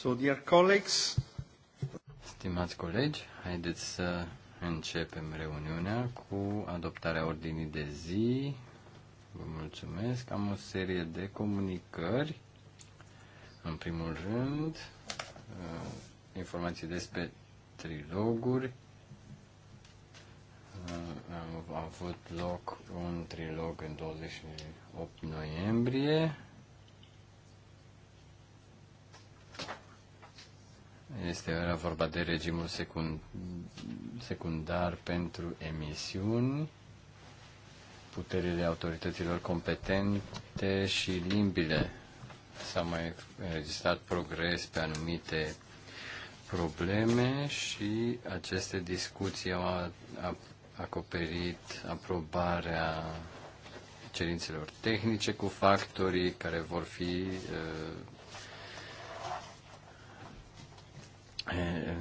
So, dear colleagues, Stimați colegi, haideți să începem reuniunea cu adoptarea ordinii de zi. Vă mulțumesc. Am o serie de comunicări. În primul rând, uh, informații despre triloguri. Uh, a avut loc un trilog în 28 noiembrie Este era vorba de regimul secund, secundar pentru emisiuni, puterile autorităților competente și limbile. S-a mai înregistrat progres pe anumite probleme și aceste discuții au acoperit aprobarea cerințelor tehnice cu factorii care vor fi uh, Eh,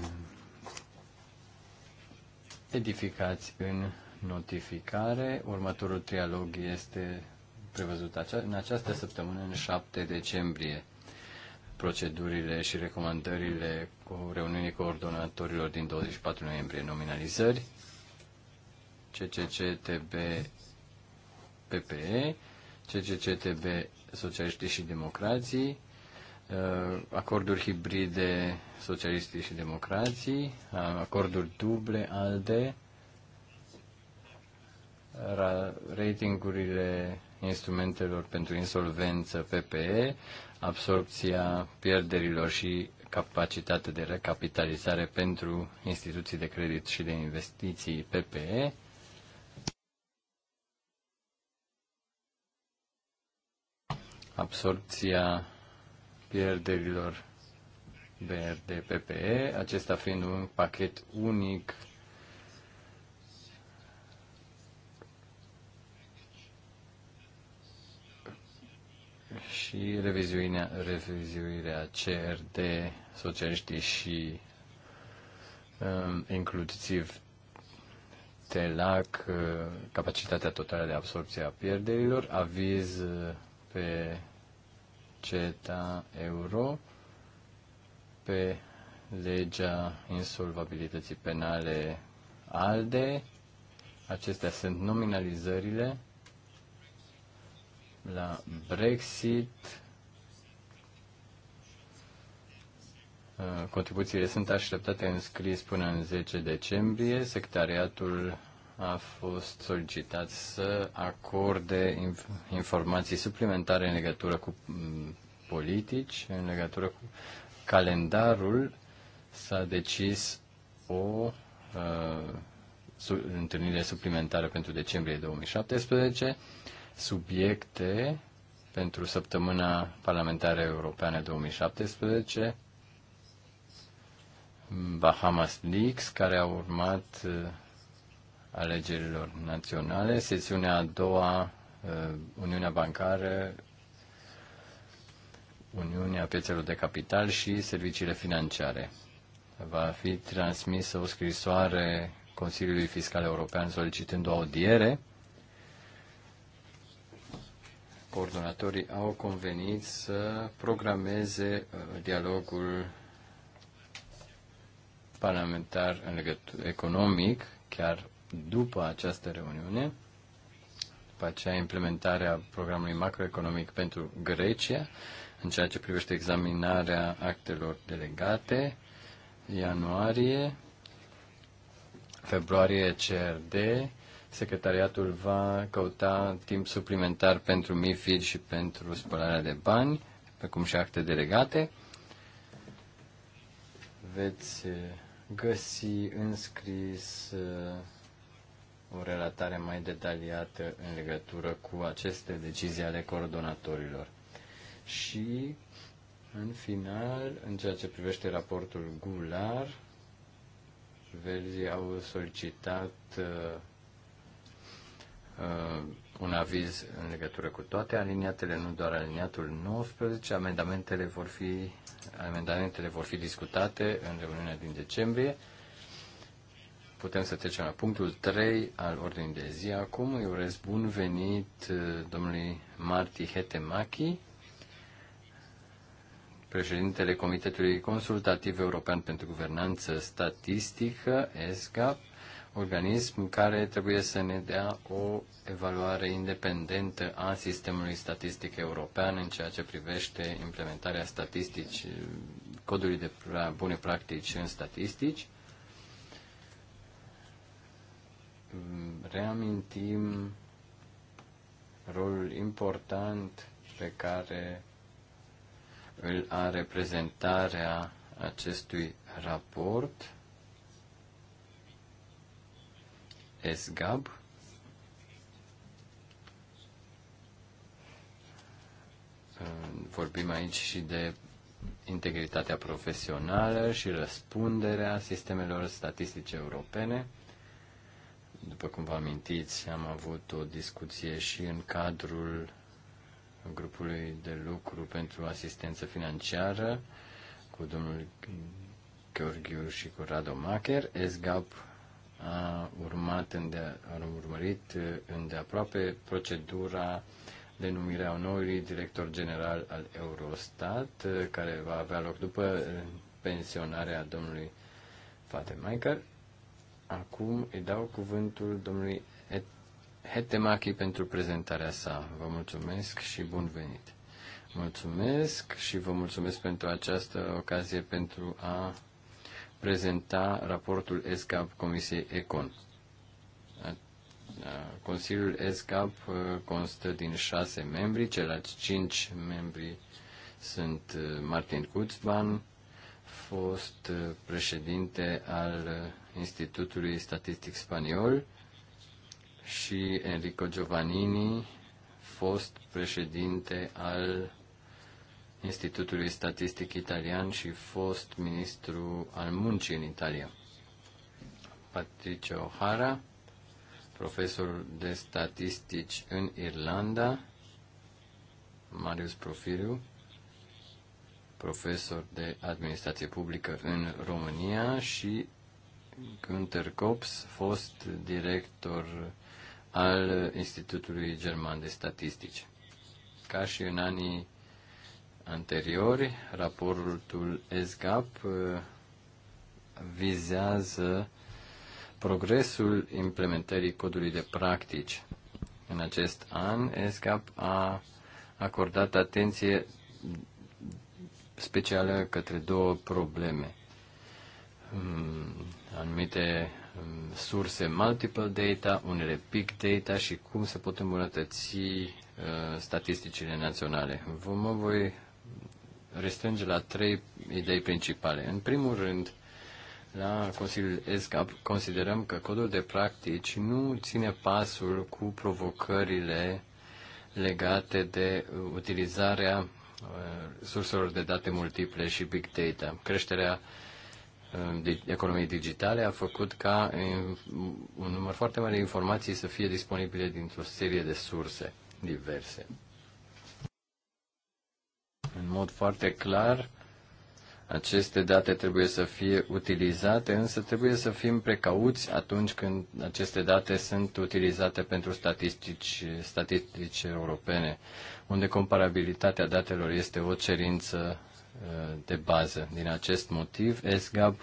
edificați în notificare. Următorul trialog este prevăzut în această săptămână, în 7 decembrie. Procedurile și recomandările cu reuniunii coordonatorilor din 24 noiembrie, nominalizări, CCCTB PPE, CCCTB Socialiștii și Democrații, Uh, acorduri hibride socialiștii și democrații, uh, acorduri duble ALDE, ratingurile instrumentelor pentru insolvență PPE, absorpția pierderilor și capacitatea de recapitalizare pentru instituții de credit și de investiții PPE, absorpția pierderilor BRD-PPE, acesta fiind un pachet unic și revizuirea, revizuirea CRD, socialiștii și um, inclusiv TELAC, uh, capacitatea totală de absorpție a pierderilor, aviz uh, pe CETA Euro pe legea insolvabilității penale ALDE. Acestea sunt nominalizările la Brexit. Contribuțiile sunt așteptate în scris până în 10 decembrie. Secretariatul a fost solicitat să acorde informații suplimentare în legătură cu mm, politici, în legătură cu calendarul. S-a decis o uh, su- întâlnire suplimentară pentru decembrie 2017, subiecte pentru săptămâna parlamentară europeană 2017, Bahamas Leaks, care a urmat uh, alegerilor naționale. Sesiunea a doua, uh, Uniunea Bancară, Uniunea Piețelor de Capital și Serviciile Financiare. Va fi transmisă o scrisoare Consiliului Fiscal European solicitând o audiere. Coordonatorii au convenit să programeze uh, dialogul parlamentar în legătură economic, chiar după această reuniune, după aceea implementarea programului macroeconomic pentru Grecia, în ceea ce privește examinarea actelor delegate, ianuarie, februarie CRD, secretariatul va căuta timp suplimentar pentru MIFID și pentru spălarea de bani, precum și acte delegate. Veți găsi înscris o relatare mai detaliată în legătură cu aceste decizii ale coordonatorilor. Și, în final, în ceea ce privește raportul Gular, verzi au solicitat uh, uh, un aviz în legătură cu toate aliniatele, nu doar aliniatul 19. Amendamentele vor fi, amendamentele vor fi discutate în reuniunea din decembrie putem să trecem la punctul 3 al ordinii de zi. Acum îi urez bun venit uh, domnului Marti Hetemaki, președintele Comitetului Consultativ European pentru Guvernanță Statistică, ESGAP, organism care trebuie să ne dea o evaluare independentă a sistemului statistic european în ceea ce privește implementarea statistici, codului de bune practici în statistici reamintim rolul important pe care îl are prezentarea acestui raport SGAB vorbim aici și de integritatea profesională și răspunderea sistemelor statistice europene după cum vă amintiți, am avut o discuție și în cadrul grupului de lucru pentru asistență financiară cu domnul Gheorghiu și cu Rado Macher. SGAP a, urmat înde- a urmărit îndeaproape procedura de numire a noului director general al Eurostat, care va avea loc după pensionarea domnului Fatemaker. Acum îi dau cuvântul domnului Hetemachi pentru prezentarea sa. Vă mulțumesc și bun venit! Mulțumesc și vă mulțumesc pentru această ocazie pentru a prezenta raportul ESCAP Comisiei ECON. Consiliul ESCAP constă din șase membri, celălalt cinci membri sunt Martin Kutzban, fost președinte al Institutului Statistic Spaniol și Enrico Giovannini, fost președinte al Institutului Statistic Italian și fost ministru al muncii în Italia. Patricio O'Hara, profesor de statistici în Irlanda, Marius Profiriu, profesor de administrație publică în România și Günter Kops, fost director al Institutului German de Statistici. Ca și în anii anteriori, raportul ESGAP uh, vizează progresul implementării codului de practici. În acest an, ESCAP a acordat atenție specială către două probleme. Mm, anumite mm, surse multiple data, unele big data și cum se pot îmbunătăți uh, statisticile naționale. Vă mă voi restrânge la trei idei principale. În primul rând, la Consiliul ESCAP considerăm că codul de practici nu ține pasul cu provocările legate de utilizarea uh, surselor de date multiple și big data. Creșterea uh, Uh, economiei digitale a făcut ca uh, un număr foarte mare de informații să fie disponibile dintr-o serie de surse diverse. În mod foarte clar, aceste date trebuie să fie utilizate, însă trebuie să fim precauți atunci când aceste date sunt utilizate pentru statistici, statistici europene, unde comparabilitatea datelor este o cerință de bază. Din acest motiv, ESGAB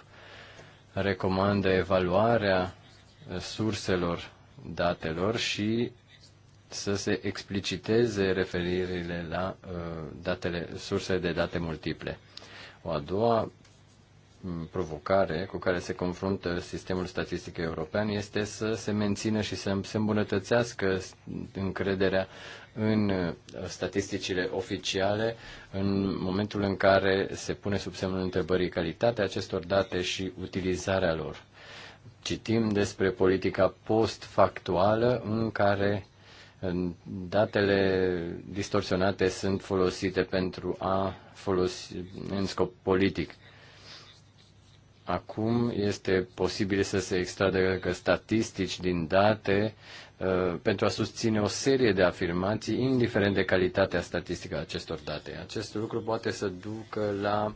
recomandă evaluarea uh, surselor datelor și să se expliciteze referirile la uh, datele, surse de date multiple. O a doua provocare cu care se confruntă sistemul statistic european este să se mențină și să se îmbunătățească încrederea în uh, statisticile oficiale în momentul în care se pune sub semnul întrebării calitatea acestor date și utilizarea lor. Citim despre politica post-factuală în care uh, datele distorsionate sunt folosite pentru a folosi în scop politic Acum este posibil să se extragă statistici din date uh, pentru a susține o serie de afirmații, indiferent de calitatea statistică a acestor date. Acest lucru poate să ducă la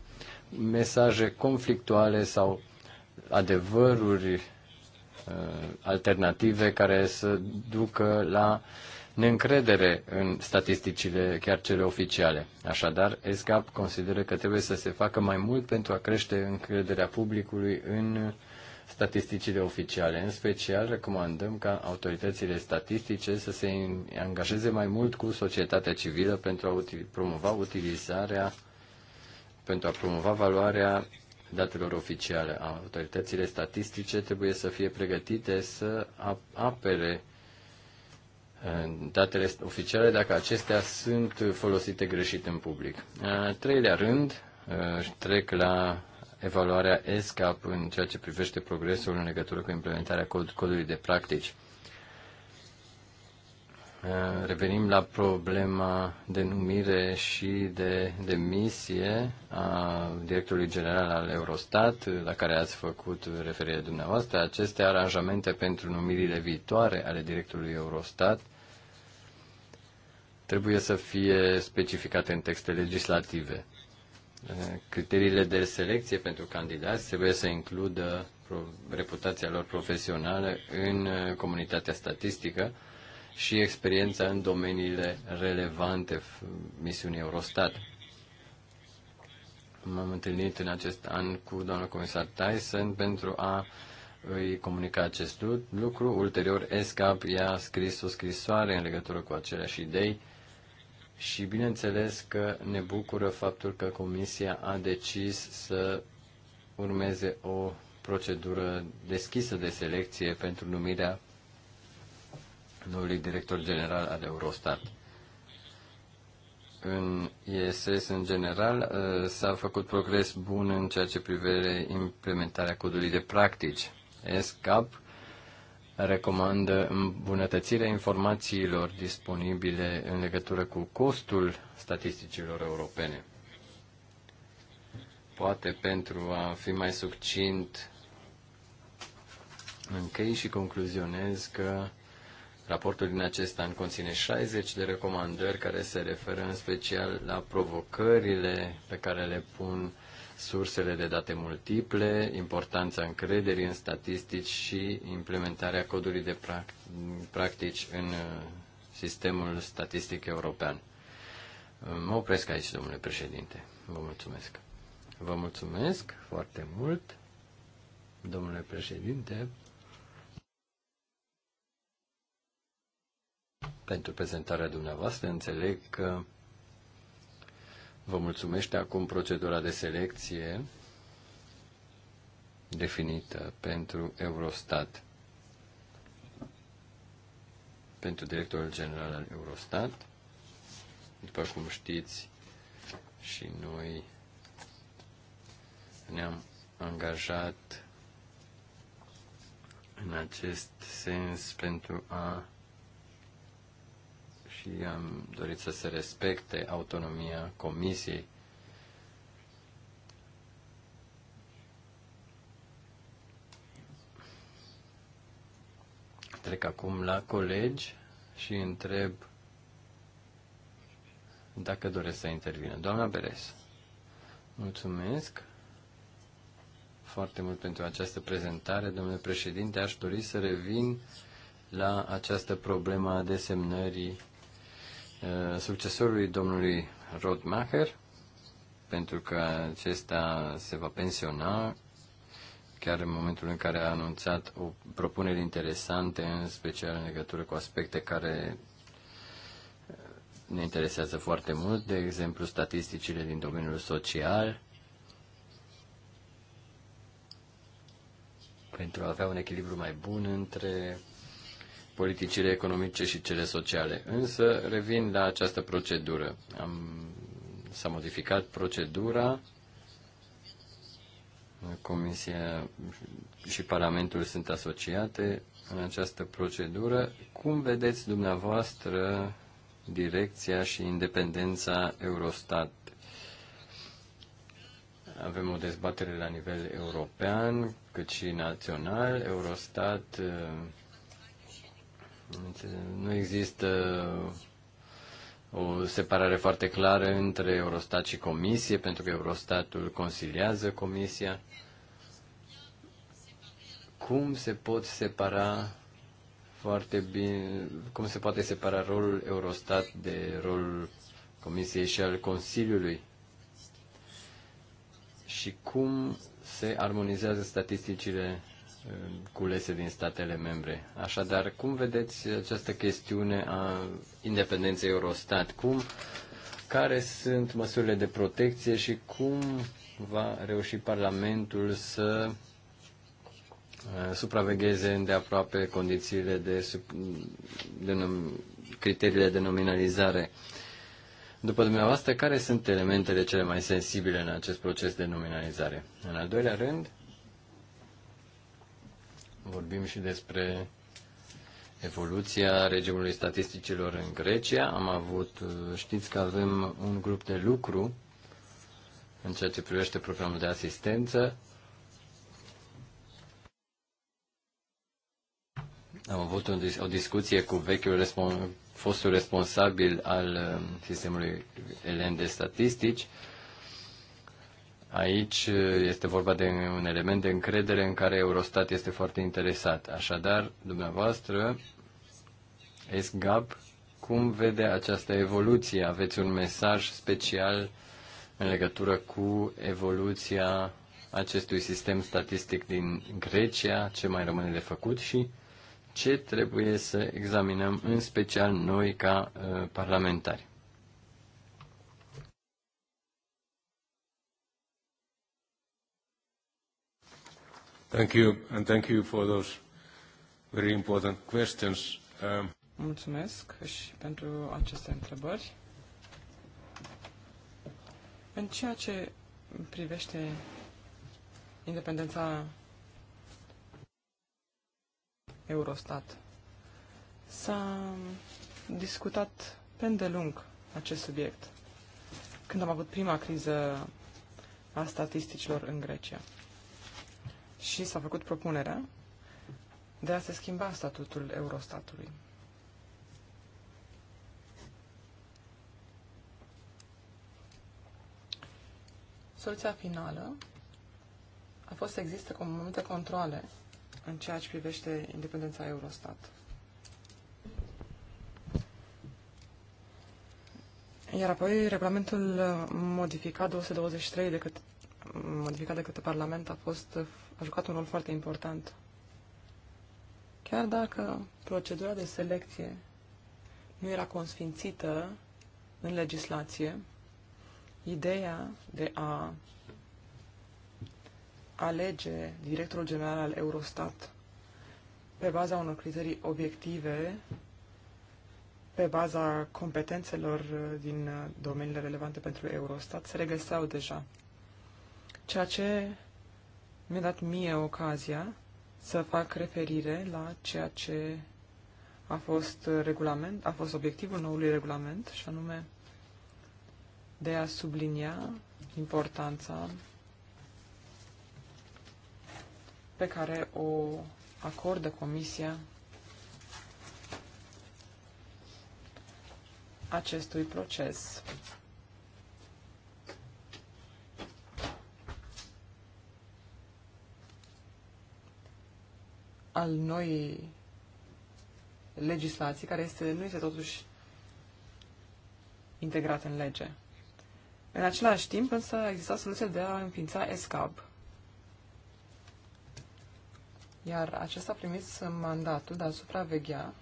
mesaje conflictuale sau adevăruri uh, alternative care să ducă la neîncredere în statisticile, chiar cele oficiale. Așadar, ESCAP consideră că trebuie să se facă mai mult pentru a crește încrederea publicului în statisticile oficiale. În special, recomandăm ca autoritățile statistice să se angajeze mai mult cu societatea civilă pentru a util- promova utilizarea, pentru a promova valoarea datelor oficiale. Autoritățile statistice trebuie să fie pregătite să apere datele oficiale dacă acestea sunt folosite greșit în public. În treilea rând, uh, trec la evaluarea ESCAP în ceea ce privește progresul în legătură cu implementarea codului de practici. Eh, revenim la problema de numire și de demisie a directorului general al Eurostat, la care ați făcut referire dumneavoastră. Aceste aranjamente pentru numirile viitoare ale directorului Eurostat trebuie să fie specificate în texte legislative. Eh, criteriile de selecție pentru candidați trebuie să includă reputația lor profesională în eh, comunitatea statistică, și experiența în domeniile relevante misiunii Eurostat. M-am întâlnit în acest an cu doamna comisar Tyson pentru a îi comunica acest lucru. Ulterior, ESCAP i-a scris o scrisoare în legătură cu aceleași idei și bineînțeles că ne bucură faptul că Comisia a decis să urmeze o procedură deschisă de selecție pentru numirea noului director general al Eurostat. În ISS, în general, uh, s-a făcut progres bun în ceea ce privește implementarea codului de practici. ESCAP recomandă îmbunătățirea informațiilor disponibile în legătură cu costul statisticilor europene. Poate pentru a fi mai succint, închei și concluzionez că Raportul din acest an conține 60 de recomandări care se referă în special la provocările pe care le pun sursele de date multiple, importanța încrederii în statistici și implementarea codului de practici în uh, sistemul statistic european. Uh, mă opresc aici, domnule președinte. Vă mulțumesc. Vă mulțumesc foarte mult, domnule președinte. pentru prezentarea dumneavoastră. Înțeleg că vă mulțumește acum procedura de selecție definită pentru Eurostat, pentru directorul general al Eurostat. După cum știți, și noi ne-am angajat în acest sens pentru a și am dorit să se respecte autonomia comisiei. Trec acum la colegi și întreb dacă doresc să intervină. Doamna Beres, mulțumesc foarte mult pentru această prezentare. Domnule președinte, aș dori să revin la această problemă a desemnării Uh, succesorului domnului Rodmacher, pentru că acesta se va pensiona chiar în momentul în care a anunțat o propunere interesantă, în special în legătură cu aspecte care uh, ne interesează foarte mult, de exemplu statisticile din domeniul social, pentru a avea un echilibru mai bun între politicile economice și cele sociale. Însă revin la această procedură. Am, s-a modificat procedura. Comisia și Parlamentul sunt asociate în această procedură. Cum vedeți dumneavoastră direcția și independența Eurostat? Avem o dezbatere la nivel european, cât și național. Eurostat deci, nu există o separare foarte clară între Eurostat și Comisie, pentru că Eurostatul consiliază Comisia. Cum se pot separa foarte bine, cum se poate separa rolul Eurostat de rolul Comisiei și al Consiliului? Și cum se armonizează statisticile culese din statele membre. Așadar, cum vedeți această chestiune a independenței Eurostat? Cum, care sunt măsurile de protecție și cum va reuși Parlamentul să uh, supravegheze îndeaproape condițiile de, sub, de criteriile de nominalizare. După dumneavoastră, care sunt elementele cele mai sensibile în acest proces de nominalizare? În al doilea rând, vorbim și despre evoluția regimului statisticilor în Grecia. Am avut, uh, știți că avem un grup de lucru în ceea ce privește programul de asistență. Am avut o, dis- o discuție cu vechiul respons- fostul responsabil al uh, sistemului elen de statistici Aici uh, este vorba de un element de încredere în care Eurostat este foarte interesat. Așadar, dumneavoastră, SGAP, cum vede această evoluție? Aveți un mesaj special în legătură cu evoluția acestui sistem statistic din Grecia, ce mai rămâne de făcut și ce trebuie să examinăm în special noi ca uh, parlamentari. Thank you, and thank you for those very important questions. Um... Mulțumesc și pentru aceste întrebări. În ceea ce privește independența Eurostat, s-a discutat pe îndelung acest subiect când am avut prima criză a statisticilor în Grecia și s-a făcut propunerea de a se schimba statutul Eurostatului. Soluția finală a fost să existe multe controle în ceea ce privește independența Eurostat. Iar apoi regulamentul modificat 223 de către modificat de către Parlament a, fost, a jucat un rol foarte important. Chiar dacă procedura de selecție nu era consfințită în legislație, ideea de a alege directorul general al Eurostat pe baza unor criterii obiective, pe baza competențelor din domeniile relevante pentru Eurostat, se regăseau deja ceea ce mi-a dat mie ocazia să fac referire la ceea ce a fost regulament, a fost obiectivul noului regulament, și anume de a sublinia importanța pe care o acordă Comisia acestui proces. al noii legislații, care este, nu este totuși integrat în lege. În același timp, însă, exista soluția de a înființa ESCAB, iar acesta a primit mandatul de a supraveghea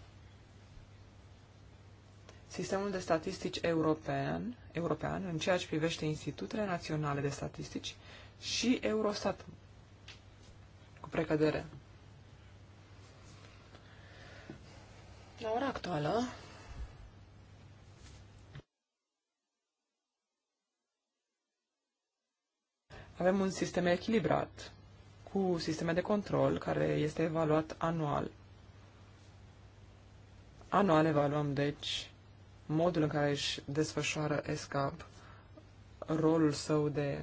sistemul de statistici european, european în ceea ce privește institutele naționale de statistici și Eurostat, cu precădere La ora actuală, avem un sistem echilibrat cu sisteme de control care este evaluat anual. Anual evaluăm, deci, modul în care își desfășoară ESCAP, rolul său de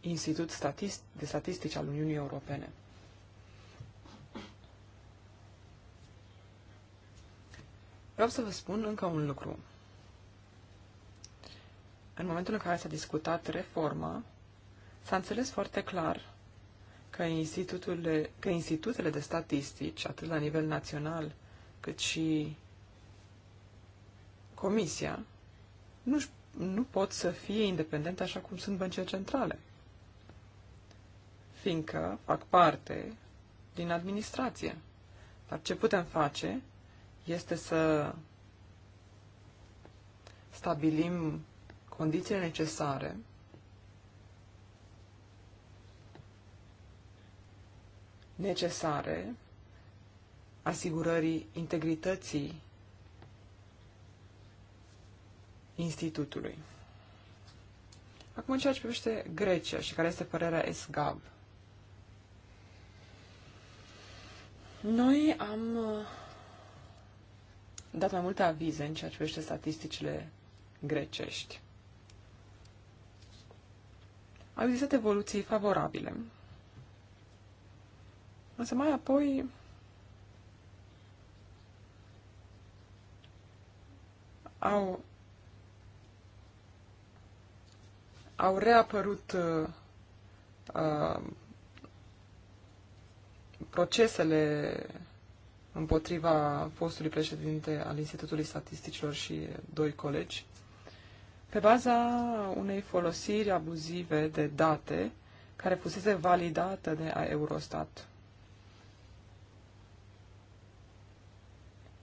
institut statist- de statistici al Uniunii Europene. Vreau să vă spun încă un lucru. În momentul în care s-a discutat reforma, s-a înțeles foarte clar că institutele, că institutele de statistici, atât la nivel național, cât și Comisia, nu, nu pot să fie independente așa cum sunt băncile centrale, fiindcă fac parte din administrație. Dar ce putem face este să stabilim condițiile necesare necesare asigurării integrității institutului. Acum, în ceea ce privește Grecia și care este părerea ESGAB, noi am uh, dat mai multe avize în ceea ce privește statisticile grecești. Au existat evoluții favorabile. Însă mai apoi au, au reapărut uh, uh procesele împotriva fostului președinte al Institutului Statisticilor și doi colegi, pe baza unei folosiri abuzive de date care fusese validată de Eurostat.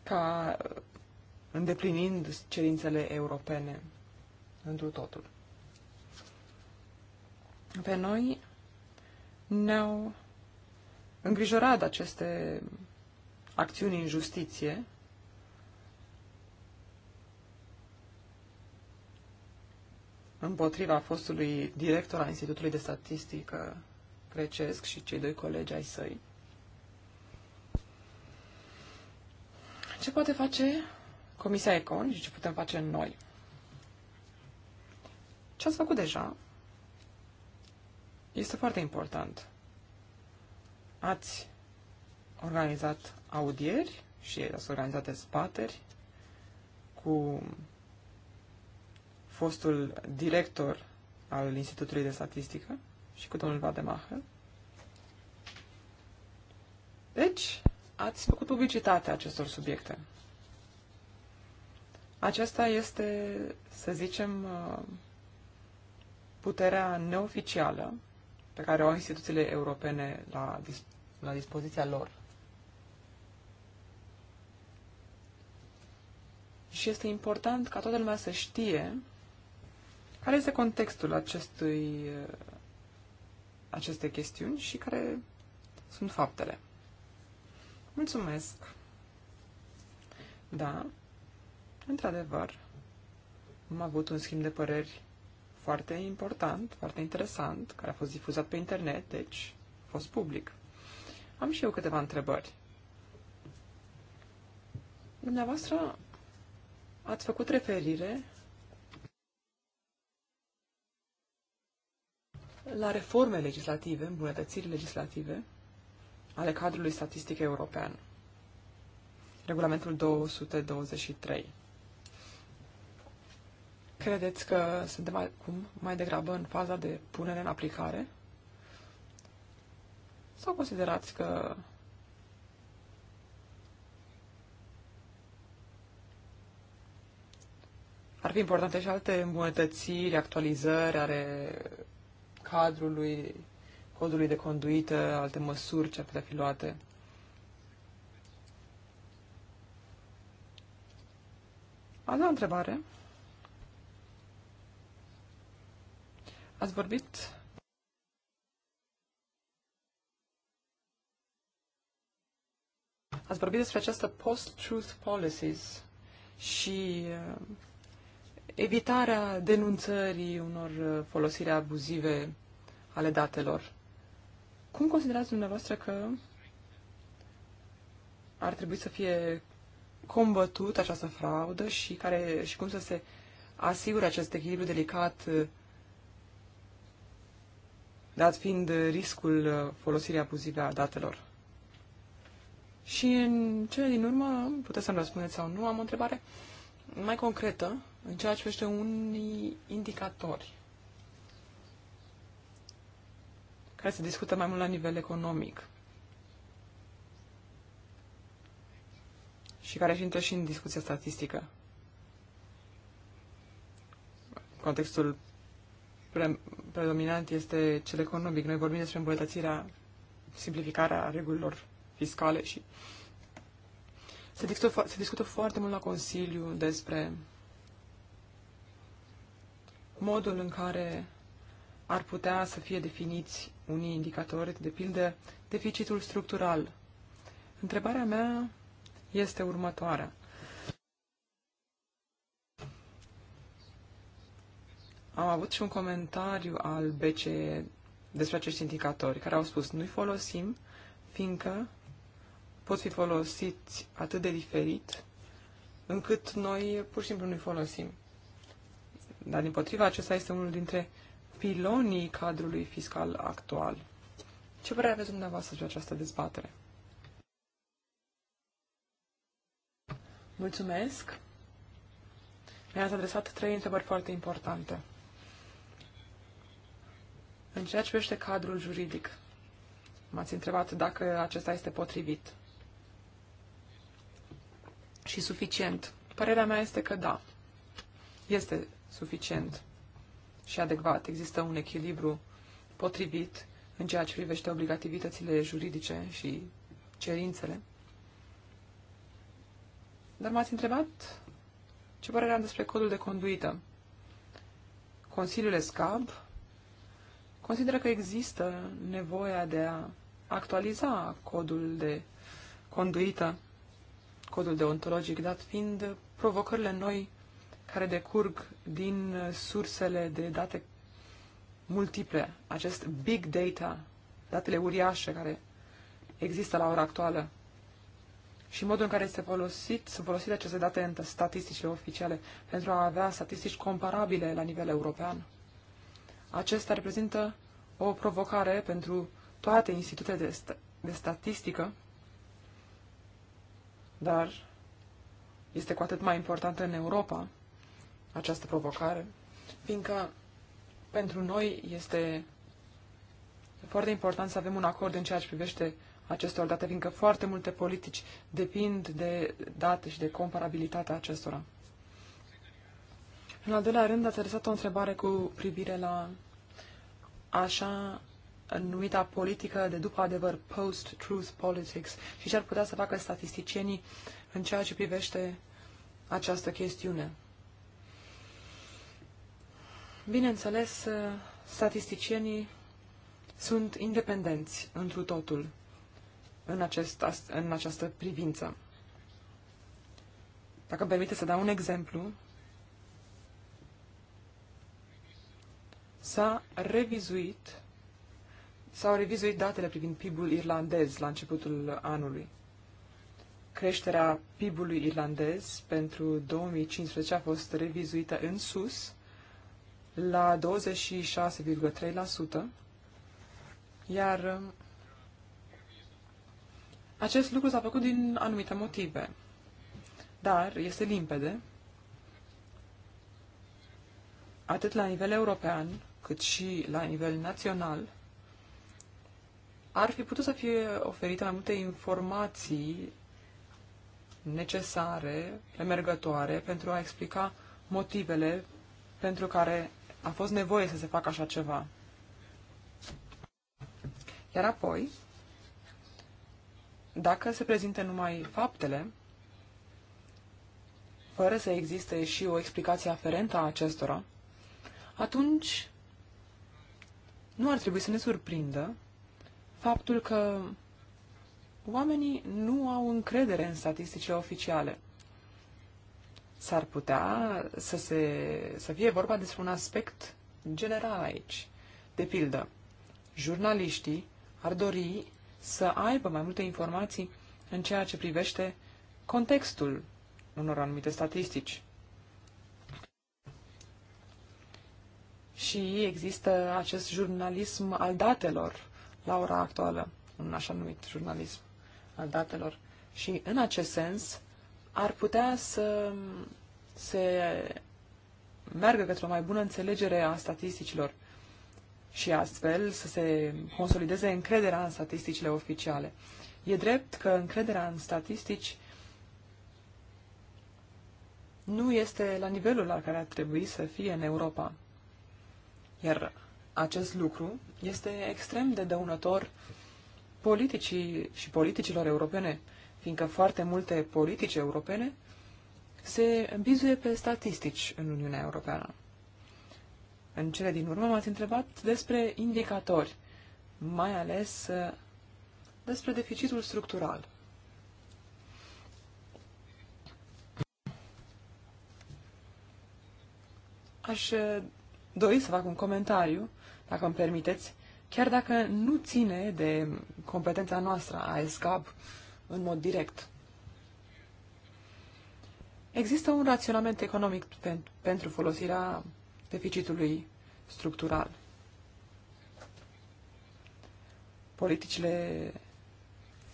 Ca îndeplinind cerințele europene întru totul. Pe noi ne-au îngrijorat aceste acțiuni în justiție, împotriva fostului director al Institutului de Statistică grecesc și cei doi colegi ai săi. Ce poate face Comisia Econ și ce putem face noi? Ce ați făcut deja este foarte important. Ați organizat audieri și ele sunt organizate spateri cu fostul director al Institutului de Statistică și cu domnul Vademacher. Deci, ați făcut publicitatea acestor subiecte. Aceasta este, să zicem, uh, puterea neoficială pe care o au instituțiile europene la, la dispoziția lor. și este important ca toată lumea să știe care este contextul acestui, uh, aceste chestiuni și care sunt faptele. Mulțumesc! Da, într-adevăr, am avut un schimb de păreri foarte important, foarte interesant, care a fost difuzat pe internet, deci a fost public. Am și eu câteva întrebări. Dumneavoastră ați făcut referire la reforme legislative, îmbunătățiri legislative ale cadrului statistic european. Regulamentul 223. Credeți că suntem acum mai degrabă în faza de punere în aplicare? Sau considerați că Ar fi importante și alte îmbunătățiri, actualizări ale cadrului, codului de conduită, alte măsuri ce ar putea fi luate. A doua întrebare. Ați vorbit Ați vorbit despre această post-truth policies și uh, evitarea denunțării unor uh, folosiri abuzive ale datelor. Cum considerați dumneavoastră că ar trebui să fie combătut această fraudă și, care, și cum să se asigure acest echilibru delicat, uh, dat fiind riscul uh, folosirii abuzive a datelor? Și în cele din urmă, puteți să-mi răspundeți sau nu, am o întrebare mai concretă în ceea ce este unii indicatori care se discută mai mult la nivel economic și care și intră și în discuția statistică. Contextul pre- predominant este cel economic. Noi vorbim despre îmbunătățirea, simplificarea regulilor fiscale și se discută, se discută foarte mult la Consiliu despre modul în care ar putea să fie definiți unii indicatori, de pildă deficitul structural. Întrebarea mea este următoarea. Am avut și un comentariu al BCE despre acești indicatori, care au spus nu-i folosim, fiindcă pot fi folosiți atât de diferit, încât noi pur și simplu nu-i folosim. Dar, din potriva, acesta este unul dintre pilonii cadrului fiscal actual. Ce părere aveți dumneavoastră de această dezbatere? Mulțumesc! Mi-ați adresat trei întrebări foarte importante. În ceea ce privește cadrul juridic, m-ați întrebat dacă acesta este potrivit și suficient. Părerea mea este că da, este suficient și adecvat. Există un echilibru potrivit în ceea ce privește obligativitățile juridice și cerințele. Dar m-ați întrebat ce părere am despre codul de conduită. Consiliul SCAB consideră că există nevoia de a actualiza codul de conduită, codul deontologic, dat fiind provocările noi care decurg din sursele de date multiple, acest big data, datele uriașe care există la ora actuală și modul în care este folosit, sunt folosite aceste date în statisticile oficiale pentru a avea statistici comparabile la nivel european. Acesta reprezintă o provocare pentru toate institutele de, st- de statistică, dar este cu atât mai importantă în Europa, această provocare, fiindcă pentru noi este foarte important să avem un acord în ceea ce privește acestor date, fiindcă foarte multe politici depind de date și de comparabilitatea acestora. În al doilea rând, ați adresat o întrebare cu privire la așa numita politică de după adevăr, post-truth politics, și ce ar putea să facă statisticienii în ceea ce privește această chestiune. Bineînțeles, uh, statisticienii sunt independenți întru totul în, acest, în această privință. Dacă îmi permite să dau un exemplu, s-a revizuit, s-au revizuit datele privind PIB-ul irlandez la începutul anului. Creșterea PIB-ului irlandez pentru 2015 a fost revizuită în sus, la 26,3%, iar um, acest lucru s-a făcut din anumite motive. Dar este limpede, atât la nivel european, cât și la nivel național, ar fi putut să fie oferite mai multe informații necesare, remergătoare, pentru a explica motivele pentru care a fost nevoie să se facă așa ceva. Iar apoi, dacă se prezinte numai faptele, fără să existe și o explicație aferentă a acestora, atunci nu ar trebui să ne surprindă faptul că oamenii nu au încredere în statisticile oficiale. S-ar putea să, se, să fie vorba despre un aspect general aici. De pildă, jurnaliștii ar dori să aibă mai multe informații în ceea ce privește contextul unor anumite statistici. Și există acest jurnalism al datelor la ora actuală, un așa numit jurnalism al datelor. Și în acest sens, ar putea să se meargă către o mai bună înțelegere a statisticilor și astfel să se consolideze încrederea în statisticile oficiale. E drept că încrederea în statistici nu este la nivelul la care ar trebui să fie în Europa. Iar acest lucru este extrem de dăunător politicii și politicilor europene, fiindcă foarte multe politici europene se bizuie pe statistici în Uniunea Europeană. În cele din urmă m-ați întrebat despre indicatori, mai ales uh, despre deficitul structural. Aș uh, dori să fac un comentariu, dacă îmi permiteți, chiar dacă nu ține de competența noastră a ESCAP, în mod direct. Există un raționament economic pentru folosirea deficitului structural. Politicile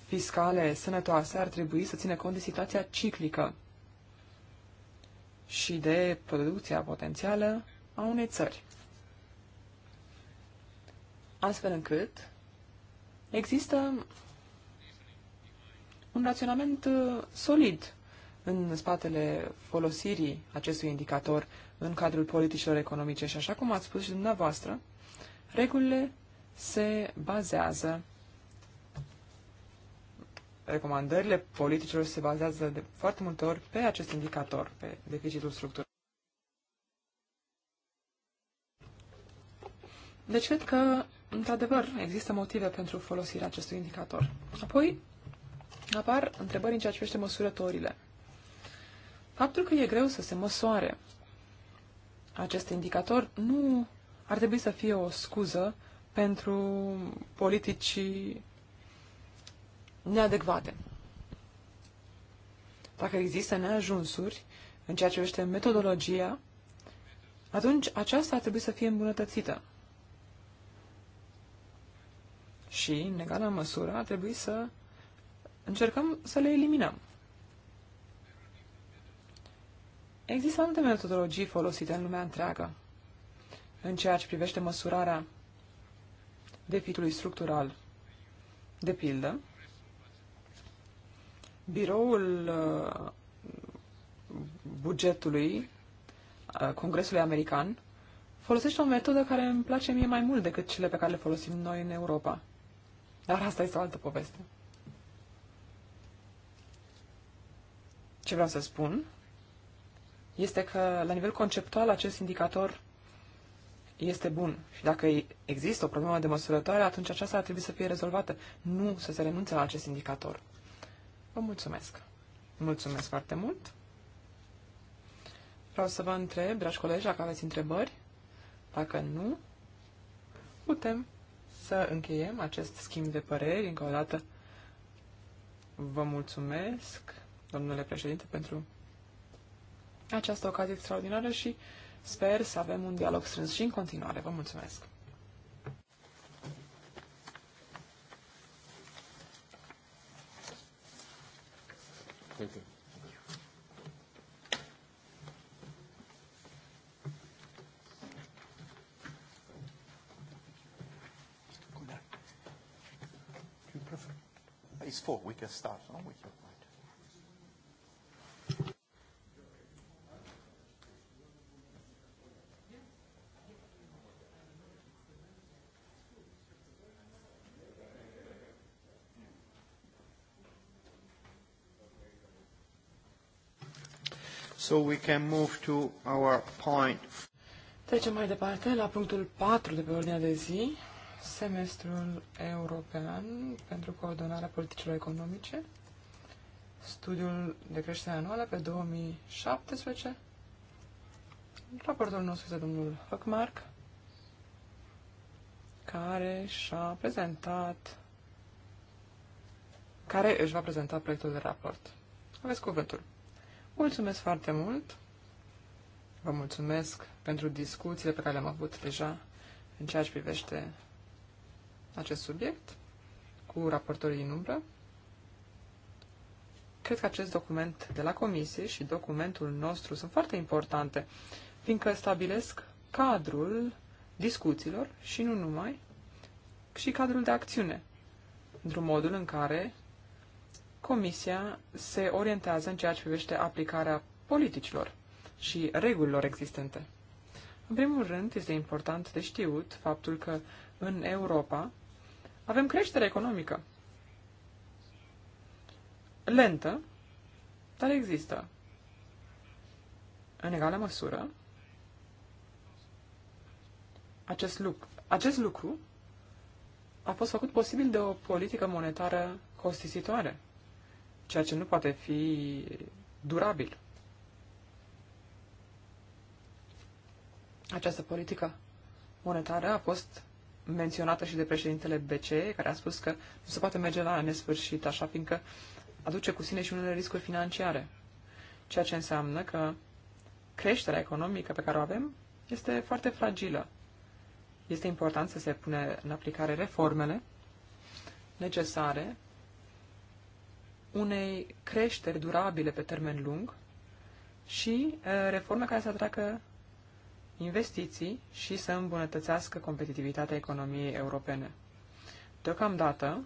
fiscale sănătoase ar trebui să țină cont de situația ciclică și de producția potențială a unei țări. Astfel încât există un raționament uh, solid în spatele folosirii acestui indicator în cadrul politicilor economice și așa cum ați spus și dumneavoastră, regulile se bazează recomandările politicilor se bazează de foarte multe ori pe acest indicator, pe deficitul structural. Deci cred că, într-adevăr, există motive pentru folosirea acestui indicator. Apoi, apar întrebări în ceea ce privește măsurătorile. Faptul că e greu să se măsoare acest indicator nu ar trebui să fie o scuză pentru politici neadecvate. Dacă există neajunsuri în ceea ce privește metodologia, atunci aceasta ar trebui să fie îmbunătățită. Și, în egală măsură, ar trebui să încercăm să le eliminăm. Există multe metodologii folosite în lumea întreagă în ceea ce privește măsurarea deficitului structural. De pildă, biroul uh, bugetului uh, Congresului American folosește o metodă care îmi place mie mai mult decât cele pe care le folosim noi în Europa. Dar asta este o altă poveste. Ce vreau să spun este că, la nivel conceptual, acest indicator este bun. Și dacă există o problemă de măsurătoare, atunci aceasta ar trebui să fie rezolvată, nu să se renunțe la acest indicator. Vă mulțumesc! Mulțumesc foarte mult! Vreau să vă întreb, dragi colegi, dacă aveți întrebări. Dacă nu, putem să încheiem acest schimb de păreri. Încă o dată vă mulțumesc! domnule președinte, pentru această ocazie extraordinară și sper să avem un dialog strâns și în continuare. Vă mulțumesc! Thank you. It's four. We can start, aren't we? So we can move to our point. Trecem mai departe la punctul 4 de pe ordinea de zi, semestrul european pentru coordonarea politicilor economice, studiul de creștere anuală pe 2017. Raportul nostru este domnul Höckmark, care și-a prezentat care își va prezenta proiectul de raport. Aveți cuvântul. Mulțumesc foarte mult! Vă mulțumesc pentru discuțiile pe care le-am avut deja în ceea ce privește acest subiect cu raportorii din umbră. Cred că acest document de la comisie și documentul nostru sunt foarte importante, fiindcă stabilesc cadrul discuțiilor și nu numai, și cadrul de acțiune, într-un modul în care Comisia se orientează în ceea ce privește aplicarea politicilor și regulilor existente. În primul rând, este important de știut faptul că în Europa avem creștere economică. Lentă, dar există. În egală măsură, acest lucru, acest lucru a fost făcut posibil de o politică monetară costisitoare ceea ce nu poate fi durabil. Această politică monetară a fost menționată și de președintele BCE, care a spus că nu se poate merge la nesfârșit, așa fiindcă aduce cu sine și unele riscuri financiare. Ceea ce înseamnă că creșterea economică pe care o avem este foarte fragilă. Este important să se pune în aplicare reformele necesare unei creșteri durabile pe termen lung și uh, reforme care să atracă investiții și să îmbunătățească competitivitatea economiei europene. Deocamdată,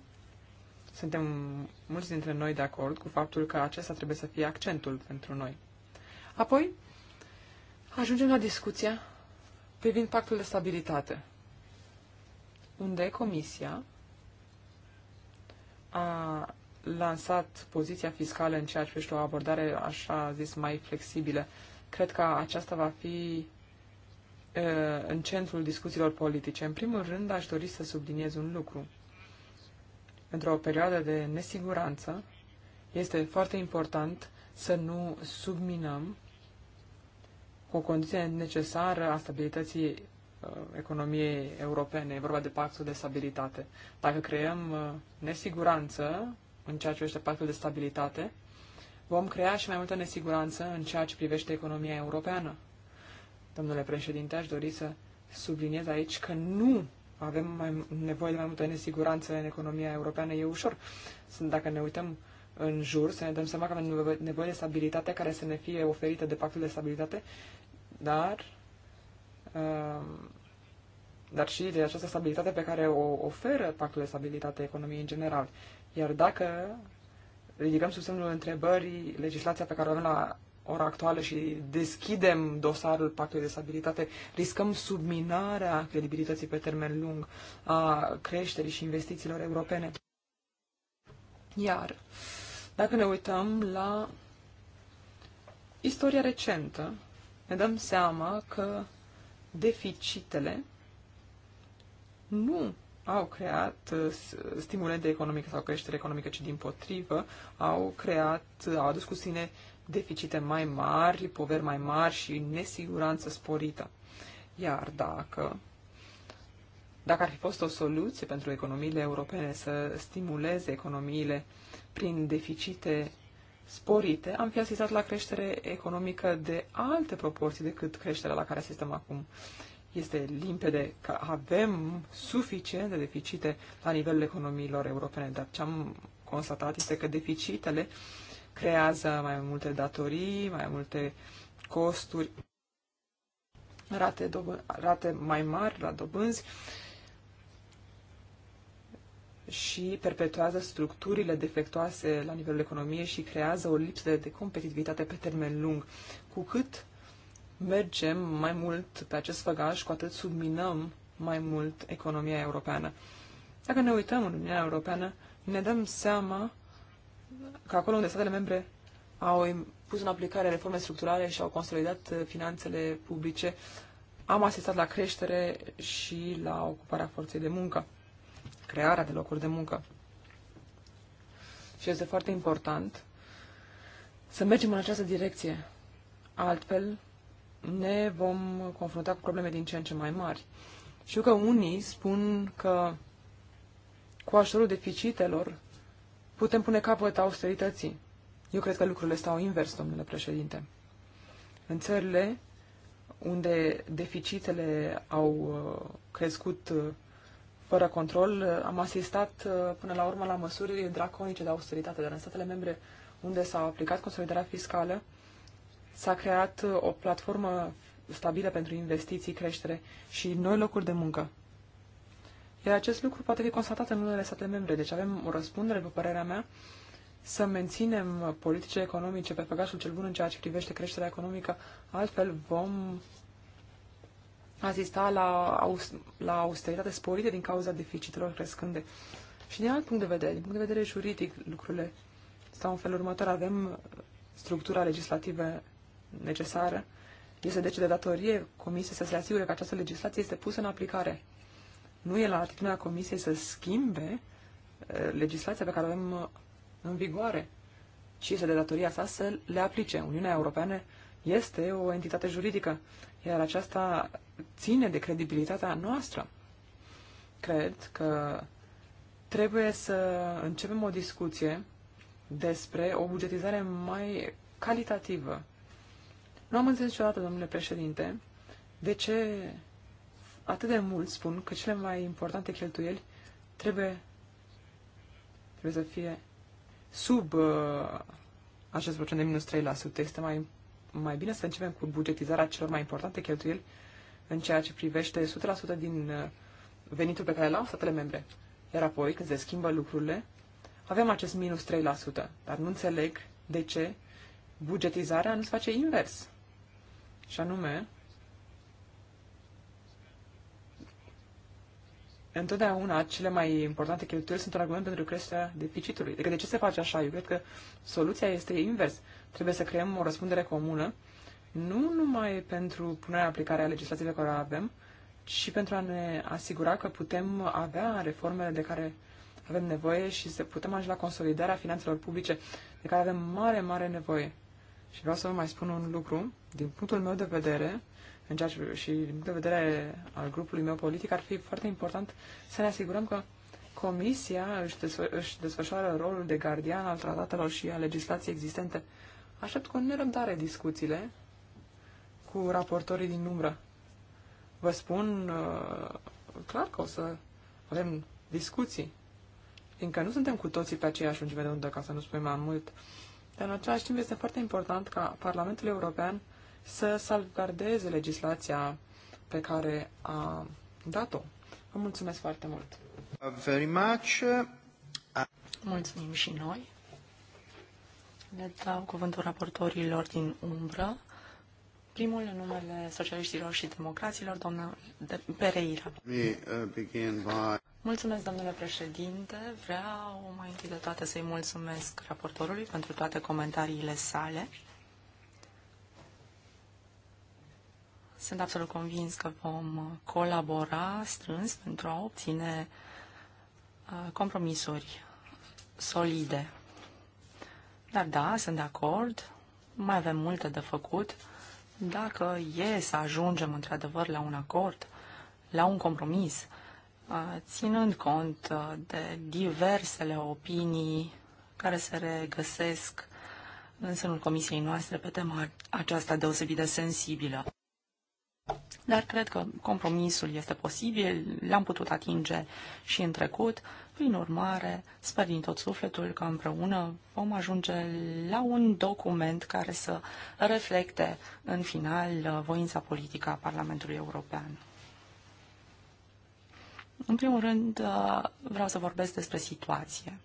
suntem mulți dintre noi de acord cu faptul că acesta trebuie să fie accentul pentru noi. Apoi, ajungem la discuția privind pactul de stabilitate, unde Comisia a lansat poziția fiscală în ceea ce privește o abordare, așa zis, mai flexibilă. Cred că aceasta va fi în centrul discuțiilor politice. În primul rând, aș dori să subliniez un lucru. Într-o perioadă de nesiguranță, este foarte important să nu subminăm cu o condiție necesară a stabilității economiei europene. E vorba de pactul de stabilitate. Dacă creăm nesiguranță în ceea ce privește pactul de stabilitate, vom crea și mai multă nesiguranță în ceea ce privește economia europeană. Domnule președinte, aș dori să subliniez aici că nu avem mai nevoie de mai multă nesiguranță în economia europeană, e ușor. Dacă ne uităm în jur, să ne dăm seama că avem nevoie de stabilitate care să ne fie oferită de pactul de stabilitate, dar, um, dar și de această stabilitate pe care o oferă pactul de stabilitate economiei în general. Iar dacă ridicăm sub semnul întrebării legislația pe care o avem la ora actuală și deschidem dosarul pactului de stabilitate, riscăm subminarea credibilității pe termen lung a creșterii și investițiilor europene. Iar dacă ne uităm la istoria recentă, ne dăm seama că deficitele nu au creat uh, stimulente economice sau creștere economică, ci din potrivă au creat, au adus cu sine deficite mai mari, poveri mai mari și nesiguranță sporită. Iar dacă dacă ar fi fost o soluție pentru economiile europene să stimuleze economiile prin deficite sporite, am fi asistat la creștere economică de alte proporții decât creșterea la care asistăm acum este limpede că avem suficiente deficite la nivelul economiilor europene, dar ce am constatat este că deficitele creează mai multe datorii, mai multe costuri, rate, rate mai mari la dobânzi și perpetuează structurile defectoase la nivelul economiei și creează o lipsă de competitivitate pe termen lung. Cu cât mergem mai mult pe acest făgaș, cu atât subminăm mai mult economia europeană. Dacă ne uităm în Uniunea Europeană, ne dăm seama că acolo unde statele membre au pus în aplicare reforme structurale și au consolidat finanțele publice, am asistat la creștere și la ocuparea forței de muncă, crearea de locuri de muncă. Și este foarte important să mergem în această direcție. Altfel, ne vom confrunta cu probleme din ce în ce mai mari. Știu că unii spun că cu ajutorul deficitelor putem pune capăt austerității. Eu cred că lucrurile stau invers, domnule președinte. În țările unde deficitele au uh, crescut uh, fără control, uh, am asistat până la urmă la măsuri draconice de austeritate, dar în statele membre unde s-a aplicat consolidarea fiscală, S-a creat uh, o platformă stabilă pentru investiții, creștere și noi locuri de muncă. Iar acest lucru poate fi constatat în unele state membre, deci avem o răspundere, după părerea mea, să menținem politice economice pe păgașul cel bun în ceea ce privește creșterea economică, altfel vom asista la, la austeritate sporită din cauza deficitelor crescânde. Și din alt punct de vedere, din punct de vedere juridic, lucrurile stau în felul următor. Avem structura legislativă necesară. Este deci de datorie Comisiei să se asigure că această legislație este pusă în aplicare. Nu e la atitudinea Comisiei să schimbe uh, legislația pe care o avem uh, în vigoare, ci este de datoria sa să le aplice. Uniunea Europeană este o entitate juridică, iar aceasta ține de credibilitatea noastră. Cred că trebuie să începem o discuție despre o bugetizare mai calitativă nu am înțeles niciodată, domnule președinte, de ce atât de mult spun că cele mai importante cheltuieli trebuie, trebuie să fie sub uh, acest procent de minus 3%. Este mai, mai bine să începem cu bugetizarea celor mai importante cheltuieli în ceea ce privește 100% din uh, venitul pe care l-au statele membre. Iar apoi, când se schimbă lucrurile, avem acest minus 3%. Dar nu înțeleg de ce bugetizarea nu se face invers. Și anume, întotdeauna cele mai importante cheltuieli sunt un argument pentru creșterea deficitului. Adică de ce se face așa? Eu cred că soluția este invers. Trebuie să creăm o răspundere comună, nu numai pentru punerea aplicare a legislației pe care o avem, ci pentru a ne asigura că putem avea reformele de care avem nevoie și să putem ajunge la consolidarea finanțelor publice de care avem mare, mare nevoie. Și vreau să vă mai spun un lucru. Din punctul meu de vedere, în ceea ce, și din punct de vedere al grupului meu politic, ar fi foarte important să ne asigurăm că Comisia își, desfă, își desfășoară rolul de gardian al tratatelor și a legislației existente. Aștept cu nerăbdare discuțiile cu raportorii din umbră. Vă spun uh, clar că o să avem discuții, fiindcă nu suntem cu toții pe aceeași lungime de undă, ca să nu spui mai mult. Uh, dar în același timp este foarte important ca Parlamentul European să salvgardeze legislația pe care a dat-o. Vă mulțumesc foarte mult! Very much. Mulțumim și noi. Le dau cuvântul raportorilor din umbră. Primul, în numele socialiștilor și democraților, doamna de Pereira. Uh, mulțumesc, domnule președinte. Vreau mai întâi de toate să-i mulțumesc raportorului pentru toate comentariile sale. Sunt absolut convins că vom colabora strâns pentru a obține uh, compromisuri solide. Dar da, sunt de acord, mai avem multe de făcut dacă e să ajungem într-adevăr la un acord, la un compromis, uh, ținând cont uh, de diversele opinii care se regăsesc în sânul comisiei noastre pe tema aceasta deosebit de sensibilă. Dar cred că compromisul este posibil, l-am putut atinge și în trecut. Prin urmare, sper din tot sufletul că împreună vom ajunge la un document care să reflecte în final voința politică a Parlamentului European. În primul rând, uh, vreau să vorbesc despre situație.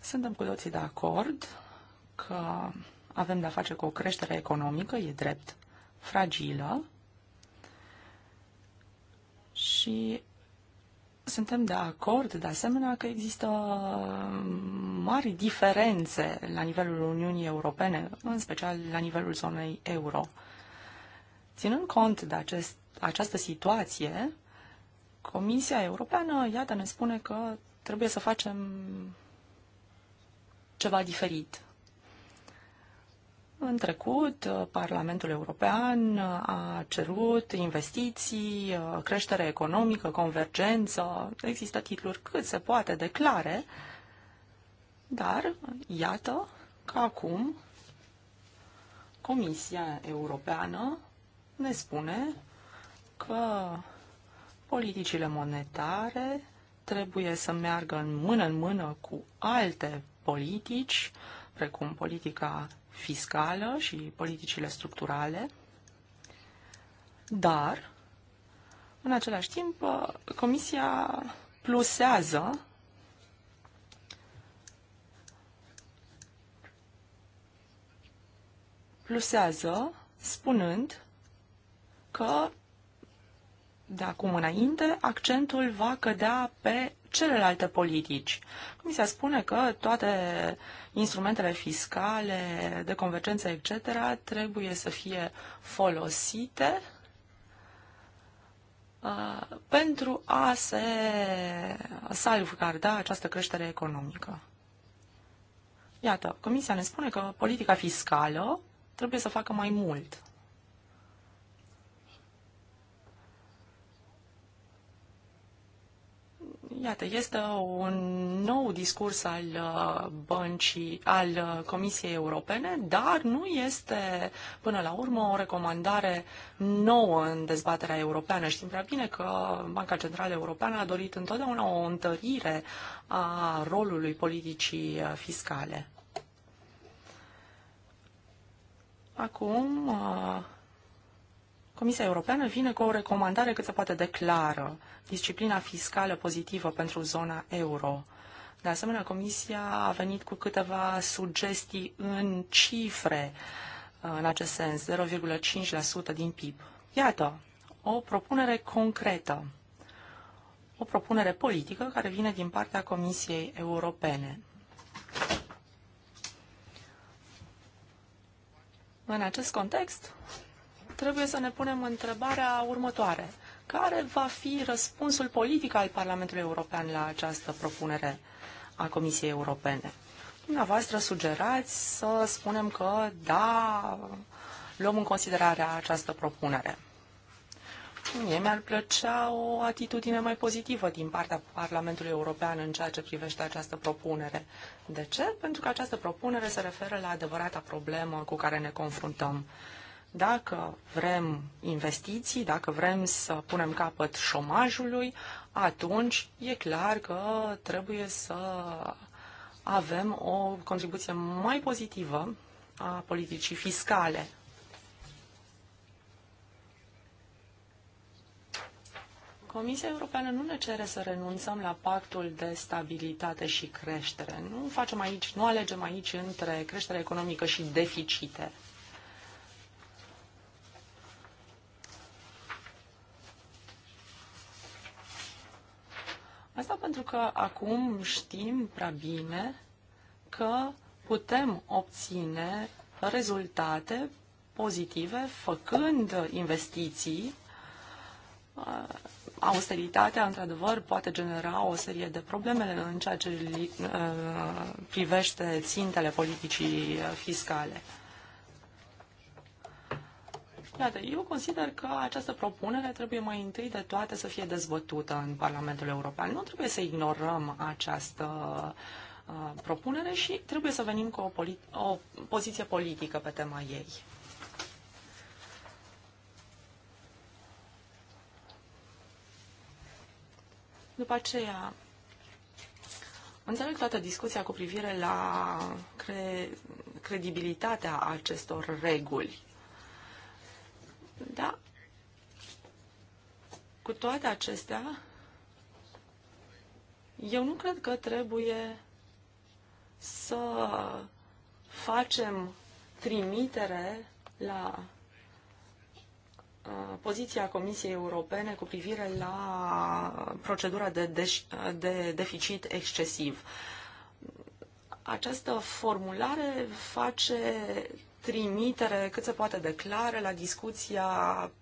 Suntem cu toții de acord că avem de-a face cu o creștere economică, e drept, fragilă și suntem de acord, de asemenea, că există mari diferențe la nivelul Uniunii Europene, în special la nivelul zonei euro. Ținând cont de acest, această situație, Comisia Europeană, iată, ne spune că trebuie să facem ceva diferit. În trecut, Parlamentul European a cerut investiții, creștere economică, convergență, există titluri cât se poate declare, dar iată că acum Comisia Europeană ne spune că politicile monetare trebuie să meargă în mână în mână cu alte politici, precum politica fiscală și politicile structurale, dar, în același timp, uh, Comisia plusează plusează spunând că de acum înainte accentul va cădea pe celelalte politici. Comisia spune că toate instrumentele fiscale, de convergență, etc., trebuie să fie folosite uh, pentru a se salvgarda această creștere economică. Iată, Comisia ne spune că politica fiscală trebuie să facă mai mult Iată, este un nou discurs al uh, băncii, al uh, Comisiei Europene, dar nu este până la urmă o recomandare nouă în dezbaterea europeană. Știm prea bine că Banca Centrală Europeană a dorit întotdeauna o întărire a rolului politicii uh, fiscale. Acum, Comisia Europeană vine cu o recomandare cât se poate declară, disciplina fiscală pozitivă pentru zona euro. De asemenea, Comisia a venit cu câteva sugestii în cifre în acest sens, 0,5% din PIB. Iată, o propunere concretă, o propunere politică care vine din partea Comisiei Europene. În acest context, trebuie să ne punem întrebarea următoare. Care va fi răspunsul politic al Parlamentului European la această propunere a Comisiei Europene? Dumneavoastră sugerați să spunem că da, luăm în considerare această propunere. Mie mi-ar plăcea o atitudine mai pozitivă din partea Parlamentului European în ceea ce privește această propunere. De ce? Pentru că această propunere se referă la adevărata problemă cu care ne confruntăm. Dacă vrem investiții, dacă vrem să punem capăt șomajului, atunci e clar că trebuie să avem o contribuție mai pozitivă a politicii fiscale. Comisia Europeană nu ne cere să renunțăm la pactul de stabilitate și creștere. Nu facem aici, nu alegem aici între creștere economică și deficite. Asta pentru că acum știm prea bine că putem obține rezultate pozitive făcând investiții. Austeritatea, într-adevăr, poate genera o serie de probleme în ceea ce privește țintele politicii fiscale. Iată, eu consider că această propunere trebuie mai întâi de toate să fie dezbătută în Parlamentul European. Nu trebuie să ignorăm această uh, propunere și trebuie să venim cu o, polit- o poziție politică pe tema ei. După aceea, Înțeleg toată discuția cu privire la cre- credibilitatea acestor reguli. Da. Cu toate acestea, eu nu cred că trebuie să facem trimitere la poziția Comisiei Europene cu privire la procedura de, de- de deficit excesiv. Această formulare face trimitere cât se poate de clară la discuția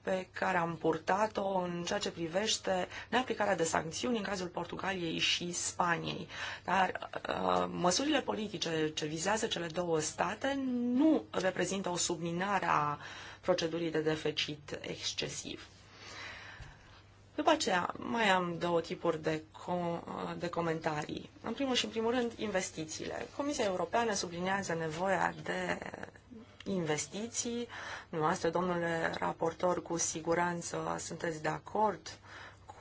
pe care am purtat-o în ceea ce privește neaplicarea de sancțiuni în cazul Portugaliei și Spaniei. Dar uh, măsurile politice ce vizează cele două state nu reprezintă o subminare a procedurii de deficit excesiv. După aceea, mai am două tipuri de, com- uh, de comentarii. În primul și în primul rând, investițiile. Comisia Europeană sublinează nevoia de investiții. Dumneavoastră, domnule raportor, cu siguranță sunteți de acord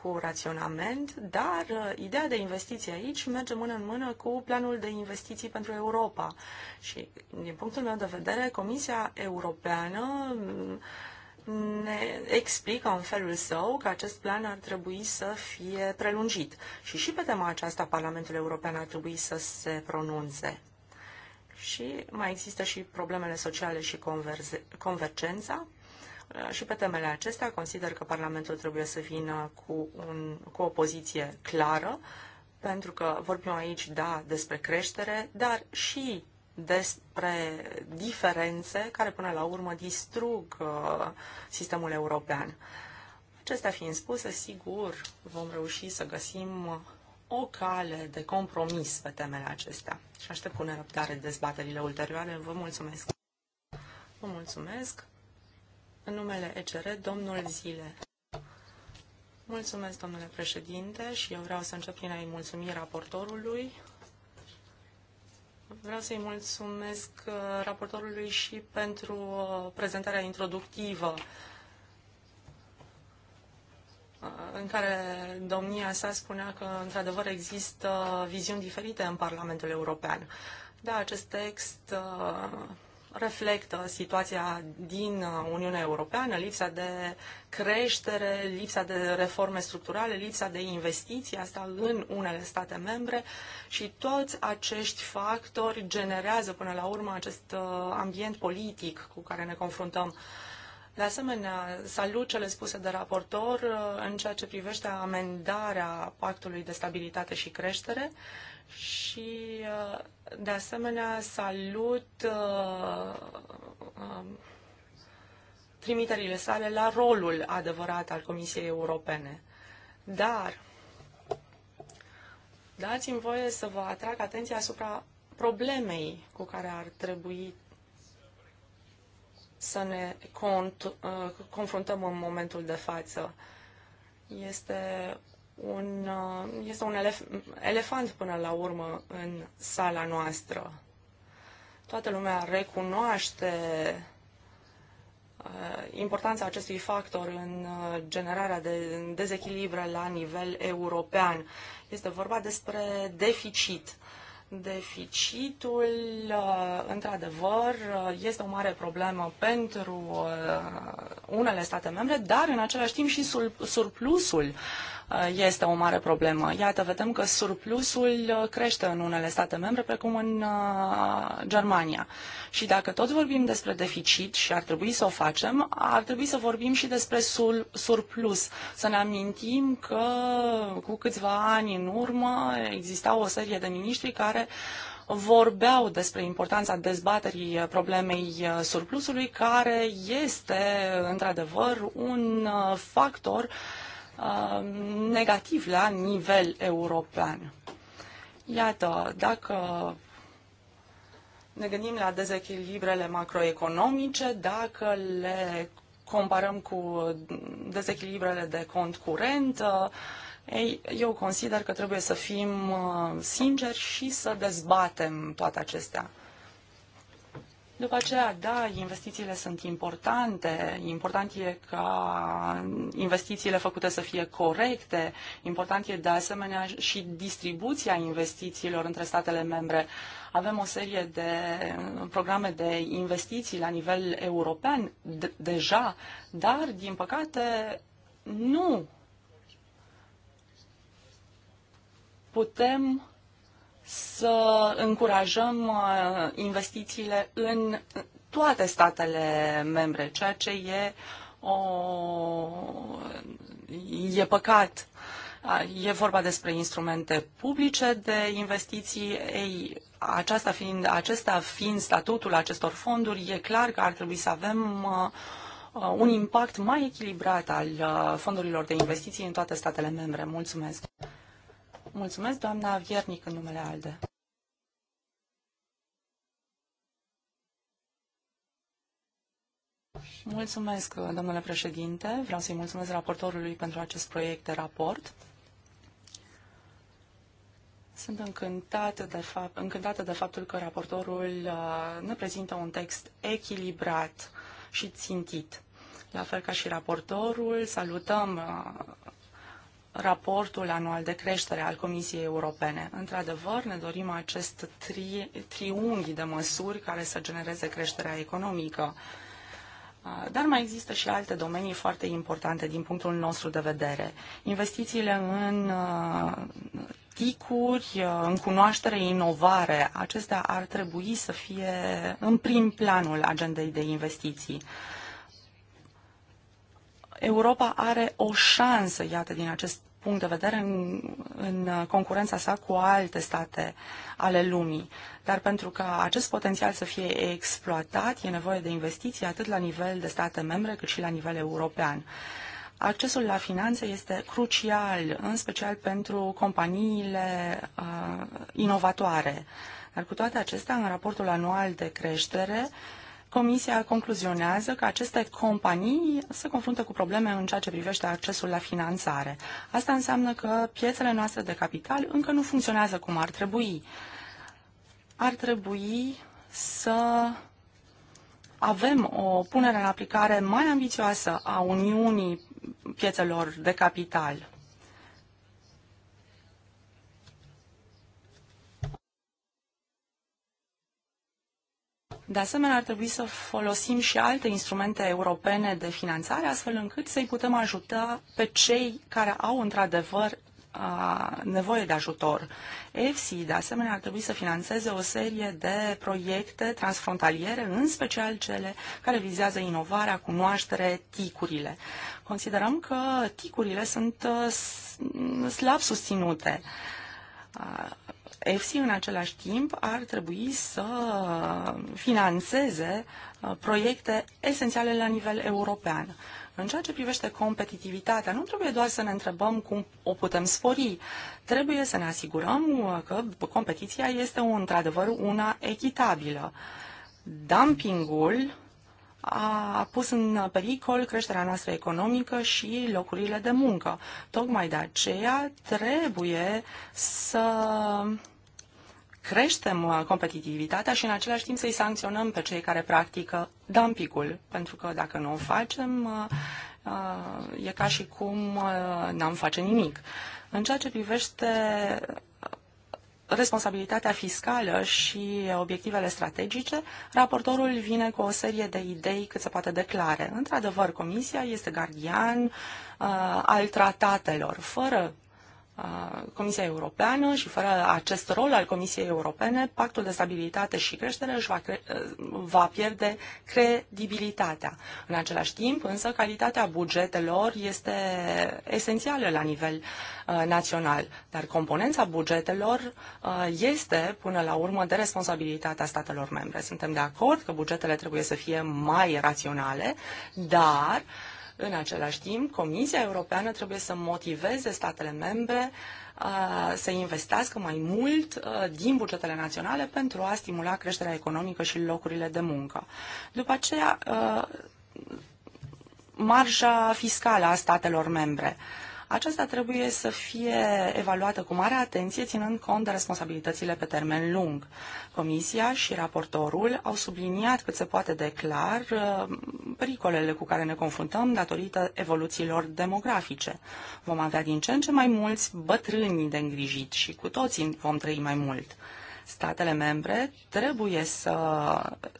cu raționament, dar uh, ideea de investiții aici merge mână în mână cu planul de investiții pentru Europa. Și, din punctul meu de vedere, Comisia Europeană mm, ne explică în felul său că acest plan ar trebui să fie prelungit. Și și pe tema aceasta Parlamentul European ar trebui să se pronunțe și mai există și problemele sociale și converze, convergența. Uh, și pe temele acestea consider că Parlamentul trebuie să vină cu, un, cu o poziție clară, pentru că vorbim aici, da, despre creștere, dar și despre diferențe care până la urmă distrug uh, sistemul european. Acestea fiind spuse, sigur vom reuși să găsim o cale de compromis pe temele acestea. Și aștept cu nerăbdare dezbaterile ulterioare. Vă mulțumesc! Vă mulțumesc! În numele ECR, domnul Zile. Mulțumesc, domnule președinte, și eu vreau să încep prin a-i mulțumi raportorului. Vreau să-i mulțumesc uh, raportorului și pentru uh, prezentarea introductivă în care domnia sa spunea că, într-adevăr, există viziuni diferite în Parlamentul European. Da, acest text uh, reflectă situația din Uniunea Europeană, lipsa de creștere, lipsa de reforme structurale, lipsa de investiții, asta în unele state membre și toți acești factori generează până la urmă acest uh, ambient politic cu care ne confruntăm uh, de asemenea, salut cele spuse de raportor uh, în ceea ce privește amendarea Pactului de Stabilitate și Creștere și, uh, de asemenea, salut uh, um, trimiterile sale la rolul adevărat al Comisiei Europene. Dar dați-mi voie să vă atrag atenția asupra problemei cu care ar trebui să ne cont, uh, confruntăm în momentul de față. Este un, uh, este un elef- elefant până la urmă în sala noastră. Toată lumea recunoaște uh, importanța acestui factor în generarea de dezechilibre la nivel european. Este vorba despre deficit. Deficitul, uh, într-adevăr, uh, este o mare problemă pentru uh, unele state membre, dar în același timp și surplusul Uh, este o mare problemă. Iată, vedem că surplusul uh, crește în unele state membre, precum în uh, Germania. Și dacă tot vorbim despre deficit și ar trebui să o facem, ar trebui să vorbim și despre surplus. Să ne amintim că cu câțiva ani în urmă exista o serie de miniștri care vorbeau despre importanța dezbaterii problemei surplusului, care este, într-adevăr, un factor uh, Um, negativ la nivel european. Iată, dacă ne gândim la dezechilibrele macroeconomice, dacă le comparăm cu dezechilibrele de cont curent, uh, eu consider că trebuie să fim uh, sinceri și să dezbatem toate acestea. După aceea, da, investițiile sunt importante, important e ca investițiile făcute să fie corecte, important e de asemenea și distribuția investițiilor între statele membre. Avem o serie de programe de investiții la nivel european deja, dar, din păcate, nu putem să încurajăm uh, investițiile în toate statele membre, ceea ce e, o, e păcat. Uh, e vorba despre instrumente publice de investiții. Ei, aceasta fiind, acesta fiind statutul acestor fonduri, e clar că ar trebui să avem uh, un impact mai echilibrat al fondurilor de investiții în toate statele membre. Mulțumesc! Mulțumesc, doamna Viernic, în numele ALDE. Mulțumesc, domnule președinte. Vreau să-i mulțumesc raportorului pentru acest proiect de raport. Sunt încântată de, fapt, încântată de faptul că raportorul uh, ne prezintă un text echilibrat și țintit. La fel ca și raportorul, salutăm uh, raportul anual de creștere al Comisiei Europene. Într-adevăr, ne dorim acest tri, triunghi de măsuri care să genereze creșterea economică. Ah, dar mai există și alte domenii foarte importante din punctul nostru de vedere. Investițiile în ah, ticuri, ah, în cunoaștere, inovare, acestea ar trebui să fie în prim planul agendei de investiții. Europa are o șansă, iată, din acest punct de vedere în, în concurența sa cu alte state ale lumii. Dar pentru ca acest potențial să fie exploatat, e nevoie de investiții atât la nivel de state membre cât și la nivel european. Accesul la finanțe este crucial, în special pentru companiile uh, inovatoare. Dar cu toate acestea, în raportul anual de creștere, uh, Comisia concluzionează că aceste companii se confruntă cu probleme în ceea ce privește accesul la finanțare. Asta înseamnă că piețele noastre de capital încă nu funcționează cum ar trebui. Ar trebui să avem o punere în aplicare mai ambițioasă a Uniunii piețelor de capital. De asemenea, ar trebui să folosim și alte instrumente europene de finanțare, astfel încât să-i putem ajuta pe cei care au într-adevăr nevoie de ajutor. EFSI, de asemenea, ar trebui să financeze o serie de proiecte transfrontaliere, în special cele care vizează inovarea, cunoaștere, ticurile. Considerăm că ticurile sunt slab susținute EFSI în același timp ar trebui să financeze uh, proiecte esențiale la nivel european. În ceea ce privește competitivitatea, nu trebuie doar să ne întrebăm cum o putem spori. Trebuie să ne asigurăm uh, că competiția este într-adevăr una echitabilă. Dumpingul a pus în pericol creșterea noastră economică și locurile de muncă. Tocmai de aceea trebuie să creștem uh, competitivitatea și în același timp să-i sancționăm pe cei care practică dumpingul, pentru că dacă nu o facem, uh, uh, e ca și cum n-am face nimic. În ceea ce privește responsabilitatea fiscală și obiectivele strategice, raportorul vine cu o serie de idei cât se poate declare. Într-adevăr, Comisia este gardian uh, al tratatelor. Fără Comisia Europeană și fără acest rol al Comisiei Europene, Pactul de Stabilitate și Creștere își va, cre- va pierde credibilitatea. În același timp, însă, calitatea bugetelor este esențială la nivel național, dar componența bugetelor este, până la urmă, de responsabilitatea statelor membre. Suntem de acord că bugetele trebuie să fie mai raționale, dar uh, în același timp, Comisia Europeană trebuie să motiveze statele membre uh, să investească mai mult uh, din bugetele naționale pentru a stimula creșterea economică și locurile de muncă. După aceea, uh, marja fiscală a statelor membre. Aceasta trebuie să fie evaluată cu mare atenție, ținând cont de responsabilitățile pe termen lung. Comisia și raportorul au subliniat cât se poate de clar uh, pericolele cu care ne confruntăm datorită evoluțiilor demografice. Vom avea din ce în ce mai mulți bătrâni de îngrijit și cu toții vom trăi mai mult. Statele membre trebuie să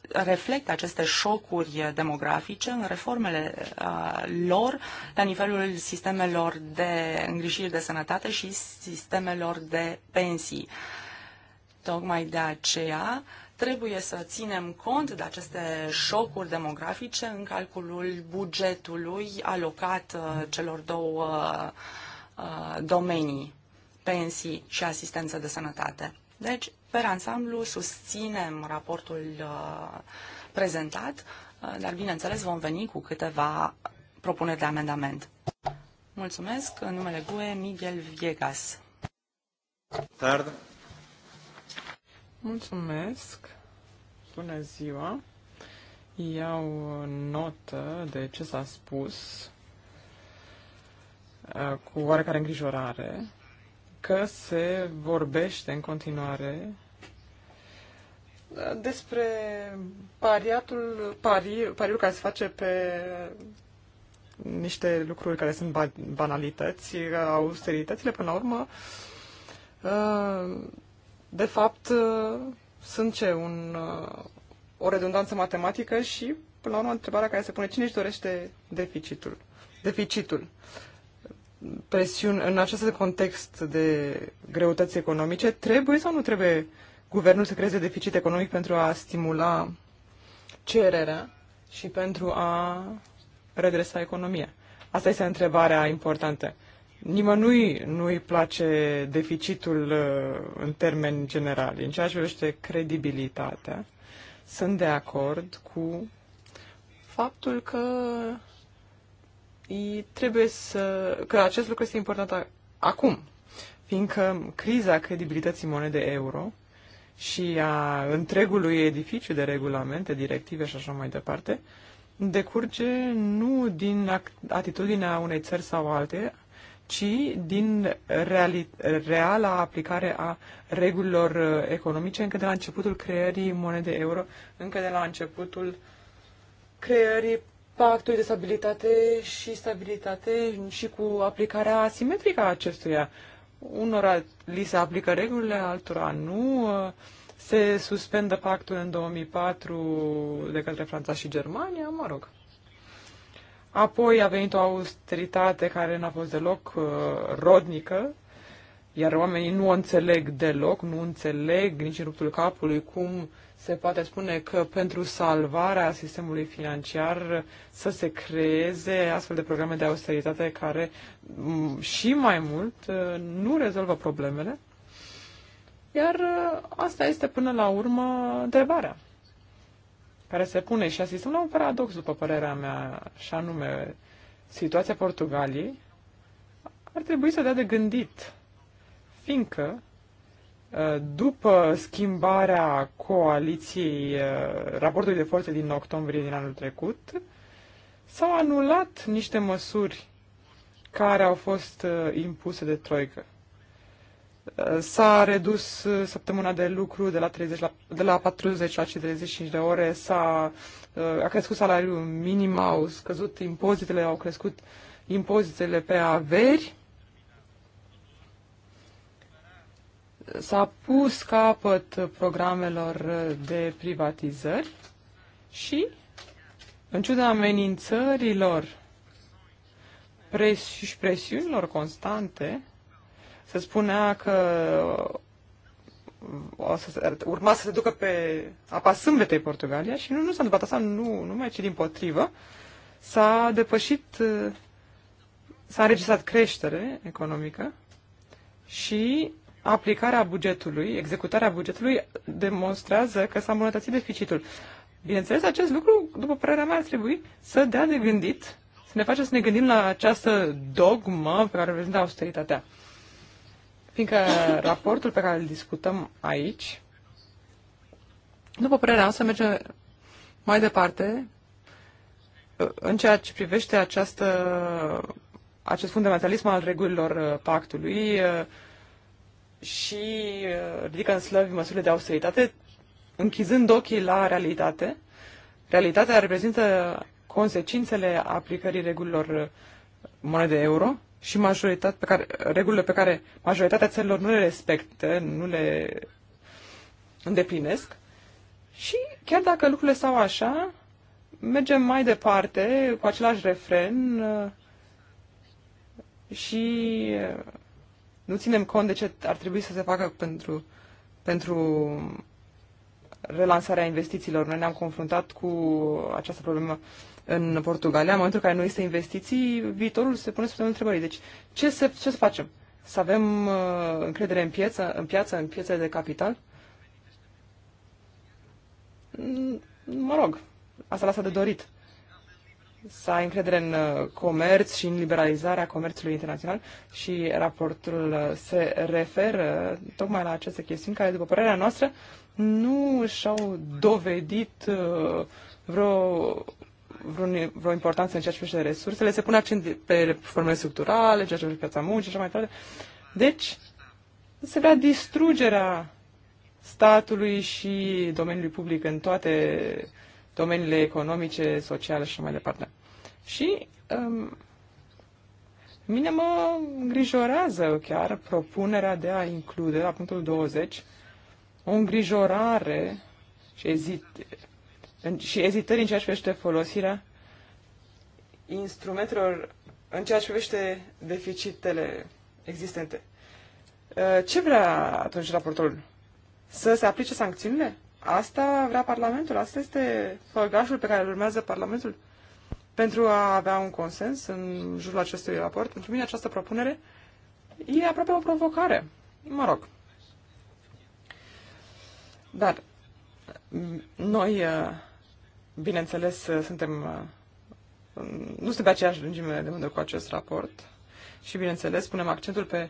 reflecte aceste șocuri demografice în reformele lor la nivelul sistemelor de îngrijiri de sănătate și sistemelor de pensii. Tocmai de aceea trebuie să ținem cont de aceste șocuri demografice în calculul bugetului alocat celor două domenii, pensii și asistență de sănătate. Deci, Per ansamblu, susținem raportul uh, prezentat, uh, dar bineînțeles vom veni cu câteva propuneri de amendament. Mulțumesc. În numele GUE, Miguel Viegas. Tard. Mulțumesc. Bună ziua. Iau notă de ce s-a spus uh, cu oarecare îngrijorare că se vorbește în continuare despre pariatul, pari, pariul care se face pe niște lucruri care sunt banalități, austeritățile, până la urmă, uh, de fapt, uh, sunt ce? Un, uh, o redundanță matematică și, până la urmă, întrebarea care se pune, cine își dorește deficitul? Deficitul presiuni, în acest context de greutăți economice, trebuie sau nu trebuie guvernul să creeze deficit economic pentru a stimula cererea și pentru a redresa economia? Asta este întrebarea importantă. Nimănui nu-i place deficitul uh, în termeni generali. În ceea ce privește credibilitatea, sunt de acord cu faptul că trebuie să, că acest lucru este important acum, fiindcă criza credibilității monedei euro și a întregului edificiu de regulamente, directive și așa mai departe, decurge nu din atitudinea unei țări sau alte, ci din reali- reala aplicare a regulilor uh, economice încă de la începutul creării monedei euro, încă de la începutul creării pactul de stabilitate și stabilitate și cu aplicarea asimetrică a acestuia. Unora li se aplică regulile, altora nu. Se suspendă pactul în 2004 de către Franța și Germania, mă rog. Apoi a venit o austeritate care n-a fost deloc uh, rodnică, iar oamenii nu o înțeleg deloc, nu înțeleg nici în ruptul capului cum uh, se poate spune că pentru salvarea sistemului financiar să se creeze astfel de programe de austeritate care mm, și mai mult uh, nu rezolvă problemele. Iar uh, asta este până la urmă întrebarea care se pune și asistăm la un paradox, după părerea mea, și anume, situația Portugaliei ar trebui să dea de gândit, fiindcă după schimbarea coaliției, eh, raportului de forțe din octombrie din anul trecut, s-au anulat niște măsuri care au fost eh, impuse de Troică. Eh, s-a redus săptămâna de lucru de la, 30 la, de la 40 la 35 de ore, s-a, a crescut salariul minim, au scăzut impozitele, au crescut impozitele pe averi, s-a pus capăt programelor de privatizări și, în ciuda amenințărilor pres- și presiunilor constante, se spunea că o să, urma să se ducă pe apa sâmbetei Portugalia și nu, nu s-a întâmplat asta, nu, numai ce din potrivă. S-a depășit, s-a înregistrat creștere economică și aplicarea bugetului, executarea bugetului, demonstrează că s-a îmbunătățit deficitul. Bineînțeles, acest lucru, după părerea mea, ar trebui să dea de gândit, să ne face să ne gândim la această dogmă pe care reprezintă austeritatea. Fiindcă raportul pe care îl discutăm aici, după părerea mea, să merge mai departe în ceea ce privește această, acest fundamentalism al regulilor uh, pactului, uh, și uh, ridică în slăvi măsurile de austeritate, închizând ochii la realitate. Realitatea reprezintă consecințele aplicării regulilor uh, monede euro și majoritatea pe care, regulile pe care majoritatea țărilor nu le respectă, nu le îndeplinesc. Și chiar dacă lucrurile stau așa, mergem mai departe cu același refren uh, și nu ținem cont de ce ar trebui să se facă pentru, pentru relansarea investițiilor. Noi ne-am confruntat cu această problemă în Portugalia. În momentul în care nu este investiții, viitorul se pune sub semnul întrebării. Deci, ce să, ce să facem? Să avem uh, încredere în piață, în piață, în piețe de capital? Mm, mă rog, asta lasă de dorit să ai încredere în uh, comerț și în liberalizarea comerțului internațional și raportul uh, se referă uh, tocmai la aceste chestiuni care, după părerea noastră, nu și-au dovedit vreo, vreo, vreo importanță în ceea ce privește resursele. Se pune accent pe formele structurale, ceea ce privește piața muncii și așa mai departe. Deci, se vrea distrugerea statului și domeniului public în toate domeniile economice, sociale și mai departe. Și um, mine mă îngrijorează chiar propunerea de a include la punctul 20 o îngrijorare și, ezit, și ezitări în ceea ce privește folosirea instrumentelor în ceea ce privește deficitele existente. Uh, ce vrea atunci raportorul? Să se aplice sancțiunile? Asta vrea Parlamentul, asta este făgașul pe care îl urmează Parlamentul pentru a avea un consens în jurul acestui raport. Pentru mine această propunere e aproape o provocare. Mă rog. Dar mm, noi, uh, bineînțeles, uh, suntem, uh, nu suntem pe aceeași lungime de undă cu acest raport și, bineînțeles, punem accentul pe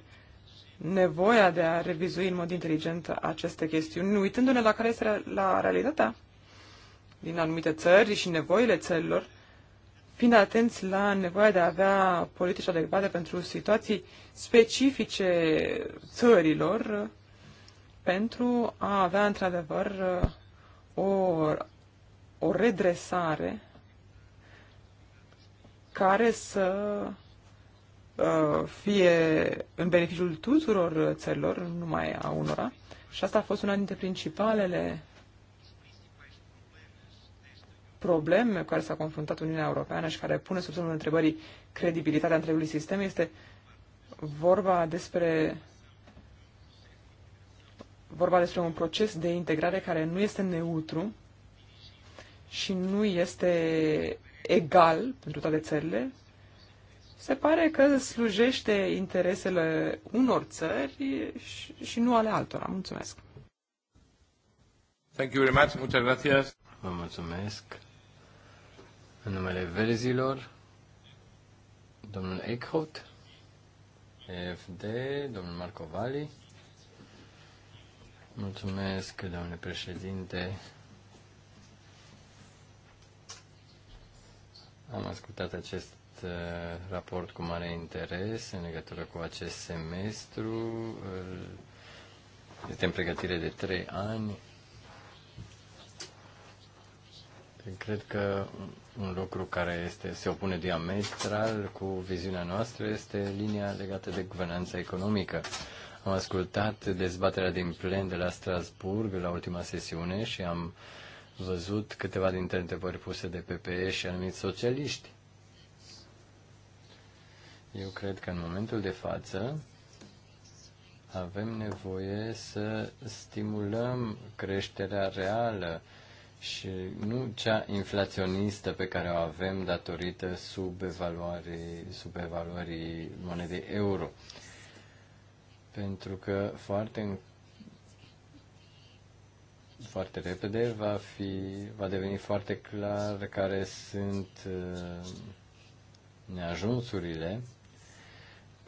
nevoia de a revizui în mod inteligent aceste chestiuni, uitându-ne la care este la realitatea din anumite țări și nevoile țărilor, fiind atenți la nevoia de a avea politici adecvate pentru situații specifice țărilor, pentru a avea într-adevăr o, o redresare care să Uh, fie în beneficiul tuturor țărilor, nu numai a unora. Și asta a fost una dintre principalele probleme cu care s-a confruntat Uniunea Europeană și care pune sub semnul întrebării credibilitatea întregului sistem este vorba despre vorba despre un proces de integrare care nu este neutru și nu este egal pentru toate țările, se pare că slujește interesele unor țări și, nu ale altora. Mulțumesc. Thank you very much. Muchas gracias. Vă mulțumesc. În numele verzilor, domnul Eichhout, FD, domnul Marco Vali. Mulțumesc, domnule președinte. Am ascultat acest Uh, raport cu mare interes în legătură cu acest semestru. Este uh, în pregătire de trei ani. Cred că un lucru care este, se opune diametral cu viziunea noastră este linia legată de guvernanța economică. Am ascultat dezbaterea din plen de la Strasburg la ultima sesiune și am văzut câteva dintre întrebări puse de PPE și anumiți socialiști. Eu cred că în momentul de față avem nevoie să stimulăm creșterea reală și nu cea inflaționistă pe care o avem datorită subevaluării, subevaluării monedei euro. Pentru că foarte, foarte repede va, fi, va deveni foarte clar care sunt uh, neajunsurile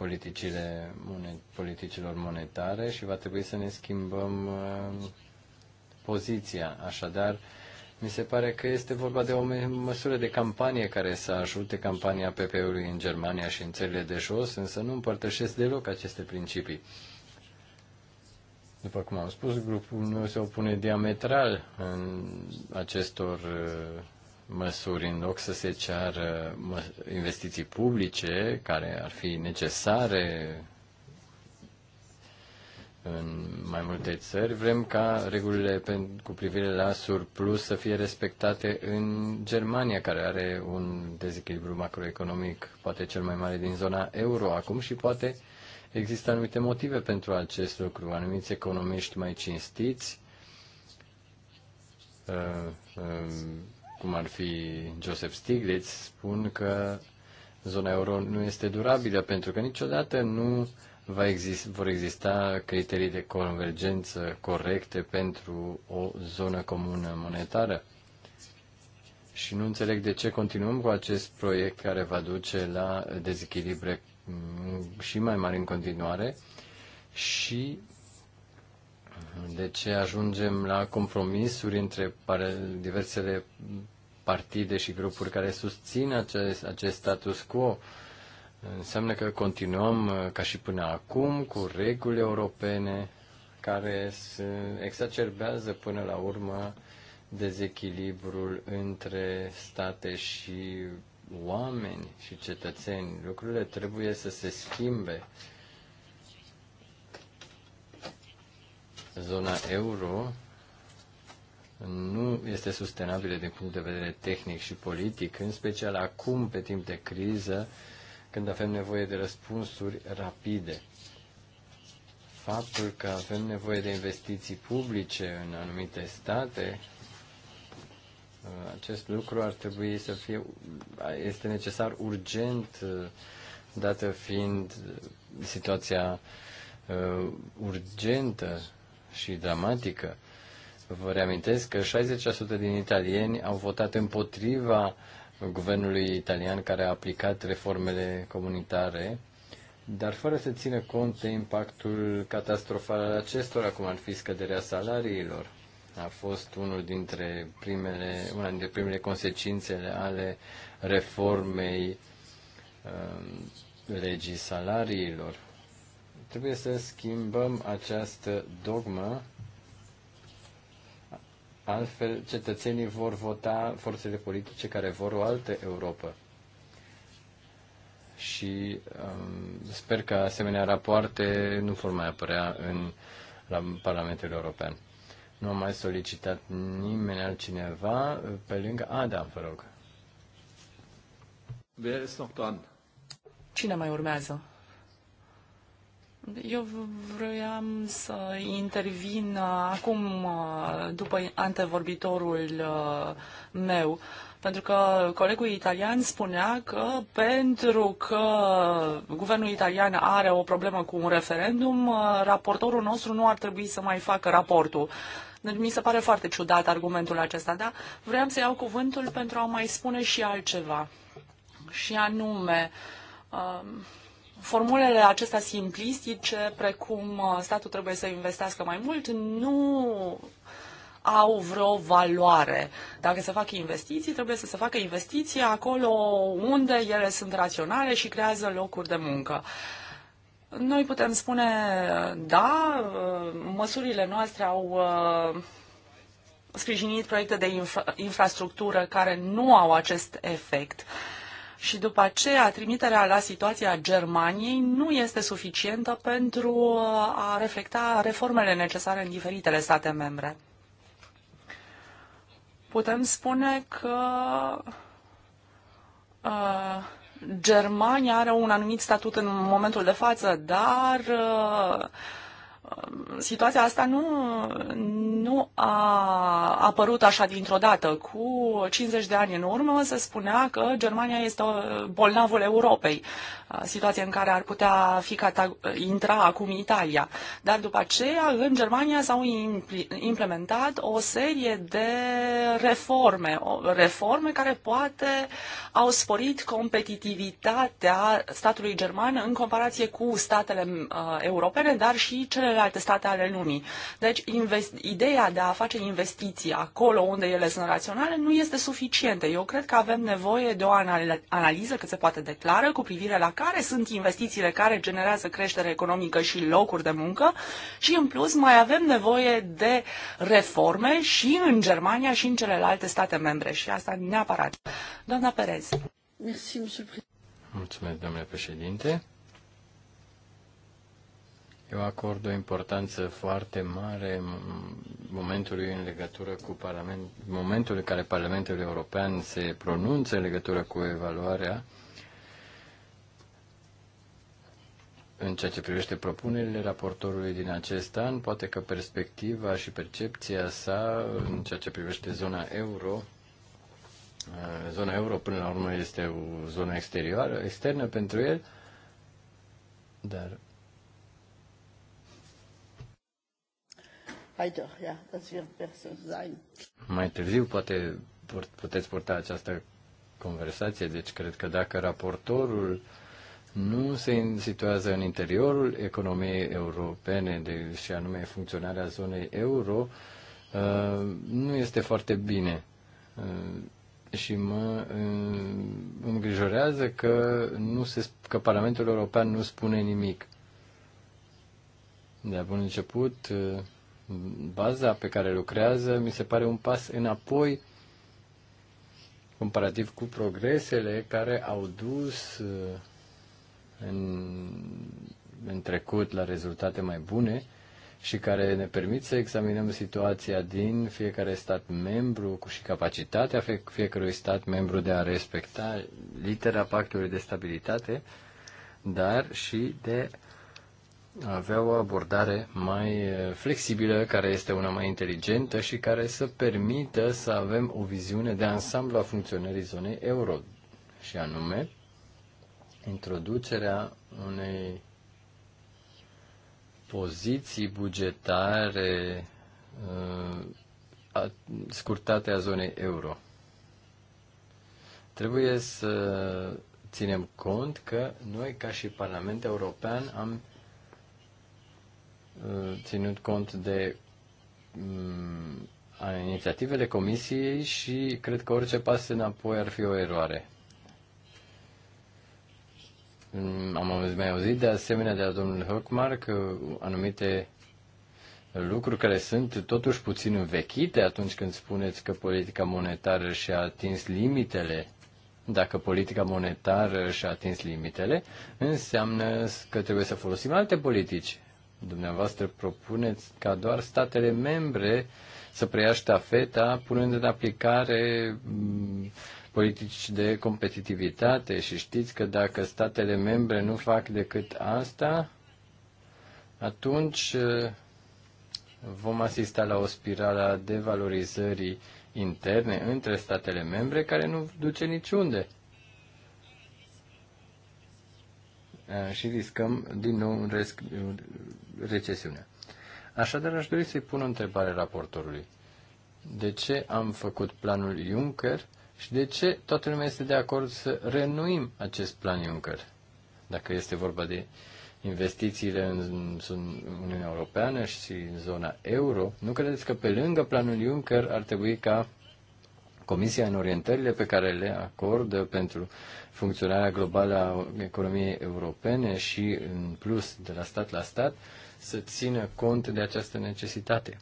politicile monet, politicilor monetare și va trebui să ne schimbăm uh, poziția. Așadar, mi se pare că este vorba de o măsură de campanie care să ajute campania PP-ului în Germania și în țările de jos, însă nu împărtășesc deloc aceste principii. După cum am spus, grupul meu se opune diametral în acestor uh, măsuri în loc să se ceară investiții publice care ar fi necesare în mai multe țări, vrem ca regulile cu privire la surplus să fie respectate în Germania, care are un dezechilibru macroeconomic poate cel mai mare din zona euro acum și poate există anumite motive pentru acest lucru. Anumiți economiști mai cinstiți uh, uh, cum ar fi Joseph Stiglitz, spun că zona euro nu este durabilă pentru că niciodată nu va exist, vor exista criterii de convergență corecte pentru o zonă comună monetară. Și nu înțeleg de ce continuăm cu acest proiect care va duce la dezechilibre mm, și mai mari în continuare și de ce ajungem la compromisuri între diversele partide și grupuri care susțin acest, acest status quo? Înseamnă că continuăm uh, ca și până acum cu reguli europene care se exacerbează până la urmă dezechilibrul între state și oameni și cetățeni. Lucrurile trebuie să se schimbe zona euro nu este sustenabilă din punct de vedere tehnic și politic, în special acum, pe timp de criză, când avem nevoie de răspunsuri rapide. Faptul că avem nevoie de investiții publice în anumite state, acest lucru ar trebui să fie, este necesar urgent, dată fiind situația uh, urgentă și dramatică. Vă reamintesc că 60% din italieni au votat împotriva guvernului italian care a aplicat reformele comunitare, dar fără să țină cont de impactul catastrofal al acestora, cum ar fi scăderea salariilor. A fost unul dintre primele, una dintre primele consecințe ale reformei um, legii salariilor. Trebuie să schimbăm această dogmă, altfel cetățenii vor vota forțele politice care vor o altă Europa. Și um, sper că asemenea rapoarte nu vor mai apărea în Parlamentul European. Nu a mai solicitat nimeni altcineva pe lângă Adam, vă rog. Cine mai urmează? Eu vroiam să intervin uh, acum uh, după antevorbitorul uh, meu, pentru că colegul italian spunea că pentru că guvernul italian are o problemă cu un referendum, raportorul nostru nu ar trebui să mai facă raportul. Deci, mi se pare foarte ciudat argumentul acesta, dar vreau să iau cuvântul pentru a mai spune și altceva. Și anume, uh, formulele acestea simplistice, precum uh, statul trebuie să investească mai mult, nu au vreo valoare. Dacă se fac investiții, trebuie să se facă investiții acolo unde ele sunt raționale și creează locuri de muncă. Noi putem spune, da, uh, măsurile noastre au uh, sprijinit proiecte de infra- infrastructură care nu au acest efect. Uh, și după aceea, trimiterea la situația Germaniei nu este suficientă pentru uh, a reflecta reformele necesare în diferitele state membre. Putem spune că uh, Germania are un anumit statut în momentul de față, dar uh, situația asta nu, nu a apărut așa dintr-o dată. Cu 50 de ani în urmă se spunea că Germania este bolnavul Europei, situație în care ar putea fi cata- intra acum Italia. Dar după aceea, în Germania s-au implementat o serie de reforme, reforme care poate au sporit competitivitatea statului german în comparație cu statele europene, dar și celelalte celelalte state ale lumii. Deci invest, ideea de a face investiții acolo unde ele sunt raționale nu este suficientă. Eu cred că avem nevoie de o analiză cât se poate declară cu privire la care sunt investițiile care generează creștere economică și locuri de muncă și în plus mai avem nevoie de reforme și în Germania și în celelalte state membre și asta neapărat. Doamna Perez. Mulțumesc, domnule președinte. Eu acord o importanță foarte mare momentului în legătură cu Parlament, momentul în care Parlamentul European se pronunță în legătură cu evaluarea în ceea ce privește propunerile raportorului din acest an, poate că perspectiva și percepția sa în ceea ce privește zona euro, uh, zona euro până la urmă este o zonă exterioară, externă pentru el, dar Mai târziu poate puteți purta această conversație, deci cred că dacă raportorul nu se situează în interiorul economiei europene, de, și anume funcționarea zonei euro, uh, nu este foarte bine. Uh, și mă uh, îngrijorează că, nu se, că Parlamentul European nu spune nimic. De la bun început, uh, baza pe care lucrează mi se pare un pas înapoi comparativ cu progresele care au dus uh, în, în trecut la rezultate mai bune și care ne permit să examinăm situația din fiecare stat membru cu și capacitatea fiecărui stat membru de a respecta litera pactului de stabilitate, dar și de avea o abordare mai eh, flexibilă, care este una mai inteligentă și care să permită să avem o viziune de ansamblu a funcționării zonei euro, și anume introducerea unei poziții bugetare eh, scurtate a zonei euro. Trebuie să ținem cont că noi, ca și Parlament European, am Uh, ținut cont de um, inițiativele comisiei și cred că orice pas înapoi ar fi o eroare. Mm, am auzit, mai auzit de asemenea de la domnul Hockmar că anumite lucruri care sunt totuși puțin învechite atunci când spuneți că politica monetară și-a atins limitele. Dacă politica monetară și-a atins limitele, înseamnă că trebuie să folosim alte politici Dumneavoastră propuneți ca doar statele membre să preia ștafeta, punând în aplicare mm, politici de competitivitate și știți că dacă statele membre nu fac decât asta, atunci vom asista la o spirală a devalorizării interne între statele membre care nu duce niciunde. Eh, și riscăm din nou un risc, recesiunea. Așadar, aș dori să-i pun o întrebare raportorului. De ce am făcut planul Juncker și de ce toată lumea este de acord să renuim acest plan Juncker? Dacă este vorba de investițiile în, în Uniunea Europeană și în zona euro, nu credeți că pe lângă planul Juncker ar trebui ca Comisia în orientările pe care le acordă pentru funcționarea globală a economiei europene și, în plus, de la stat la stat, să țină cont de această necesitate.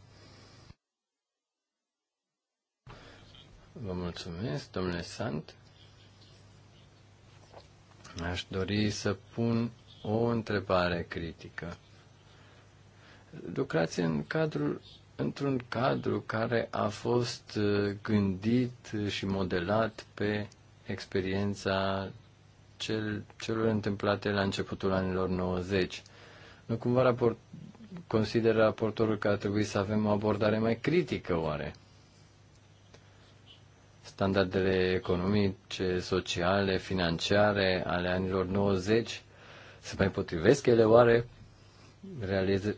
Vă mulțumesc, domnule Sant. Aș dori să pun o întrebare critică. Lucrați în cadrul într-un cadru care a fost uh, gândit și modelat pe experiența cel, celor întâmplate la începutul anilor 90. Nu cumva raport, consideră raportorul că ar trebui să avem o abordare mai critică, oare? Standardele economice, sociale, financiare ale anilor 90 se mai potrivesc ele oare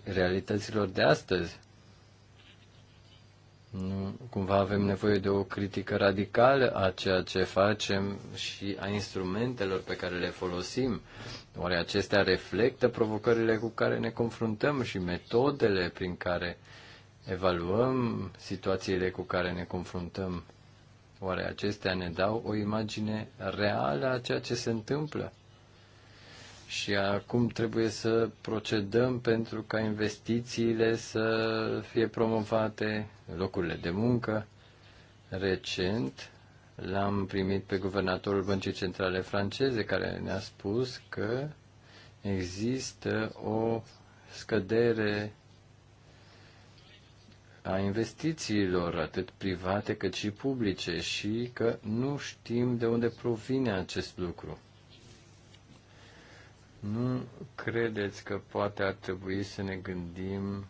realităților de astăzi? Nu, cumva avem nevoie de o critică radicală a ceea ce facem și a instrumentelor pe care le folosim. Oare acestea reflectă provocările cu care ne confruntăm și metodele prin care evaluăm situațiile cu care ne confruntăm? Oare acestea ne dau o imagine reală a ceea ce se întâmplă? și acum trebuie să procedăm pentru ca investițiile să fie promovate, locurile de muncă. Recent l-am primit pe guvernatorul Băncii Centrale franceze care ne-a spus că există o scădere a investițiilor, atât private cât și publice, și că nu știm de unde provine acest lucru. Nu credeți că poate ar trebui să ne gândim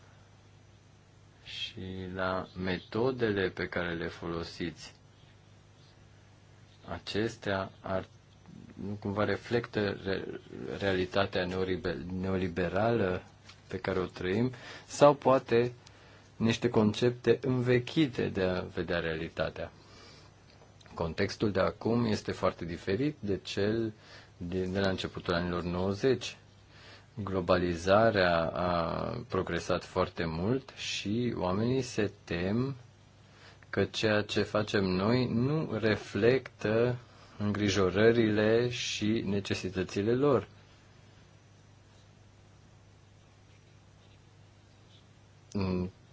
și la metodele pe care le folosiți? Acestea ar nu cumva reflectă re, realitatea neoliberală pe care o trăim sau poate niște concepte învechite de a vedea realitatea. Contextul de acum este foarte diferit de cel de, la începutul anilor 90. Globalizarea a progresat foarte mult și oamenii se tem că ceea ce facem noi nu reflectă îngrijorările și necesitățile lor.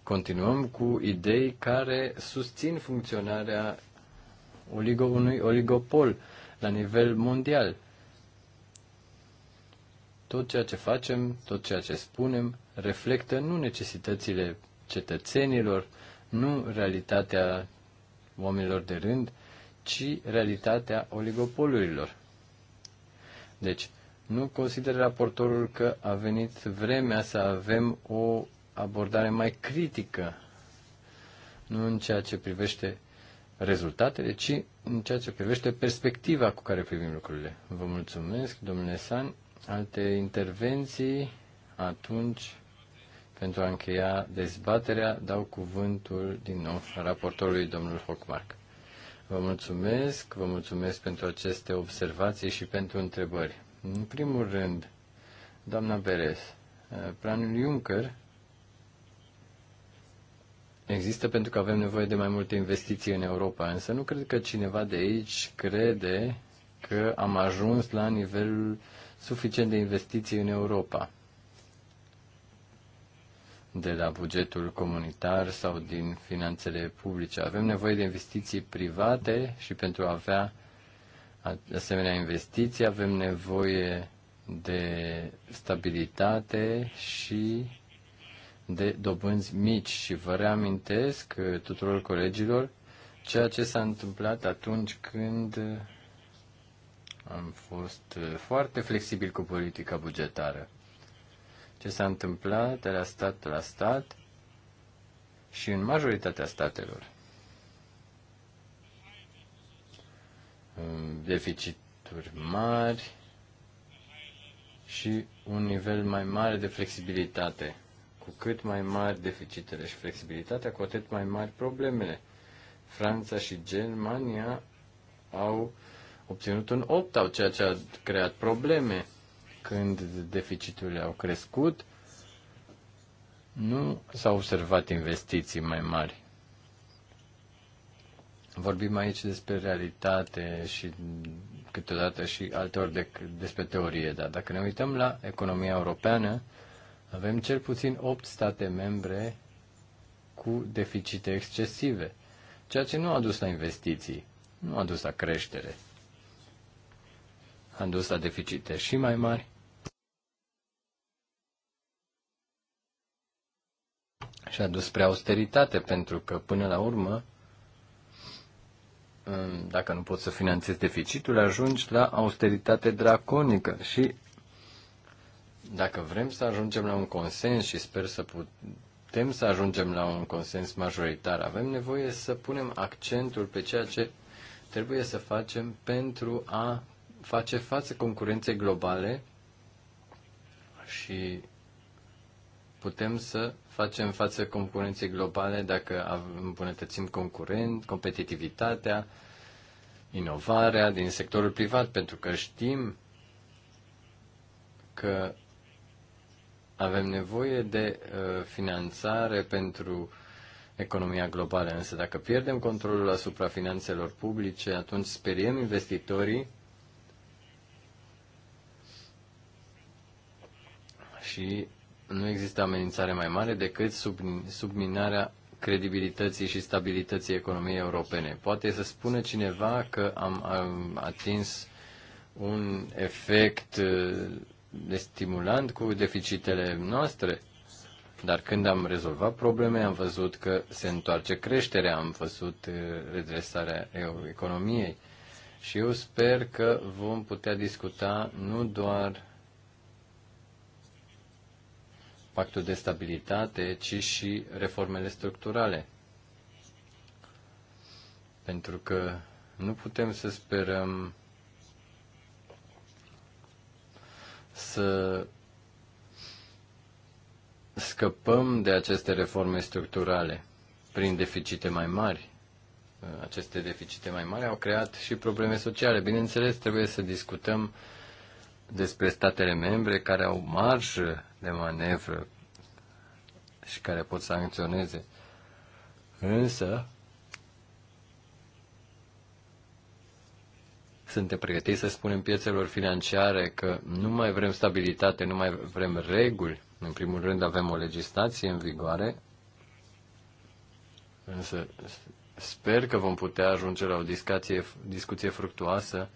Continuăm cu idei care susțin funcționarea oligo- unui oligopol la nivel mondial. Tot ceea ce facem, tot ceea ce spunem, reflectă nu necesitățile cetățenilor, nu realitatea oamenilor de rând, ci realitatea oligopolurilor. Deci, nu consideră raportorul că a venit vremea să avem o abordare mai critică, nu în ceea ce privește rezultatele, ci în ceea ce privește perspectiva cu care privim lucrurile. Vă mulțumesc, domnule San alte intervenții, atunci, pentru a încheia dezbaterea, dau cuvântul din nou raportorului domnul Hockmark. Vă mulțumesc, vă mulțumesc pentru aceste observații și pentru întrebări. În primul rând, doamna Beres, planul Juncker există pentru că avem nevoie de mai multe investiții în Europa, însă nu cred că cineva de aici crede că am ajuns la nivelul uh, suficient de investiții în Europa, de la bugetul comunitar sau din finanțele publice. Avem nevoie de investiții private și pentru a avea asemenea investiții avem nevoie de stabilitate și de dobânzi mici și vă reamintesc uh, tuturor colegilor ceea ce s-a întâmplat atunci când am fost uh, foarte flexibil cu politica bugetară. Ce s-a întâmplat de la stat la stat și în majoritatea statelor. Uh, deficituri mari și un nivel mai mare de flexibilitate. Cu cât mai mari deficitele și flexibilitatea, cu atât mai mari problemele. Franța și Germania au uh, obținut un opt-out, ceea ce a creat probleme când deficiturile au crescut, nu s-au observat investiții mai mari. Vorbim aici despre realitate și câteodată și alteori de, despre teorie, dar dacă ne uităm la economia europeană, avem cel puțin 8 state membre cu deficite excesive, ceea ce nu a dus la investiții, nu a dus la creștere a dus la deficite și mai mari. Și a dus spre austeritate, pentru că până la urmă, dacă nu poți să finanțezi deficitul, ajungi la austeritate draconică și dacă vrem să ajungem la un consens și sper să putem să ajungem la un consens majoritar, avem nevoie să punem accentul pe ceea ce trebuie să facem pentru a face față concurenței globale și putem să facem față concurenței globale dacă îmbunătățim concurent, competitivitatea, inovarea din sectorul privat, pentru că știm că avem nevoie de uh, finanțare pentru economia globală, însă dacă pierdem controlul asupra finanțelor publice, atunci speriem investitorii și nu există amenințare mai mare decât sub, subminarea credibilității și stabilității economiei europene. Poate să spună cineva că am, am atins un efect uh, de stimulant cu deficitele noastre, dar când am rezolvat probleme, am văzut că se întoarce creșterea, am văzut uh, redresarea economiei. Și eu sper că vom putea discuta nu doar pactul de stabilitate, ci și reformele structurale. Pentru că nu putem să sperăm să scăpăm de aceste reforme structurale prin deficite mai mari. Aceste deficite mai mari au creat și probleme sociale. Bineînțeles, trebuie să discutăm uh, despre statele membre care au marjă de manevră și care pot să acționeze. Însă, suntem pregătiți să spunem piețelor financiare că nu mai vrem stabilitate, nu mai vrem reguli. În primul rând avem o legislație în vigoare, însă sper că vom putea ajunge la o discuție, discuție fructuoasă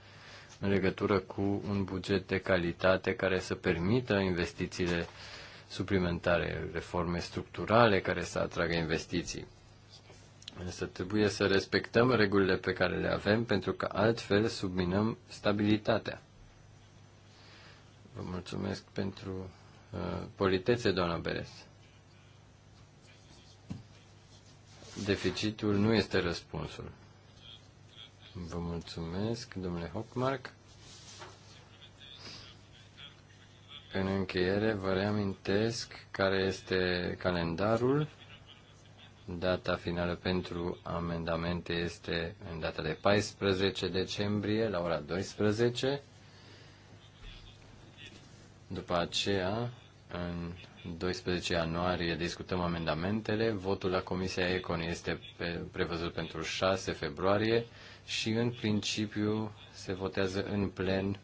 în legătură cu un buget de calitate care să permită investițiile suplimentare, reforme structurale care să atragă investiții. Însă trebuie să respectăm regulile pe care le avem, pentru că altfel subminăm stabilitatea. Vă mulțumesc pentru uh, politețe, doamna Beres. Deficitul nu este răspunsul. Vă mulțumesc, domnule Hockmark. În încheiere, vă reamintesc care este calendarul. Data finală pentru amendamente este în data de 14 decembrie la ora 12. După aceea, în 12 ianuarie discutăm amendamentele. Votul la Comisia Econ este pe, prevăzut pentru 6 februarie și în principiu se votează în plen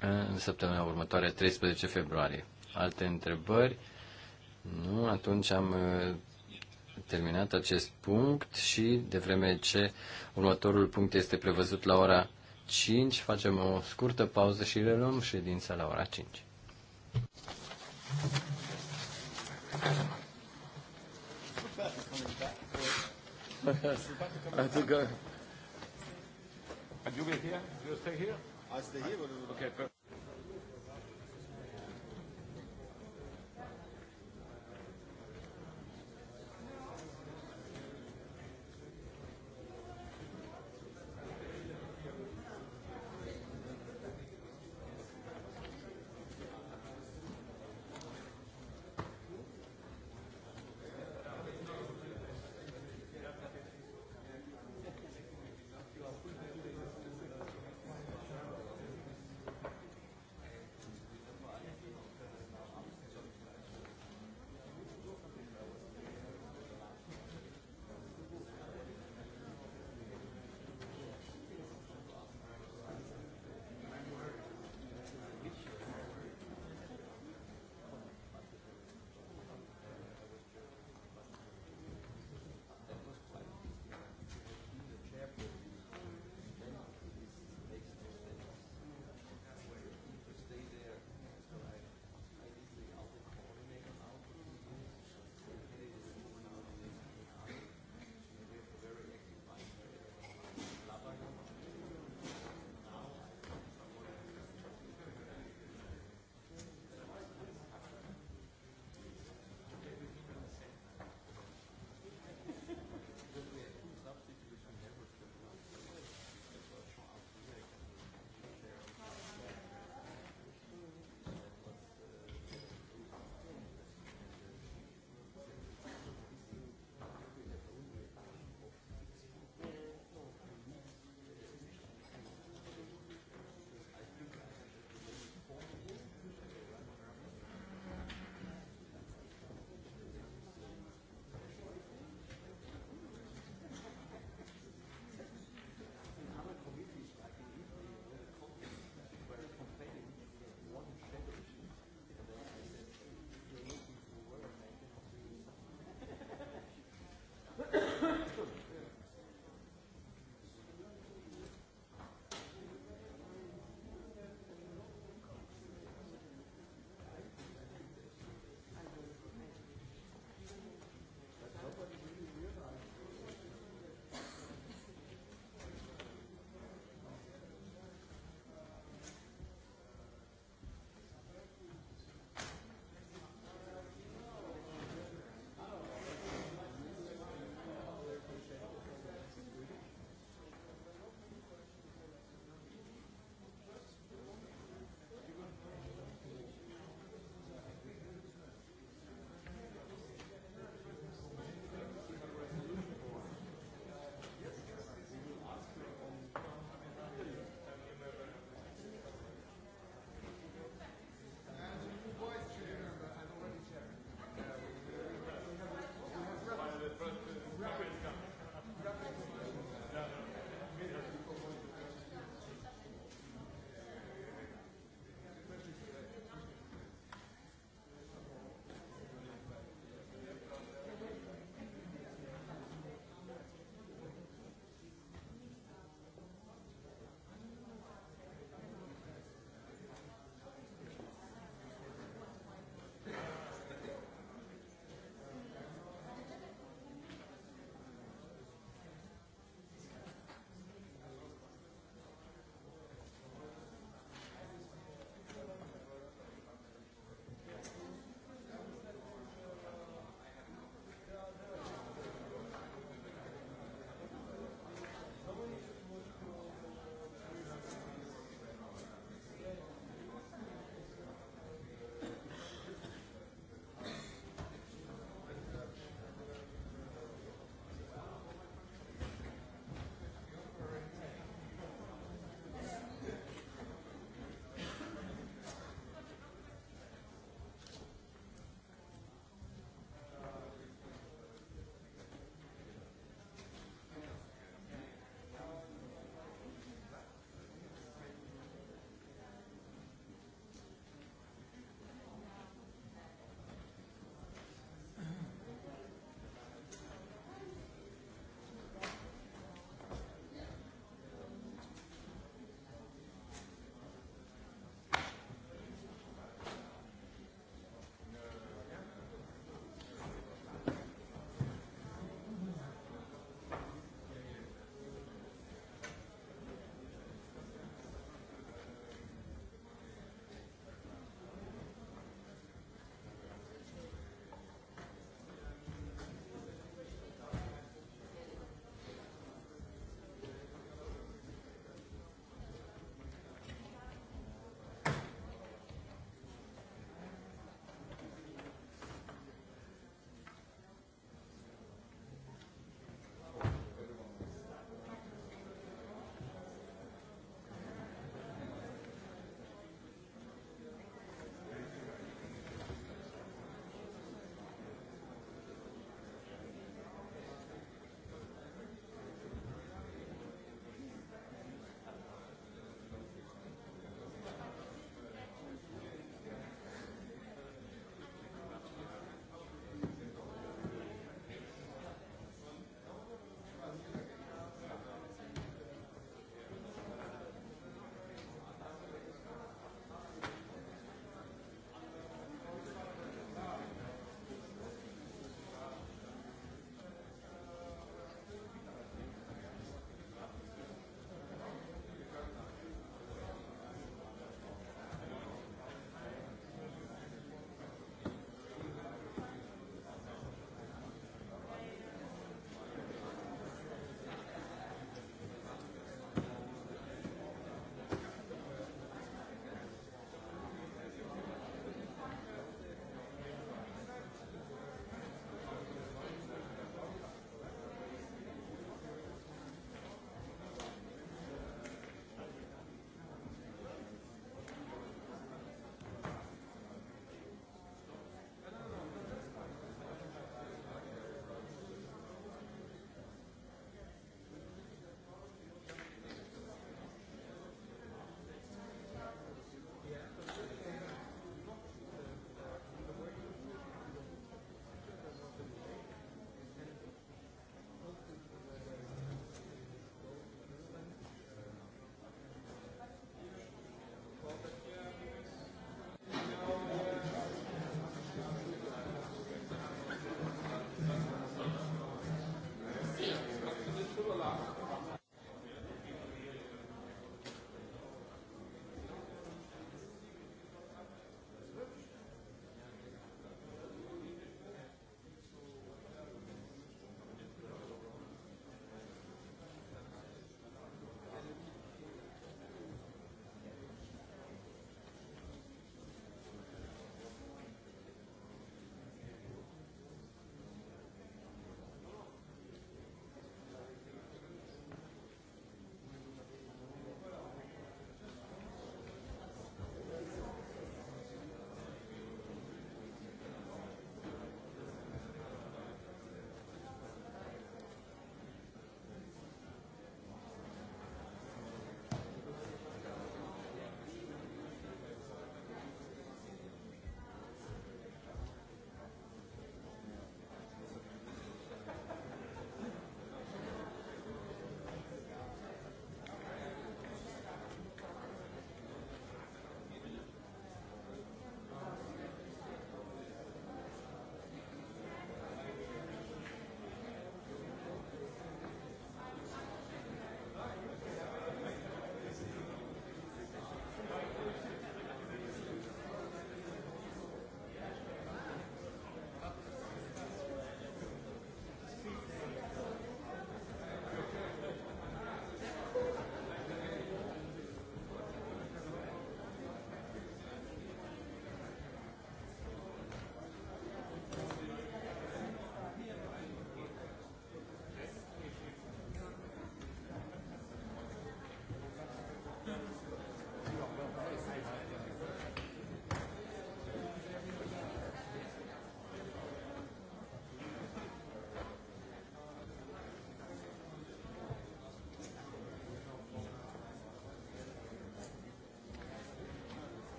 în săptămâna următoare, 13 februarie. Alte întrebări? Nu, atunci am terminat acest punct și de vreme ce următorul punct este prevăzut la ora 5, facem o scurtă pauză și reluăm ședința la ora 5. Thank you. I think. Uh, and you will here? You stay here? I stay here. Okay. Perfect.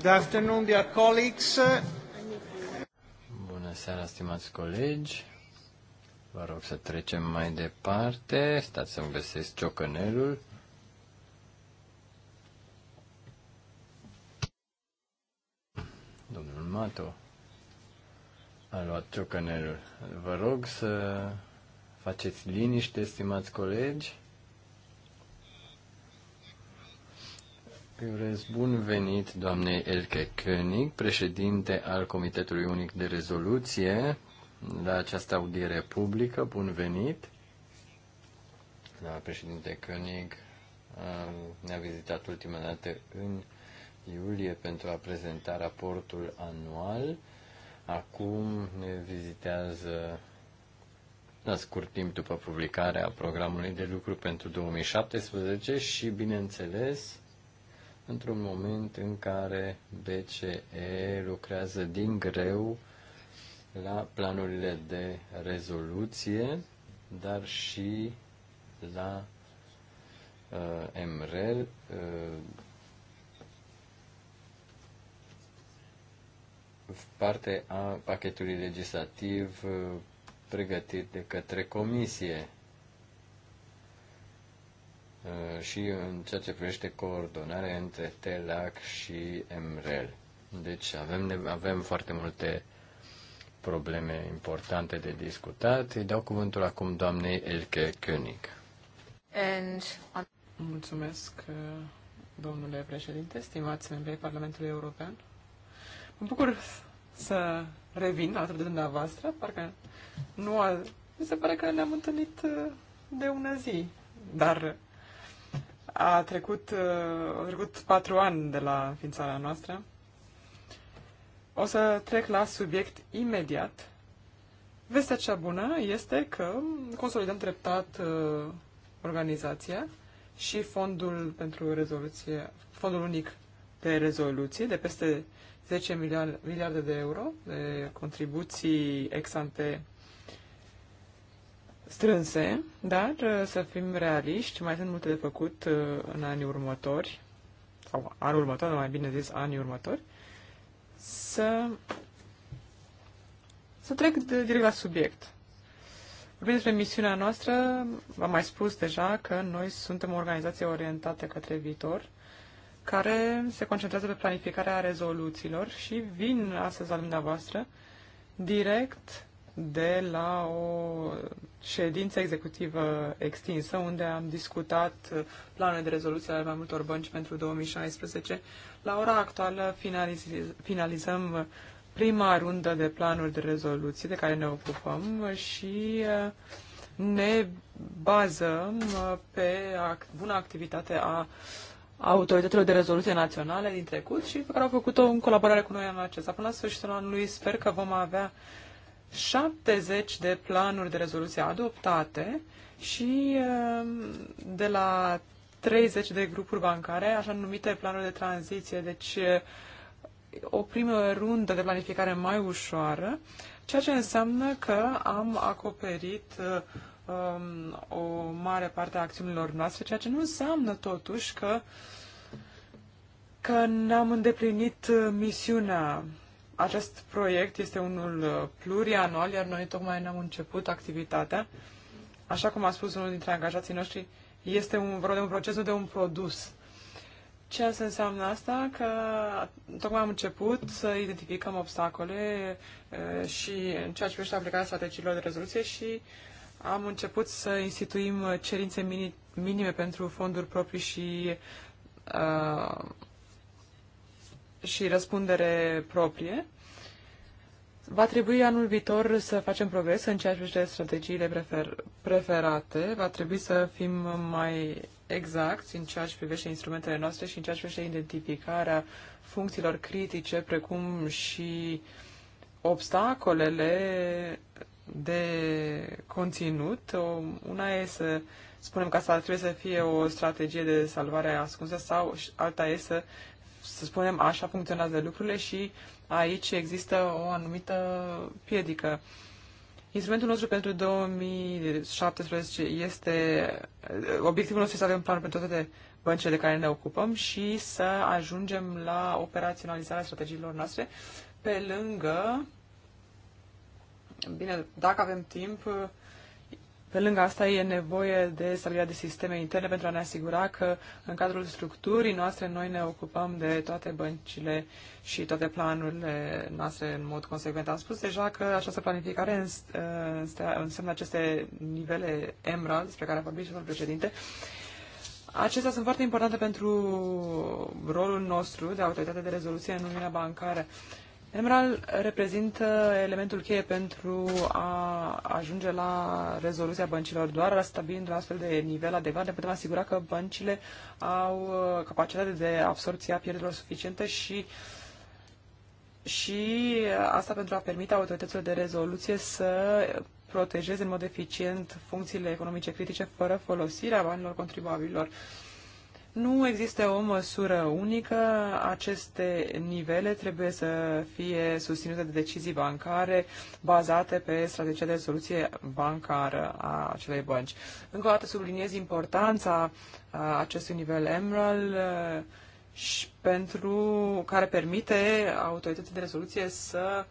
Good afternoon, dear colleagues. Bună seara, stimați colegi. Vă rog să trecem mai departe. Stați să-mi găsesc ciocănelul. Domnul Mato a luat ciocănelul. Vă rog să faceți liniște, stimați colegi. urez bun venit doamnei Elke König, președinte al Comitetului Unic de Rezoluție, la această audiere publică. Bun venit! Da, președinte König ne-a vizitat ultima dată în iulie pentru a prezenta raportul anual. Acum ne vizitează la scurt timp după publicarea programului de lucru pentru 2017 și, bineînțeles, într-un moment în care BCE lucrează din greu la planurile de rezoluție, dar și la uh, MREL. Uh, parte a pachetului legislativ uh, pregătit de către comisie Uh, și în ceea ce privește coordonarea între TELAC și MREL. Deci avem, avem foarte multe probleme importante de discutat. Îi dau cuvântul acum doamnei Elke König. And... Mulțumesc, uh, domnule președinte, stimați membrii Parlamentului European. Mă bucur să revin alături de dumneavoastră, parcă nu a... Mi se pare că ne-am întâlnit uh, de una zi, dar a trecut, uh, au trecut patru ani de la ființarea noastră. O să trec la subiect imediat. Vestea cea bună este că consolidăm treptat uh, organizația și fondul pentru rezoluție, fondul unic de rezoluție de peste 10 miliarde de euro de contribuții ex ante strânse, dar uh, să fim realiști, mai sunt multe de făcut uh, în anii următori, sau anul următor, mai bine zis anii următori, să, să trec de, direct la subiect. Vorbim despre misiunea noastră, am mai spus deja că noi suntem o organizație orientată către viitor, care se concentrează pe planificarea rezoluțiilor și vin astăzi la dumneavoastră direct de la o ședință executivă extinsă, unde am discutat planul de rezoluție al mai multor bănci pentru 2016. La ora actuală finaliz finalizăm prima rundă de planuri de rezoluție de care ne ocupăm și uh, ne bazăm uh, pe bună activitate a autorităților de rezoluție naționale din trecut și pe care au făcut-o în colaborare cu noi în acesta. Până la sfârșitul anului sper că vom avea uh, 70 de planuri de rezoluție adoptate și um, de la 30 de grupuri bancare, așa numite planuri de tranziție. Deci uh, o primă rundă de planificare mai ușoară, ceea ce înseamnă că am acoperit uh, um, o mare parte a acțiunilor noastre, ceea ce nu înseamnă totuși că, că ne-am îndeplinit uh, misiunea acest proiect este unul uh, plurianual, iar noi tocmai ne-am început activitatea. Așa cum a spus unul dintre angajații noștri, este un, vreo de un proces, de un produs. Ce înseamnă asta? Că tocmai am început să identificăm obstacole uh, și în ceea ce privește aplicarea strategiilor de rezoluție și am început să instituim cerințe minime pentru fonduri proprii și uh, și răspundere proprie, va trebui anul viitor să facem progres în ceea ce privește strategiile prefer- preferate, va trebui să fim mai exacti în ceea ce privește instrumentele noastre și în ceea ce privește identificarea funcțiilor critice, precum și obstacolele de conținut. Una e să spunem că asta trebuie să fie o strategie de salvare ascunsă sau alta e să să spunem, așa funcționează lucrurile și aici există o anumită piedică. Instrumentul nostru pentru 2017 este, obiectivul nostru este să avem plan pentru toate băncile de care ne ocupăm și să ajungem la operaționalizarea strategiilor noastre pe lângă, bine, dacă avem timp, pe lângă asta e nevoie de stabilirea de sisteme interne pentru a ne asigura că în cadrul structurii noastre noi ne ocupăm de toate băncile și toate planurile noastre în mod consecvent. Am spus deja că această planificare înseamnă aceste nivele EMRA, despre care a vorbit și președinte, Acestea sunt foarte importante pentru rolul nostru de autoritate de rezoluție în Uniunea Bancară. Uh, Emerald reprezintă elementul cheie pentru a ajunge la rezoluția băncilor. Doar stabilind un astfel de nivel adecvat ne putem asigura că băncile au uh, capacitatea de absorție a pierderilor suficiente și și asta pentru a permite autorităților de rezoluție să protejeze în mod eficient funcțiile economice critice fără folosirea banilor contribuabililor. Uh, nu există o măsură unică, aceste nivele trebuie să fie susținute de decizii bancare bazate pe strategia de soluție bancară a acelei bănci. Încă o dată subliniez importanța uh, acestui nivel MREL uh, și pentru care permite autorității de rezoluție să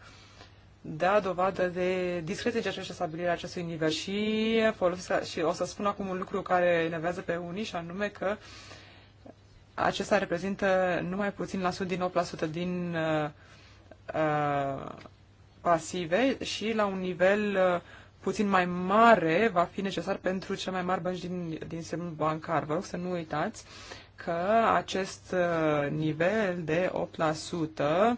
dea dovadă de discreție în ceea ce stabilirea acestui nivel și, uh, folosesc, și o să spun acum un lucru care enervează pe unii și anume că uh, acesta reprezintă numai puțin la sud din 8% din uh, uh, pasive și la un nivel uh, puțin mai mare va fi necesar pentru cel mai mari bănci din, din semnul bancar. Vă rog să nu uitați că acest uh, nivel de 8%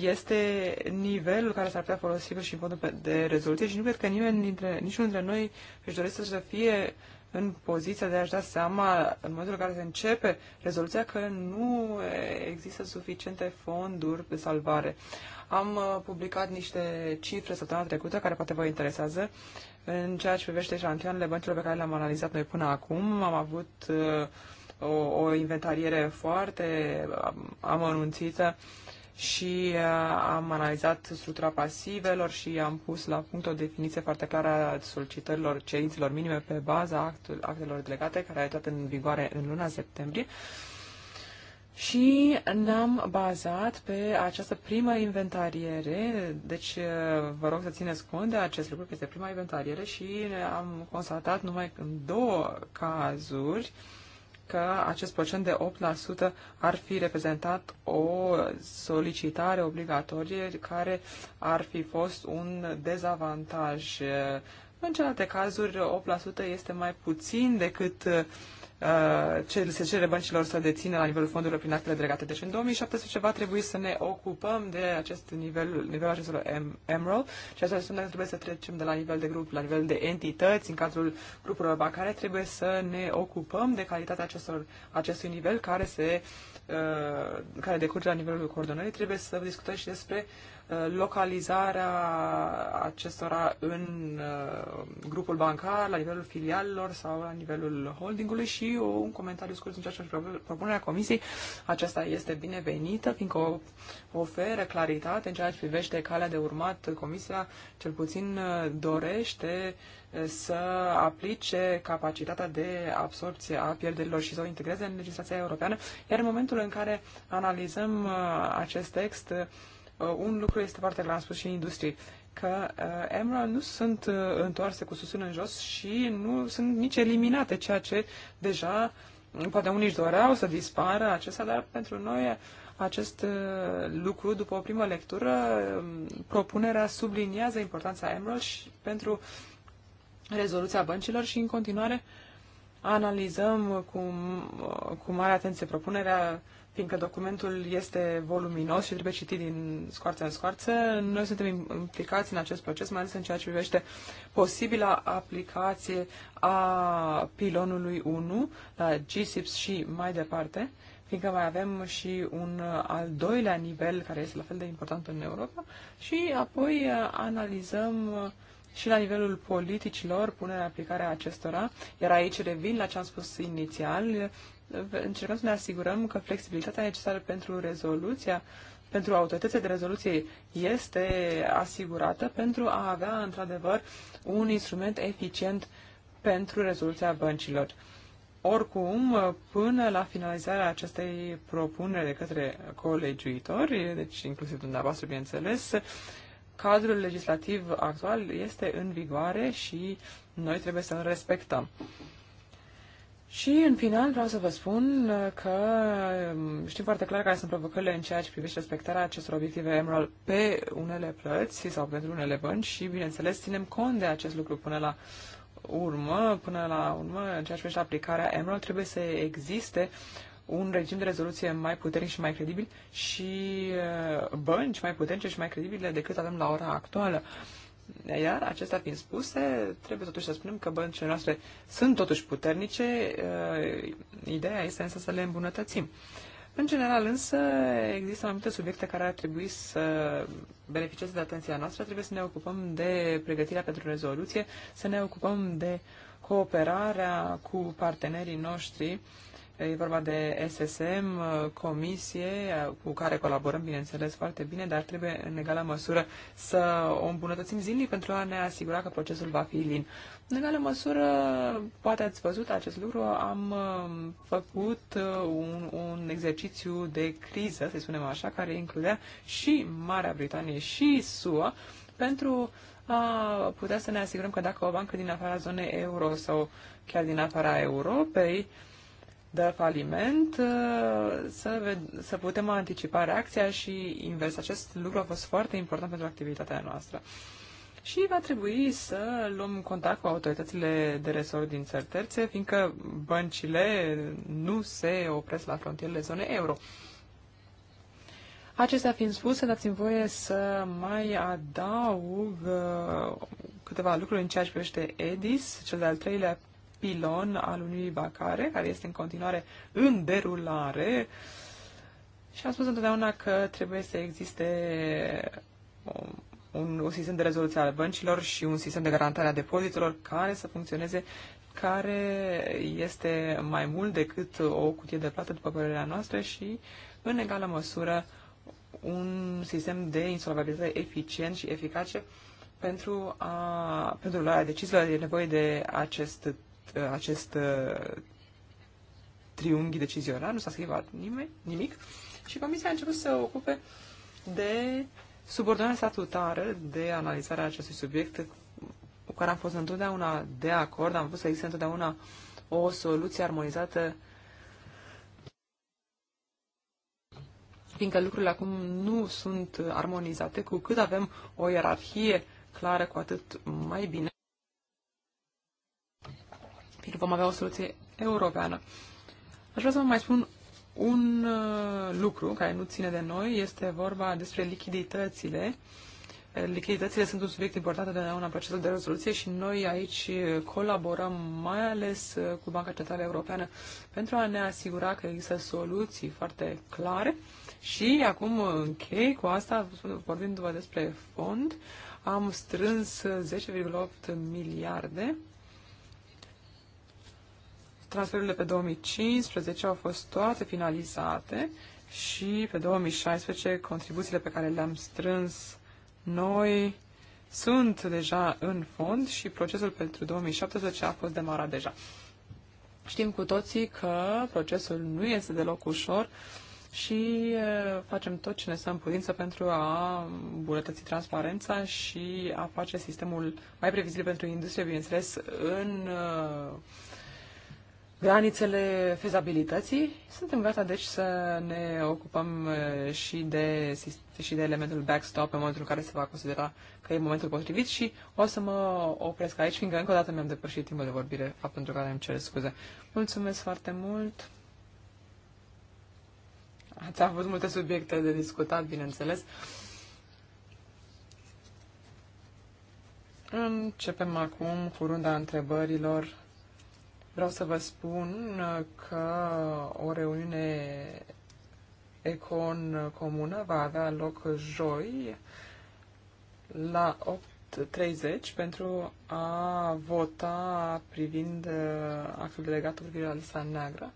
este nivelul care s-ar putea folosi și în fondul de rezoluție și nu cred că nimeni dintre, niciunul dintre noi își dorește să fie uh, în poziția de a-și da seama, în momentul în care se începe rezoluția, că nu există suficiente fonduri de salvare. Am uh, publicat niște cifre săptămâna trecută, care poate vă interesează, în ceea ce privește șantioanele băncilor pe care le-am analizat noi până acum. Am avut uh, o, o inventariere foarte amănunțită și uh, am analizat structura pasivelor și am pus la punct o definiție foarte clară a solicitărilor cerințelor minime pe baza actul, actelor delegate care a intrat în vigoare în luna septembrie. Și ne-am bazat pe această primă inventariere, deci uh, vă rog să țineți cont de acest lucru, că este prima inventariere și am constatat numai în două cazuri uh, că acest procent de 8% ar fi reprezentat o solicitare obligatorie care ar fi fost un dezavantaj. În celelalte cazuri, 8% este mai puțin decât Uh, ce se cere băncilor să dețină la nivelul fondurilor prin actele delegate. Deci în 2017 va trebui să ne ocupăm de acest nivel, nivelul acestor MREL și asta înseamnă că trebuie să trecem de la nivel de grup la nivel de entități în cadrul grupurilor bancare. Trebuie să ne ocupăm de calitatea acestor, acestui nivel care, se, uh, care decurge la nivelul coordonării. Trebuie să discutăm și despre uh, Uh, localizarea acestora în uh, grupul bancar, la nivelul filialelor sau la nivelul holdingului și un comentariu scurt în ceea ce propunerea comisiei. Aceasta este binevenită, fiindcă oferă claritate în ceea ce privește calea de urmat. Comisia cel puțin uh, dorește să aplice capacitatea de absorpție a pierderilor și să o integreze în legislația europeană. Iar în momentul în care analizăm acest text, Uh, un lucru este foarte la spus și industrie, că uh, EMRA nu sunt uh, întoarse cu susul în jos și nu sunt nici eliminate, ceea ce deja, mm, poate unii își doreau să dispară acestea, dar pentru noi acest uh, lucru, după o primă lectură, uh, propunerea subliniază importanța EMRA și pentru rezoluția băncilor și în continuare analizăm cu, uh, cu mare atenție propunerea uh, fiindcă documentul este voluminos și trebuie citit din scoarță în scoarță, noi suntem implicați în acest proces, mai ales în ceea ce privește posibila aplicație a pilonului 1 la GSIPS și mai departe, fiindcă mai avem și un al doilea nivel care este la fel de important în Europa și apoi analizăm și la nivelul politicilor, punerea aplicarea aplicare a acestora, iar aici revin la ce am spus inițial, încercăm să ne asigurăm că flexibilitatea necesară pentru rezoluția, pentru autoritățile de rezoluție este asigurată pentru a avea, într-adevăr, un instrument eficient pentru rezoluția băncilor. Oricum, până la finalizarea acestei propuneri de către colegiuitori, deci inclusiv dumneavoastră, bineînțeles, cadrul legislativ actual este în vigoare și noi trebuie să-l respectăm. Și, în final, vreau să vă spun uh, că um, știm foarte clar care sunt provocările în ceea ce privește respectarea acestor obiective Emerald pe unele plăți sau pentru unele bănci și, bineînțeles, ținem cont de acest lucru până la urmă. Până la urmă, în ceea ce privește aplicarea Emerald, trebuie să existe un regim de rezoluție mai puternic și mai credibil și uh, bănci mai puternice și mai credibile decât avem la ora actuală. Uh, iar acestea fiind spuse, trebuie totuși să spunem că băncile noastre sunt totuși puternice, uh, ideea este însă să le îmbunătățim. În general însă există mai multe subiecte care ar trebui să beneficieze de atenția noastră, trebuie să ne ocupăm de pregătirea pentru rezoluție, să ne ocupăm de cooperarea cu partenerii noștri E vorba de SSM, comisie, cu care colaborăm, bineînțeles, foarte bine, dar trebuie în egală măsură să o îmbunătățim zilnic pentru a ne asigura că procesul va fi lin. În egală măsură, poate ați văzut acest lucru, am um, făcut uh, un, un exercițiu de criză, să spunem așa, care includea și Marea Britanie și SUA pentru a putea să ne asigurăm că dacă o bancă din afara zonei euro sau chiar din afara Europei, dă faliment, uh, să, să putem anticipa reacția și invers. Acest lucru a fost foarte important pentru activitatea noastră. Și va trebui să luăm contact cu autoritățile de resort din țări terțe, fiindcă băncile nu se opresc la frontierele zonei euro. Acestea fiind spuse, dați-mi voie să mai adaug uh, câteva lucruri în ceea ce privește EDIS, cel de-al treilea pilon al Uniunii Bancare, care este în continuare în derulare. Și am spus întotdeauna că trebuie să existe un, un sistem de rezoluție al băncilor și un sistem de garantare a depozitelor care să funcționeze, care este mai mult decât o cutie de plată, după părerea noastră, și în egală măsură un sistem de insolvabilitate eficient și eficace pentru, a, pentru luarea deciziilor e nevoie de acest acest uh, triunghi decizional, nu s-a schimbat nimeni, nimic, și Comisia a început să se ocupe de subordonarea statutară, de analizarea acestui subiect, cu care am fost întotdeauna de acord, am văzut să există întotdeauna o soluție armonizată fiindcă lucrurile acum nu sunt armonizate, cu cât avem o ierarhie clară, cu atât mai bine. Deci vom avea o soluție europeană. Aș vrea să vă mai spun un uh, lucru care nu ține de noi, este vorba despre lichiditățile. Lichiditățile sunt un subiect important de în procesul de rezoluție și noi aici colaborăm mai ales uh, cu Banca Centrală Europeană pentru a ne asigura că există soluții foarte clare. Și acum închei cu asta, vorbindu-vă despre fond, am strâns 10,8 miliarde Transferurile pe 2015 au fost toate finalizate și pe 2016 contribuțiile pe care le-am strâns noi sunt deja în fond și procesul pentru 2017 a fost demarat deja. Știm cu toții că procesul nu este deloc ușor și facem tot ce ne stă în putință pentru a îmbunătăți transparența și a face sistemul mai previzibil pentru industrie, bineînțeles, în granițele fezabilității. Suntem gata, deci, să ne ocupăm și de, și de elementul backstop în momentul în care se va considera că e momentul potrivit și o să mă opresc aici, fiindcă încă o dată mi-am depășit timpul de vorbire, fapt pentru care îmi cer scuze. Mulțumesc foarte mult! Ați avut multe subiecte de discutat, bineînțeles. Începem acum cu runda întrebărilor Vreau să vă spun uh, că o reuniune Econ comună va avea loc joi la 8.30 pentru a vota privind uh, actul delegat cu privire la lista neagră.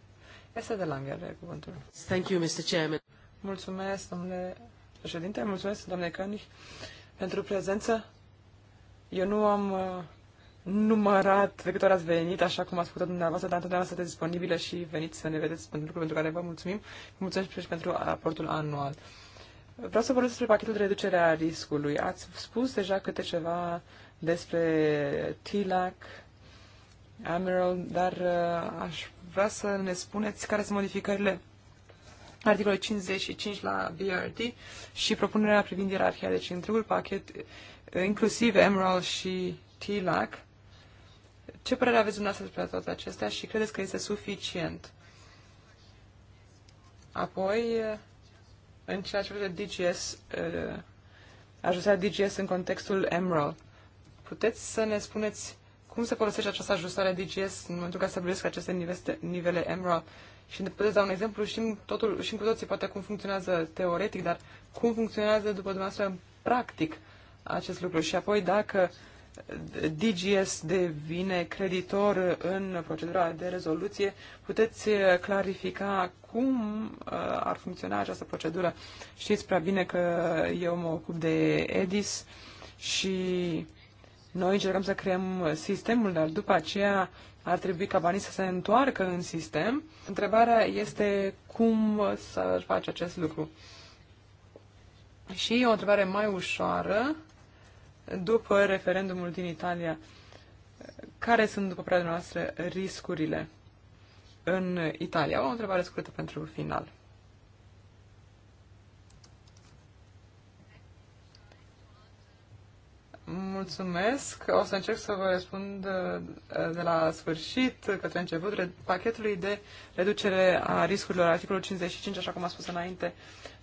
Este de langere cuvântul. Thank you, Mr. Chairman. Mulțumesc, domnule președinte, mulțumesc, domnule Cănic, pentru prezență. Eu nu am uh, numărat de câte ori ați venit, așa cum ați făcut dumneavoastră, dar întotdeauna sunteți disponibile și veniți să ne vedeți pentru lucruri pentru care vă mulțumim. Vă mulțumesc și pentru raportul anual. Vreau să vorbesc despre pachetul de reducere a riscului. Ați spus deja câte ceva despre TILAC, Amiral, dar uh, aș vrea să ne spuneți care sunt modificările articolului 55 la BRT și propunerea privind ierarhia. Deci întregul pachet, inclusiv Emerald și TLAC, ce părere aveți dumneavoastră despre toate acestea și credeți că este suficient? Apoi, în ceea ce vede DGS, uh, ajustarea DGS în contextul MRL, puteți să ne spuneți cum se folosește această ajustare DGS în momentul în care stabilesc aceste nivele, nivele MRL? Și ne puteți da un exemplu, știm, totul, știm cu toții poate cum funcționează teoretic, dar cum funcționează după dumneavoastră practic acest lucru și apoi dacă uh, DGS devine creditor în procedura de rezoluție, puteți uh, clarifica cum uh, ar funcționa această procedură. Știți prea bine că eu mă ocup de EDIS și noi încercăm să creăm sistemul, dar după aceea ar trebui ca banii să se întoarcă în sistem. Întrebarea este cum să faci acest lucru. Și o întrebare mai ușoară după referendumul din Italia, care sunt, după părerea noastră, riscurile în Italia? O întrebare scurtă pentru final. Mulțumesc. O să încerc să vă răspund uh, de la sfârșit către început pachetului de reducere a riscurilor, articolul 55, așa cum am spus înainte.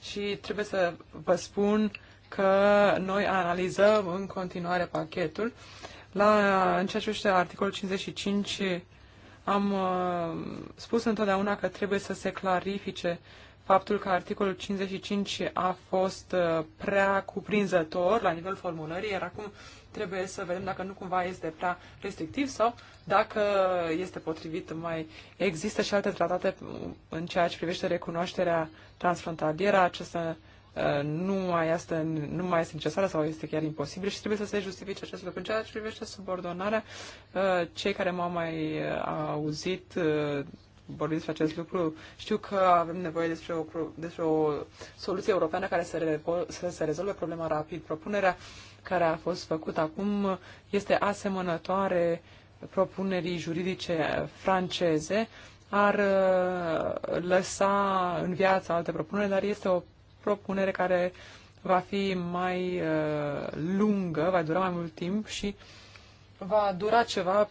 Și trebuie să vă spun că noi analizăm în continuare pachetul. La, în ceea ce știu, articolul 55, am uh, spus întotdeauna că trebuie să se clarifice faptul că articolul 55 a fost uh, prea cuprinzător la nivel formulării, iar acum trebuie să vedem dacă nu cumva este prea restrictiv sau dacă este potrivit mai. Există și alte tratate în ceea ce privește recunoașterea transfrontalieră. acestea Uh, nu mai, este, nu mai este necesară sau este chiar imposibil și trebuie să se justifice acest lucru. În ceea ce privește subordonarea, uh, cei care m-au mai uh, auzit vorbim despre acest lucru, știu că avem nevoie despre o, despre o soluție europeană care să, să se rezolve problema rapid. Propunerea care a fost făcută acum este asemănătoare propunerii juridice franceze, ar lăsa în viață alte propuneri, dar este o propunere care va fi mai uh, lungă, va dura mai mult timp și va dura ceva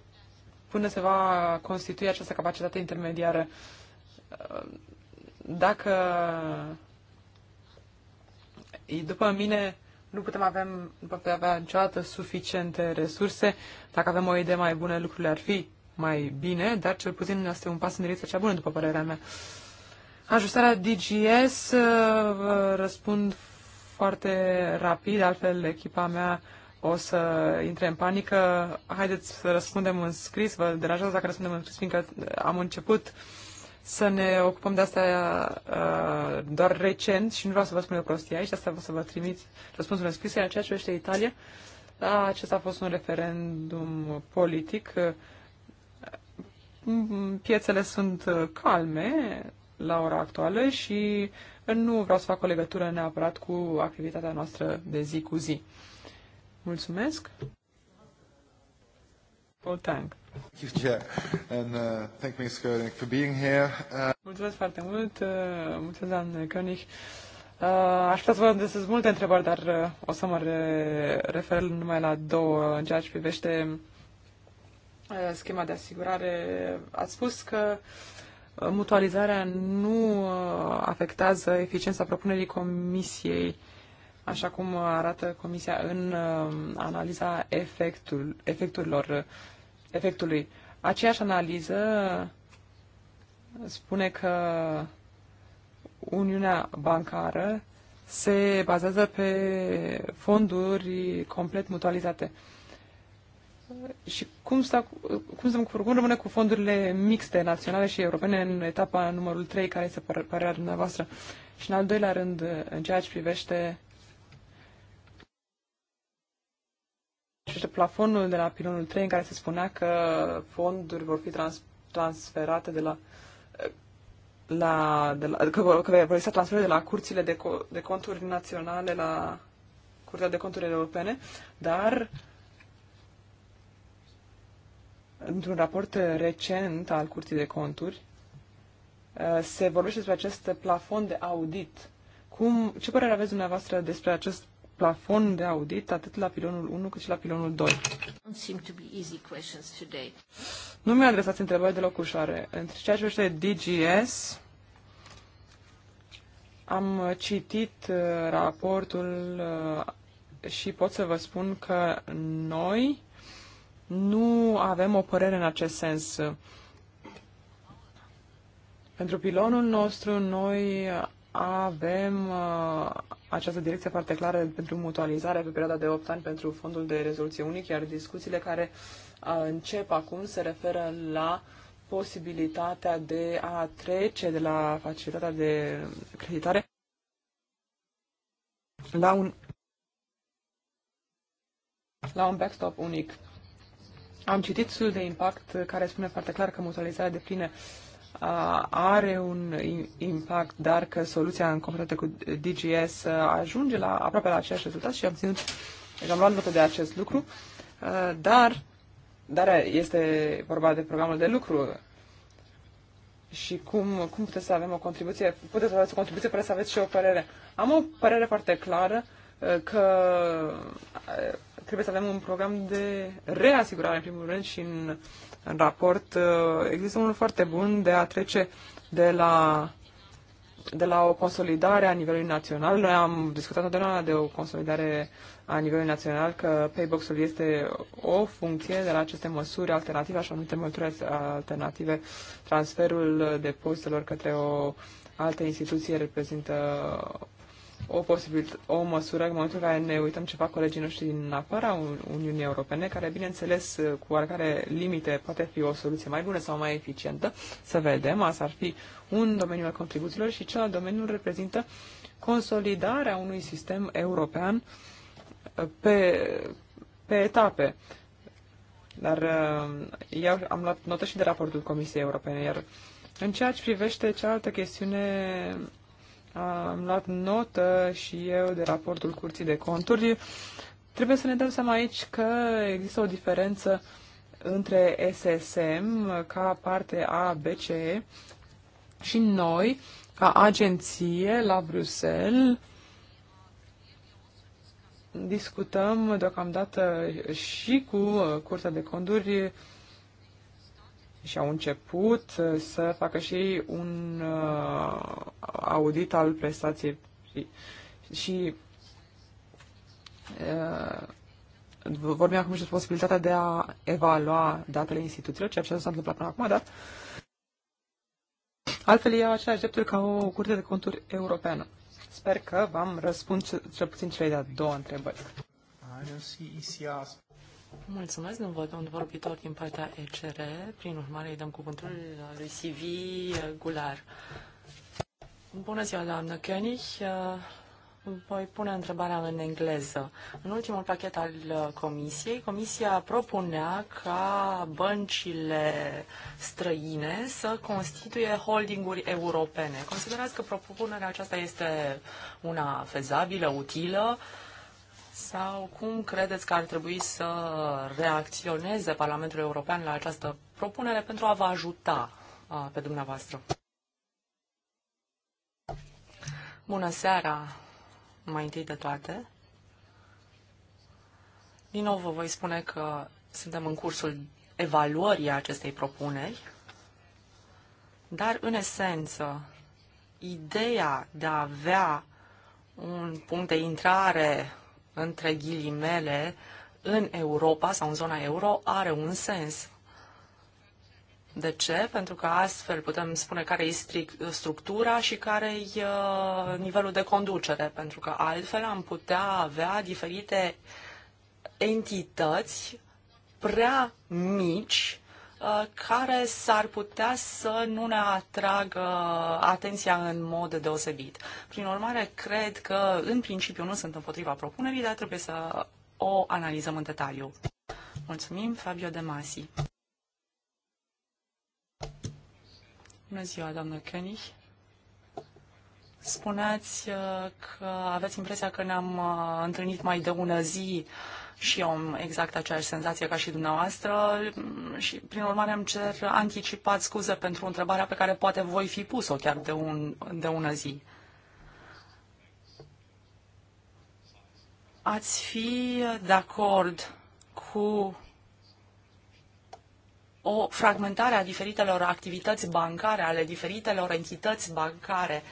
până se va constitui această capacitate intermediară. Uh, dacă după mine nu putem avea, nu putem avea niciodată suficiente resurse, dacă avem o idee mai bună, lucrurile ar fi mai bine, dar cel puțin asta e un pas în direcția cea bună, după părerea mea. Uh, Ajustarea DGS uh, răspund foarte rapid, altfel echipa mea o să intre în panică. Haideți să răspundem în scris, vă deranjează dacă răspundem în scris, fiindcă uh, am început să ne ocupăm de asta uh, doar recent și nu vreau să vă spun o prostie aici, asta vă să vă trimit răspunsul în scris, în ceea ce este Italia. Da, acesta a fost un referendum politic. Piețele sunt calme, la ora actuală și nu vreau să fac o legătură neapărat cu activitatea noastră de zi cu zi. Mulțumesc! Paul Tang. Uh, uh, mulțumesc foarte mult, uh, mulțumesc, doamne König. Aș putea să vă adresez multe întrebări, dar o să mă refer numai la două în ceea ce privește schema de asigurare. Ați spus că mutualizarea nu uh, afectează eficiența propunerii comisiei, așa cum arată comisia în uh, analiza efectul, efecturilor, efectului. Aceeași analiză spune că Uniunea Bancară se bazează pe fonduri complet mutualizate și cum, sta, cum, stăm, cum rămâne cu fondurile mixte naționale și europene în etapa numărul 3, care este părerea dumneavoastră? Și în al doilea rând, în ceea ce privește privește plafonul de la pilonul 3 în care se spunea că fonduri vor fi trans, transferate de la, la, de la că, că vor exista transferuri de la curțile de, co, de conturi naționale la Curtea de Conturi Europene, dar uh, Într-un raport recent al Curții de Conturi uh, se vorbește despre acest plafon de audit. Cum, ce părere aveți dumneavoastră despre acest plafon de audit, atât la pilonul 1 cât și la pilonul 2? Nu mi-a adresat întrebări deloc ușoare. Între ceea ce este DGS, am citit uh, raportul uh, și pot să vă spun că noi nu avem o părere în acest sens. Pentru pilonul nostru, noi avem uh, această direcție foarte clară pentru mutualizare pe perioada de 8 ani pentru fondul de rezoluție unic, iar discuțiile care uh, încep acum se referă la posibilitatea de a trece de la facilitatea de creditare la un, la un backstop unic. Am citit studiul de impact care spune foarte clar că mutualizarea de plină are un impact, dar că soluția în comparație cu DGS ajunge la aproape la același rezultat și am ținut, deci am luat notă de acest lucru, dar, dar este vorba de programul de lucru și cum, cum puteți să avem o contribuție, puteți să aveți o contribuție fără să aveți și o părere. Am o părere foarte clară că trebuie să avem un program de reasigurare, în primul rând, și în, în raport uh, există unul foarte bun de a trece de la de la o consolidare a nivelului național. Noi am discutat întotdeauna de o consolidare a nivelului național, că paybox-ul este o funcție de la aceste măsuri alternative, așa numite măsuri alternative. Transferul depozitelor către o altă instituție reprezintă o, posibil, o măsură în momentul în care ne uităm ce fac colegii noștri din afara Uniunii Europene, care, bineînțeles, cu oricare limite poate fi o soluție mai bună sau mai eficientă, să vedem. Asta ar fi un domeniu al contribuțiilor și celălalt domeniu reprezintă consolidarea unui sistem european uh, pe, pe etape. Dar eu uh, am luat notă și de raportul Comisiei Europene, iar în ceea ce privește cealaltă chestiune am luat notă și eu de raportul Curții de Conturi. Trebuie să ne dăm seama aici că există o diferență între SSM ca parte a BCE și noi ca agenție la Bruxelles discutăm deocamdată și cu uh, Curtea de Conturi și au început uh, să facă și un uh, audit al prestației și uh, vorbim acum și de posibilitatea de a evalua datele instituțiilor, ceea ce s-a întâmplat până acum, dar altfel e același dreptul ca o curte de conturi europeană. Sper că v-am răspuns cel puțin cele de-a doua întrebări. Mulțumesc, nu văd vorbitor din partea ECR. Prin urmare, îi dăm cuvântul lui CV Gular. Bună ziua, doamnă König. Voi pune întrebarea în engleză. În ultimul pachet al Comisiei, Comisia propunea ca băncile străine să constituie holdinguri europene. Considerați că propunerea aceasta este una fezabilă, utilă? Uh, sau cum credeți că ar trebui să reacționeze Parlamentul European la această propunere pentru a vă ajuta pe dumneavoastră? Bună seara, mai întâi de toate. Din nou vă voi spune că suntem în cursul evaluării acestei propuneri, dar în esență, ideea de a avea un punct de intrare între ghilimele, în Europa sau în zona euro are un sens. De ce? Pentru că astfel putem spune care e structura și care e uh, nivelul de conducere, pentru că altfel am putea avea diferite entități prea mici Uh, care s-ar putea să nu ne atragă atenția în mod deosebit. Prin urmare, cred că în principiu nu sunt împotriva propunerii, dar trebuie să o analizăm în detaliu. Mulțumim, Fabio De Masi. Bună ziua, doamnă Kenich. Spuneați uh, că aveți impresia că ne-am uh, întâlnit mai de ună zi și eu am exact aceeași senzație ca și dumneavoastră și, prin urmare, îmi cer anticipat scuze pentru întrebarea pe care poate voi fi pus-o chiar de, un, de ună zi. Ați fi de acord cu o fragmentare a diferitelor activități bancare, ale diferitelor entități bancare,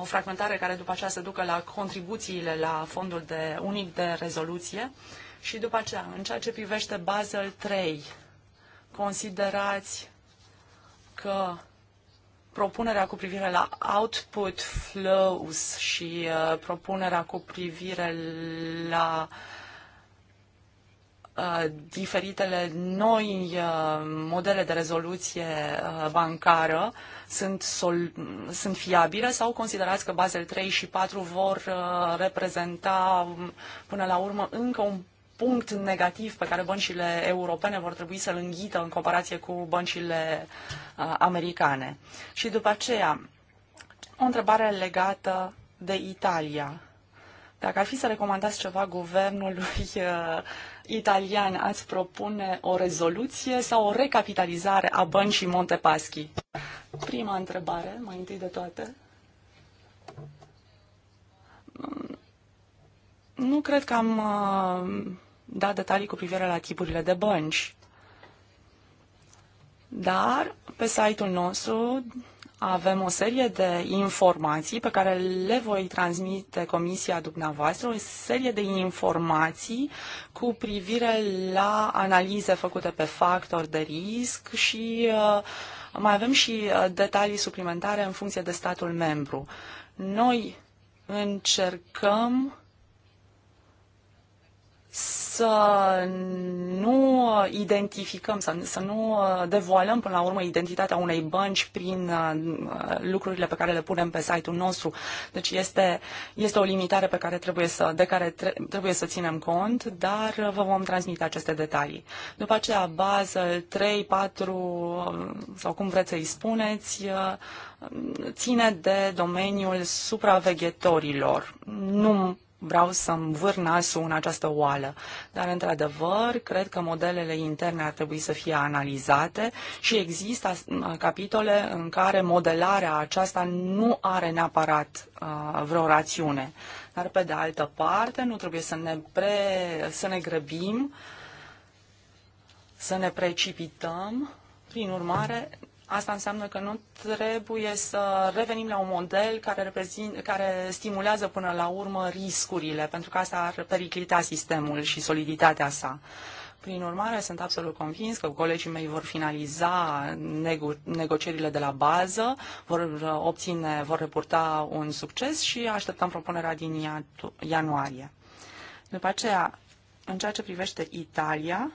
o fragmentare care după aceea se ducă la contribuțiile la fondul de unic de rezoluție. Uh, și după aceea, în ceea ce privește Basel 3, considerați că propunerea cu privire la output flows și uh, propunerea cu privire la uh, diferitele noi uh, modele de rezoluție uh, bancară sunt, sol, sunt fiabile sau considerați că Basel 3 și 4 vor reprezenta um, până la urmă încă un punct negativ pe care băncile europene vor trebui să-l înghită în comparație cu băncile uh, americane. Și după aceea, o întrebare legată de Italia. Dacă ar fi să recomandați ceva guvernului uh, italian, ați propune o rezoluție sau o recapitalizare a băncii Montepaschi? Prima întrebare, mai întâi de toate. Mm, nu cred că am uh, da detalii cu privire la tipurile de bănci. Dar pe site-ul nostru avem o serie de informații pe care le voi transmite comisia dumneavoastră, o serie de informații cu privire la analize făcute pe factori de risc și uh, mai avem și uh, detalii suplimentare în funcție de statul membru. Noi încercăm să nu identificăm, să, să nu devoalăm până la urmă identitatea unei bănci prin uh, lucrurile pe care le punem pe site-ul nostru. Deci este, este o limitare pe care trebuie să, de care trebuie să ținem cont, dar vă vom transmite aceste detalii. După aceea, bază 3, 4 sau cum vreți să-i spuneți, uh, ține de domeniul supraveghetorilor. Nu vreau să-mi vâr nasul în această oală. Dar, într-adevăr, cred că modelele interne ar trebui să fie analizate și există capitole în care modelarea aceasta nu are neapărat uh, vreo rațiune. Dar, pe de altă parte, nu trebuie să ne, pre, să ne grăbim, să ne precipităm. Prin urmare, Asta înseamnă că nu trebuie să revenim la un model care, reprezint, care stimulează până la urmă riscurile, pentru că asta ar periclita sistemul și soliditatea sa. Prin urmare, sunt absolut convins că colegii mei vor finaliza nego- negocierile de la bază, vor uh, obține, vor reporta un succes și așteptăm propunerea din ianuarie. După aceea, în ceea ce privește Italia,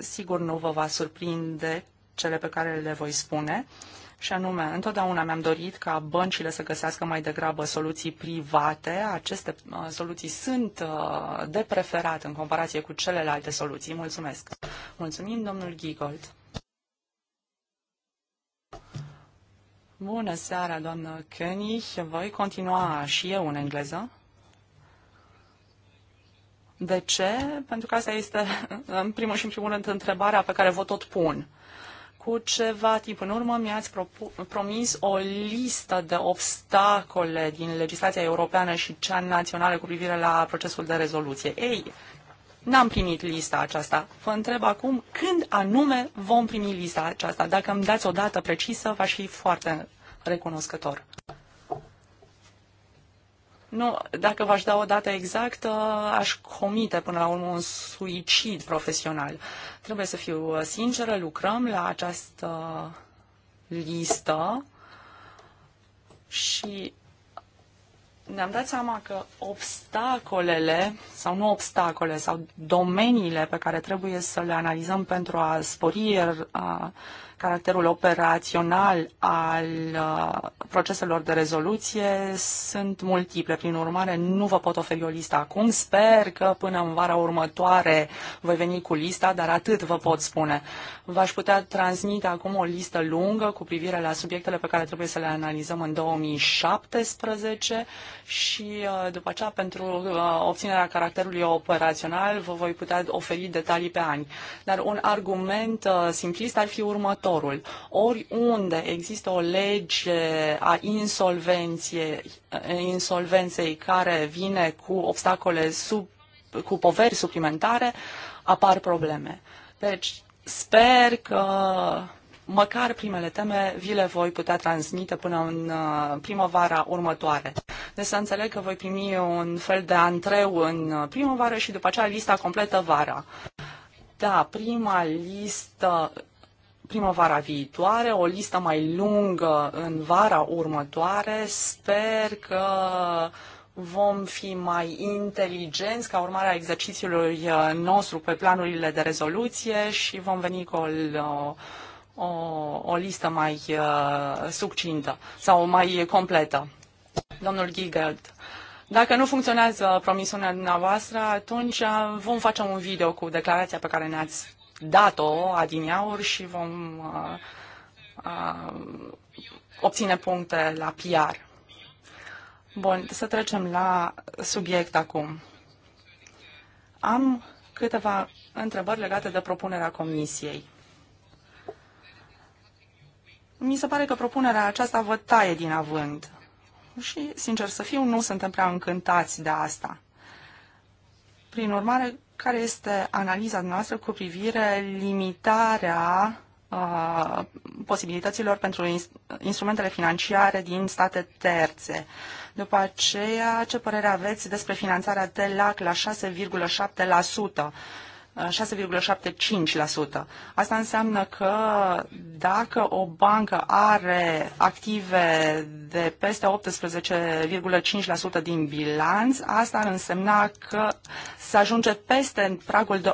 sigur nu vă va surprinde cele pe care le voi spune. Și anume, întotdeauna mi-am dorit ca băncile să găsească mai degrabă soluții private. Aceste uh, soluții sunt uh, de preferat în comparație cu celelalte soluții. Mulțumesc. Mulțumim, domnul Gigold. Bună seara, doamnă König. Voi continua și eu în engleză. De ce? Pentru că asta este, în primul și în primul rând, întrebarea pe care vă tot pun. Cu ceva timp în urmă mi-ați promis o listă de obstacole din legislația europeană și cea națională cu privire la procesul de rezoluție. Ei, N-am primit lista aceasta. Vă întreb acum când anume vom primi lista aceasta. Dacă îmi dați o dată precisă, v-aș fi foarte recunoscător. Nu, dacă v-aș da o dată exactă, aș comite până la urmă un suicid profesional. Trebuie să fiu uh, sinceră, lucrăm la această listă și ne-am dat seama că obstacolele, sau nu obstacole, sau domeniile pe care trebuie să le analizăm pentru a spori er, a, caracterul operațional al uh, proceselor de rezoluție sunt multiple. Prin urmare, nu vă pot oferi o listă acum. Sper că până în vara următoare voi veni cu lista, dar atât vă pot spune. V-aș putea transmite acum o listă lungă cu privire la subiectele pe care trebuie să le analizăm în 2017 și uh, după aceea pentru uh, obținerea caracterului operațional vă voi putea oferi detalii pe ani. Dar un argument simplist ar fi următor creditorul. Oriunde există o lege a insolvenței care vine cu obstacole sub, cu poveri suplimentare, apar probleme. Deci sper că măcar primele teme vi le voi putea transmite până în uh, primăvara următoare. Deci să înțeleg că voi primi un fel de antreu în primăvară și după aceea lista completă vara. Da, prima listă primăvara viitoare, o listă mai lungă în vara următoare. Sper că vom fi mai inteligenți ca urmare a exercițiului uh, nostru pe planurile de rezoluție și vom veni cu o, uh, o, o listă mai uh, succintă sau mai completă. Domnul Gigelt, dacă nu funcționează promisiunea dumneavoastră, atunci vom face un video cu declarația pe care ne-ați dat-o adineauri și vom uh, uh, obține puncte la PR. Bun, să trecem la subiect acum. Am câteva întrebări legate de propunerea comisiei. Mi se pare că propunerea aceasta vă taie din având. Și, sincer să fiu, nu suntem prea încântați de asta. Prin urmare, care este analiza noastră cu privire limitarea uh, posibilităților pentru instrumentele financiare din state terțe. După aceea, ce părere aveți despre finanțarea TELAC la 6,7%? 6,75%. Asta înseamnă că dacă o bancă are active de peste 18,5% din bilanț, asta ar însemna că se ajunge peste pragul de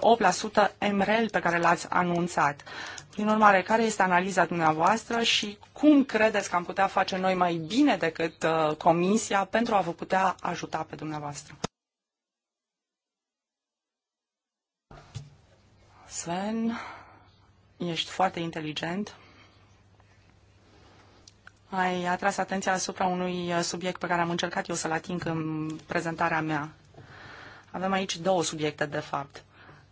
8% MREL pe care l-ați anunțat. Prin urmare, care este analiza dumneavoastră și cum credeți că am putea face noi mai bine decât uh, Comisia pentru a vă putea ajuta pe dumneavoastră? Sven, ești foarte inteligent. Ai atras atenția asupra unui uh, subiect pe care am încercat eu să-l ating în prezentarea mea. Avem aici două subiecte, de fapt.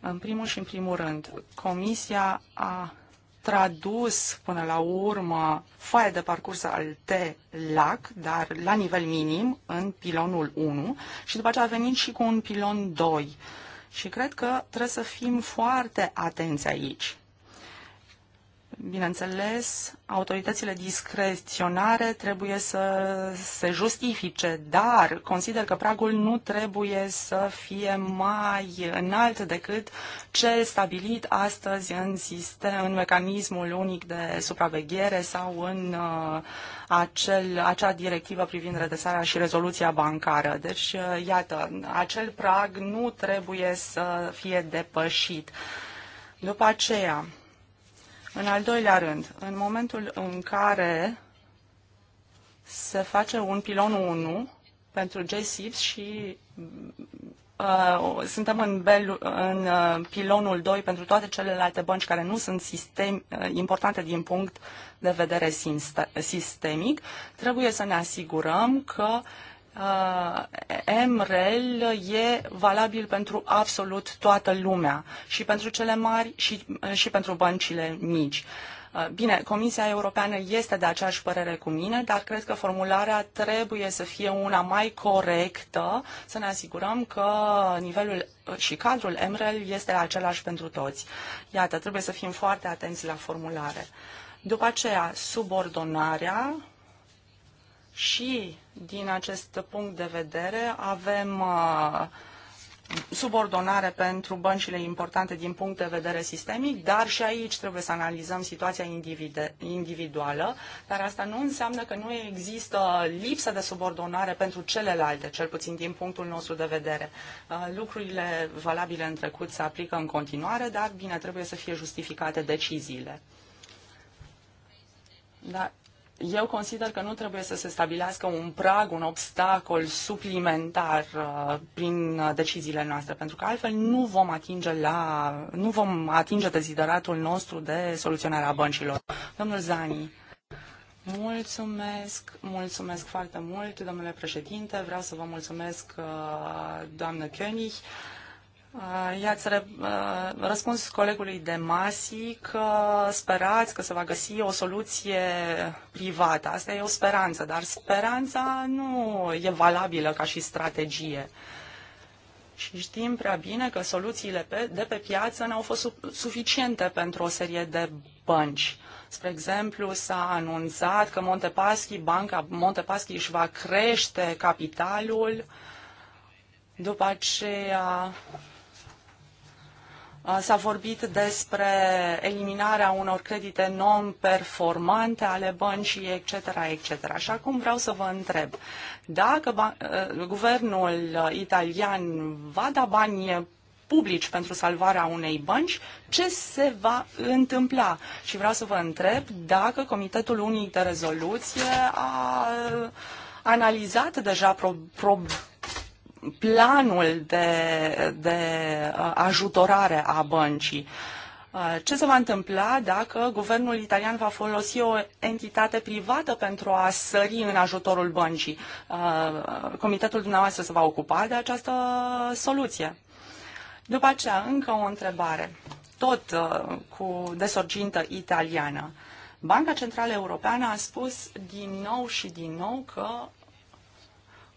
În primul și în primul rând, Comisia a tradus până la urmă foaia de parcurs al lac, dar la nivel minim, în pilonul 1 și după aceea a venit și cu un pilon 2. Și cred că trebuie să fim foarte atenți aici. Bineînțeles, autoritățile discreționare trebuie să se justifice, dar consider că pragul nu trebuie să fie mai înalt decât cel stabilit astăzi în sistem, în mecanismul unic de supraveghere sau în uh, acel, acea directivă privind redresarea și rezoluția bancară. Deci, uh, iată, acel prag nu trebuie să fie depășit. După aceea, în al doilea rând, în momentul în care se face un pilon 1 pentru JSIPS și uh, suntem în, bel, în uh, pilonul 2 pentru toate celelalte bănci care nu sunt sistem, uh, importante din punct de vedere sistemic, trebuie să ne asigurăm că uh, Uh, MREL e valabil pentru absolut toată lumea, și pentru cele mari și, uh, și pentru băncile mici. Uh, bine, Comisia Europeană este de aceeași părere cu mine, dar cred că formularea trebuie să fie una mai corectă, să ne asigurăm că nivelul și cadrul MREL este același pentru toți. Iată, trebuie să fim foarte atenți la formulare. După aceea, subordonarea și din acest punct de vedere avem uh, subordonare pentru băncile importante din punct de vedere sistemic, dar și aici trebuie să analizăm situația individuală, dar asta nu înseamnă că nu există lipsă de subordonare pentru celelalte, cel puțin din punctul nostru de vedere. Uh, lucrurile valabile în trecut se aplică în continuare, dar bine, trebuie să fie justificate deciziile. Da, eu consider că nu trebuie să se stabilească un prag, un obstacol suplimentar uh, prin uh, deciziile noastre, pentru că altfel nu vom atinge la, nu vom atinge dezideratul nostru de soluționare a băncilor. Domnul Zani. Mulțumesc, mulțumesc foarte mult, domnule președinte. Vreau să vă mulțumesc, uh, doamnă König Uh, i-ați uh, răspuns colegului de Masi că sperați că se va găsi o soluție privată. Asta e o speranță, dar speranța nu e valabilă ca și strategie. Și știm prea bine că soluțiile pe, de pe piață n-au fost suficiente pentru o serie de bănci. Spre exemplu, s-a anunțat că Montepaschi, banca Montepaschi își va crește capitalul. După aceea, Uh, s-a vorbit despre eliminarea unor credite non-performante ale băncii, etc., etc. Și acum vreau să vă întreb, dacă uh, guvernul uh, italian va da bani publici pentru salvarea unei bănci, ce se va întâmpla? Și vreau să vă întreb dacă Comitetul Unic de Rezoluție a analizat deja pro- pro- planul de, de uh, ajutorare a băncii. Uh, ce se va întâmpla dacă guvernul italian va folosi o entitate privată pentru a sări în ajutorul băncii? Uh, comitetul dumneavoastră se va ocupa de această soluție. După aceea, încă o întrebare, tot cu desorgintă italiană. Banca Centrală Europeană a spus din nou și din nou că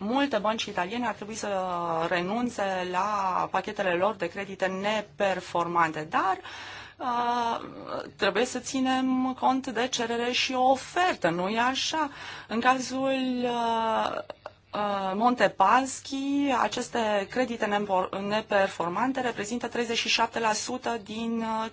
multe bănci italiene ar trebui să renunțe la pachetele lor de credite neperformante, dar Uh, trebuie să ținem cont de cerere și ofertă, nu e așa? În cazul uh, uh, Montepaschi, aceste credite neperformante reprezintă 37% din uh,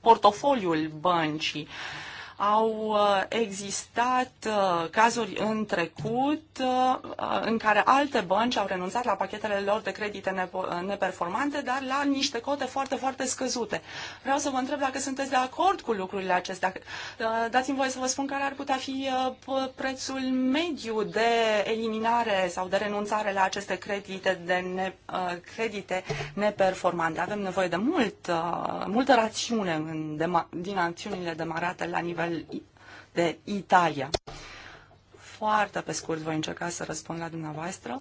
portofoliul băncii. Uh, au uh, existat uh, cazuri în trecut uh, în care alte bănci au renunțat la pachetele lor de credite neperformante, dar la niște cote foarte, foarte scăzute. Vreau să vă întreb dacă sunteți de acord cu lucrurile acestea. Dați-mi voie să vă spun care ar putea fi prețul mediu de eliminare sau de renunțare la aceste credite, de ne, credite neperformante. Avem nevoie de mult, multă rațiune în, din acțiunile demarate la nivel al de Italia. Foarte pe scurt voi încerca să răspund la dumneavoastră,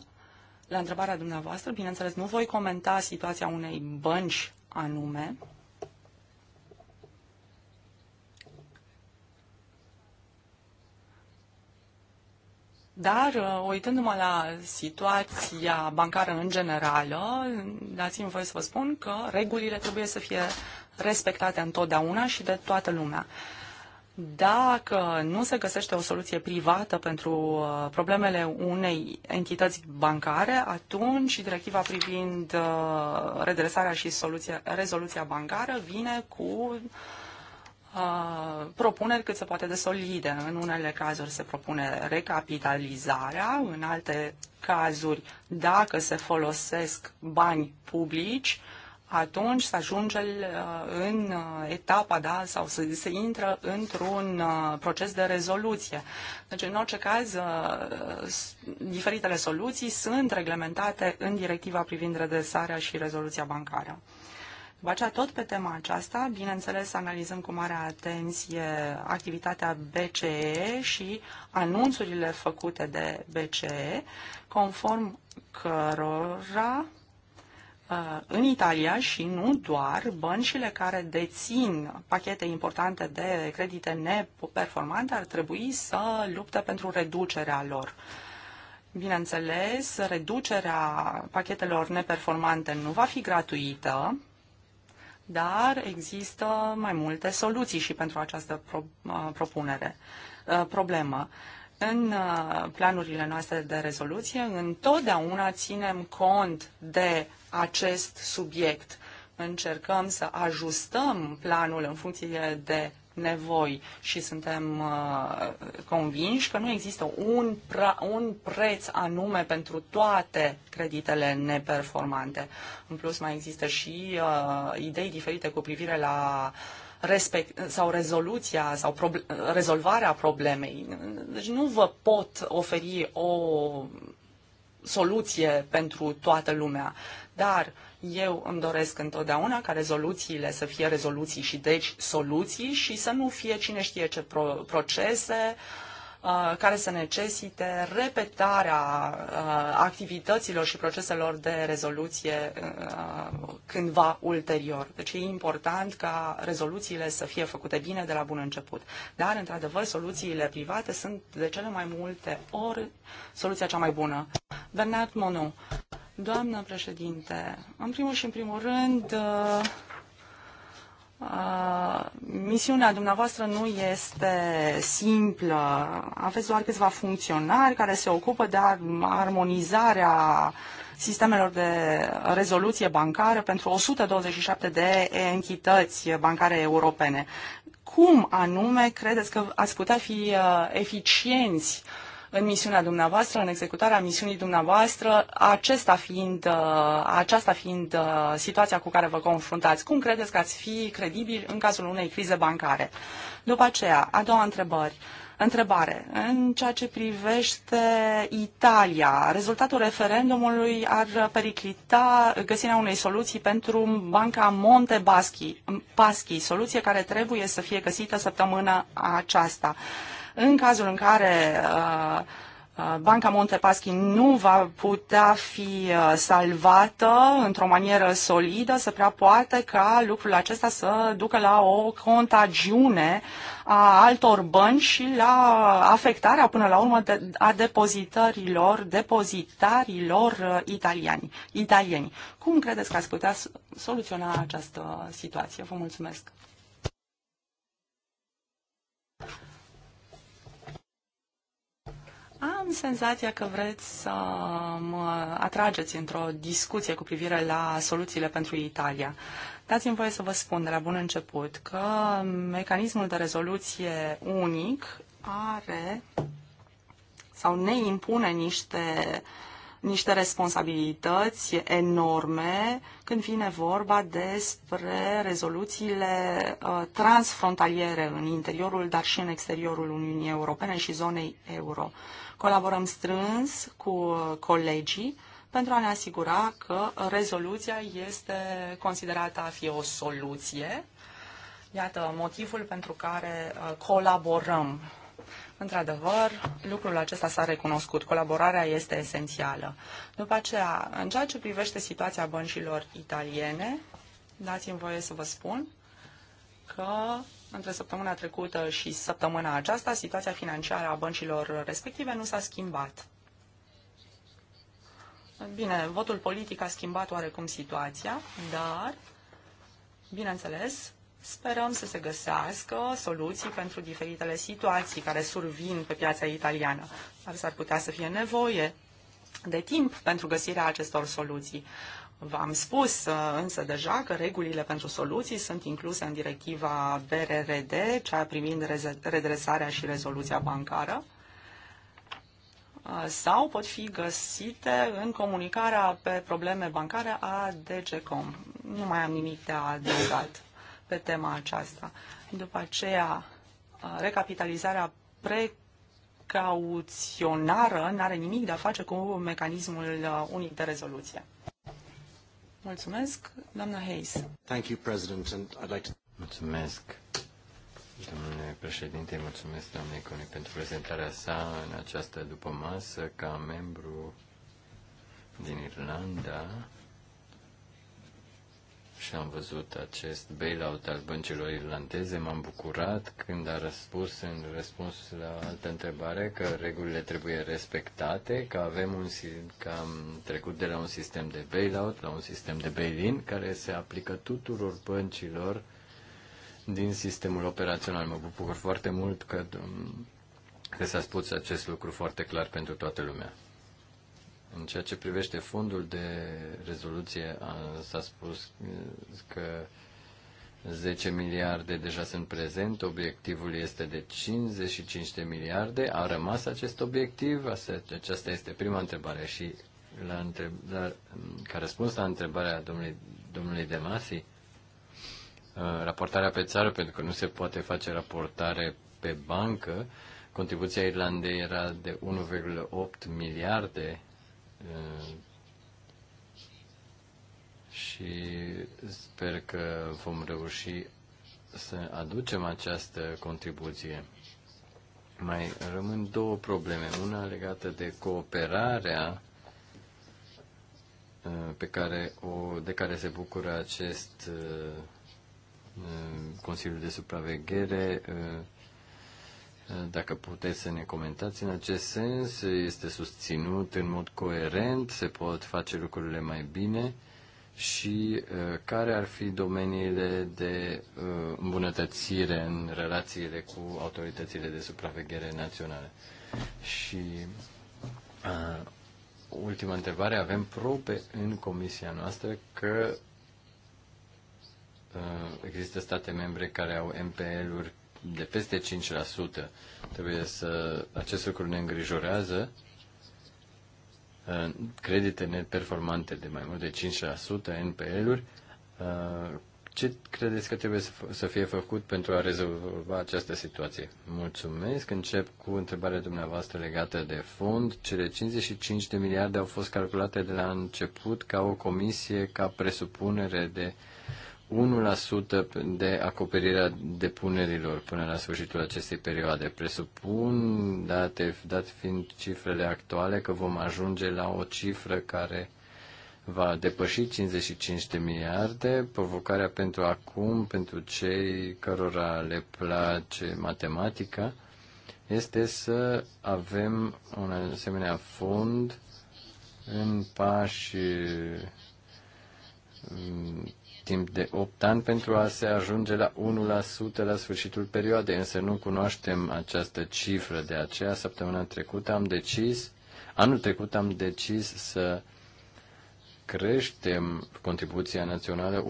la întrebarea dumneavoastră. Bineînțeles, nu voi comenta situația unei bănci anume, Dar, uh, uitându-mă la situația bancară în generală, dați-mi voie să vă spun că regulile trebuie să fie respectate întotdeauna și de toată lumea. Dacă nu se găsește o soluție privată pentru uh, problemele unei entități bancare, atunci directiva privind uh, redresarea și soluția, rezoluția bancară vine cu uh, propuneri cât se poate de solide. În unele cazuri se propune recapitalizarea, în alte cazuri, dacă se folosesc bani publici, uh, atunci să ajunge uh, în uh, etapa, da, sau să se intră într-un uh, proces de rezoluție. Deci, în orice caz, diferitele soluții sunt reglementate în directiva privind redresarea și rezoluția bancară. După aceea, tot pe tema aceasta, bineînțeles, analizăm cu mare atenție activitatea BCE și anunțurile făcute de BCE, conform cărora Uh, în Italia și nu doar băncile care dețin pachete importante de credite neperformante ar trebui să lupte pentru reducerea lor. Bineînțeles, reducerea pachetelor neperformante nu va fi gratuită, dar există mai multe soluții și pentru această pro, uh, propunere, uh, problemă în uh, planurile noastre de rezoluție întotdeauna ținem cont de acest subiect. Încercăm să ajustăm planul în funcție de nevoi și suntem uh, convinși că nu există un, pra, un preț anume pentru toate creditele neperformante. În plus, mai există și uh, idei diferite cu privire la respect, sau rezoluția sau proble- rezolvarea problemei. Deci nu vă pot oferi o soluție pentru toată lumea, dar uh, eu îmi doresc întotdeauna ca rezoluțiile să fie rezoluții și deci soluții și să nu fie cine știe ce pro- procese uh, care să necesite repetarea uh, activităților și proceselor de rezoluție uh, cândva ulterior. Deci e important ca rezoluțiile să fie făcute bine de la bun început. Dar, într-adevăr, soluțiile private sunt de cele mai multe ori soluția cea mai bună. Bernard Monod. Doamnă președinte, în primul și în primul rând, uh, uh, misiunea dumneavoastră nu este simplă. Aveți doar câțiva funcționari care se ocupă de armonizarea sistemelor de rezoluție bancară pentru 127 de entități bancare europene. Cum anume credeți că ați putea fi uh, eficienți uh, în misiunea dumneavoastră, în executarea misiunii dumneavoastră, acesta fiind, uh, aceasta fiind uh, situația cu care vă confruntați. Cum credeți că ați fi credibil în cazul unei crize bancare? După aceea, a doua întrebări. Întrebare. În ceea ce privește Italia, rezultatul referendumului ar periclita găsirea unei soluții pentru Banca Monte Baschi, Baschi soluție care trebuie să fie găsită săptămâna aceasta. În cazul în care uh, uh, Banca Banca Montepaschi nu va putea fi uh, salvată într-o manieră solidă, se prea poate ca lucrul acesta să ducă la o contagiune a altor bănci și la afectarea până la urmă de, a depozitărilor, depozitarilor italiani, italieni. Cum credeți că ați putea soluționa această situație? Vă mulțumesc! Am senzația că vreți să mă atrageți într-o discuție cu privire la soluțiile pentru Italia. Dați-mi voie să vă spun de la bun început că mecanismul de rezoluție unic are sau ne impune niște, niște responsabilități enorme când vine vorba despre rezoluțiile ă, transfrontaliere în interiorul, dar și în exteriorul Uniunii Europene și zonei euro. Colaborăm strâns cu colegii pentru a ne asigura că rezoluția este considerată a fi o soluție. Iată motivul pentru care uh, colaborăm. Într-adevăr, lucrul acesta s-a recunoscut. Colaborarea este esențială. După aceea, în ceea ce privește situația băncilor italiene, dați-mi voie să vă spun că între săptămâna trecută și săptămâna aceasta, situația financiară a băncilor respective nu s-a schimbat. Bine, votul politic a schimbat oarecum situația, dar, bineînțeles, sperăm să se găsească soluții pentru diferitele situații care survin pe piața italiană. Dar s-ar putea să fie nevoie de timp pentru găsirea acestor soluții. V-am spus uh, însă deja că regulile pentru soluții sunt incluse în directiva BRRD, cea privind redresarea și rezoluția bancară, uh, sau pot fi găsite în comunicarea pe probleme bancare a DGCOM. Nu mai am nimic de adăugat pe tema aceasta. După aceea, uh, recapitalizarea pre cauționară n-are nimic de a face cu mecanismul unic de rezoluție. Mulțumesc, doamna Hayes. Thank you, President, and I'd like to... Mulțumesc, domnule președinte, mulțumesc doamnei Coni pentru prezentarea sa în această dupămasă ca membru din Irlanda și am văzut acest bailout al băncilor irlandeze, m-am bucurat când a răspuns în răspuns la altă întrebare că regulile trebuie respectate, că avem un că am trecut de la un sistem de bailout la un sistem de bail-in care se aplică tuturor băncilor din sistemul operațional. Mă bucur foarte mult că, că s-a spus acest lucru foarte clar pentru toată lumea. În ceea ce privește fondul de rezoluție, s-a spus că 10 miliarde deja sunt prezent, obiectivul este de 55 de miliarde, a rămas acest obiectiv? Aceasta este prima întrebare și la întreb, la, ca răspuns la întrebarea domnului, domnului Demasi, uh, raportarea pe țară, pentru că nu se poate face raportare pe bancă, contribuția Irlandei era de 1,8 miliarde Eh, și sper că vom reuși să aducem această contribuție. Mai rămân două probleme. Una legată de cooperarea eh, pe care o, de care se bucură acest eh, Consiliul de Supraveghere, dacă puteți să ne comentați în acest sens, este susținut în mod coerent, se pot face lucrurile mai bine și uh, care ar fi domeniile de uh, îmbunătățire în relațiile cu autoritățile de supraveghere naționale. Și uh, ultima întrebare, avem probe în comisia noastră că există state membre care au MPL-uri de peste 5%. Trebuie să... Acest lucru ne îngrijorează. Credite neperformante de mai mult de 5%, NPL-uri. Uh, ce credeți că trebuie să fie făcut pentru a rezolva această situație? Mulțumesc. Încep cu întrebarea dumneavoastră legată de fond. Cele 55 de miliarde au fost calculate de la început ca o comisie, ca presupunere de uh, 1% de acoperirea depunerilor până la sfârșitul acestei perioade. Presupun, date, dat fiind cifrele actuale, că vom ajunge la o cifră care va depăși 55 de miliarde. Provocarea pentru acum, pentru cei cărora le place matematica, este să avem un asemenea fond în pași timp de 8 ani pentru a se ajunge la 1% la sfârșitul perioadei, însă nu cunoaștem această cifră. De aceea, săptămâna trecută am decis, anul trecut am decis să creștem contribuția națională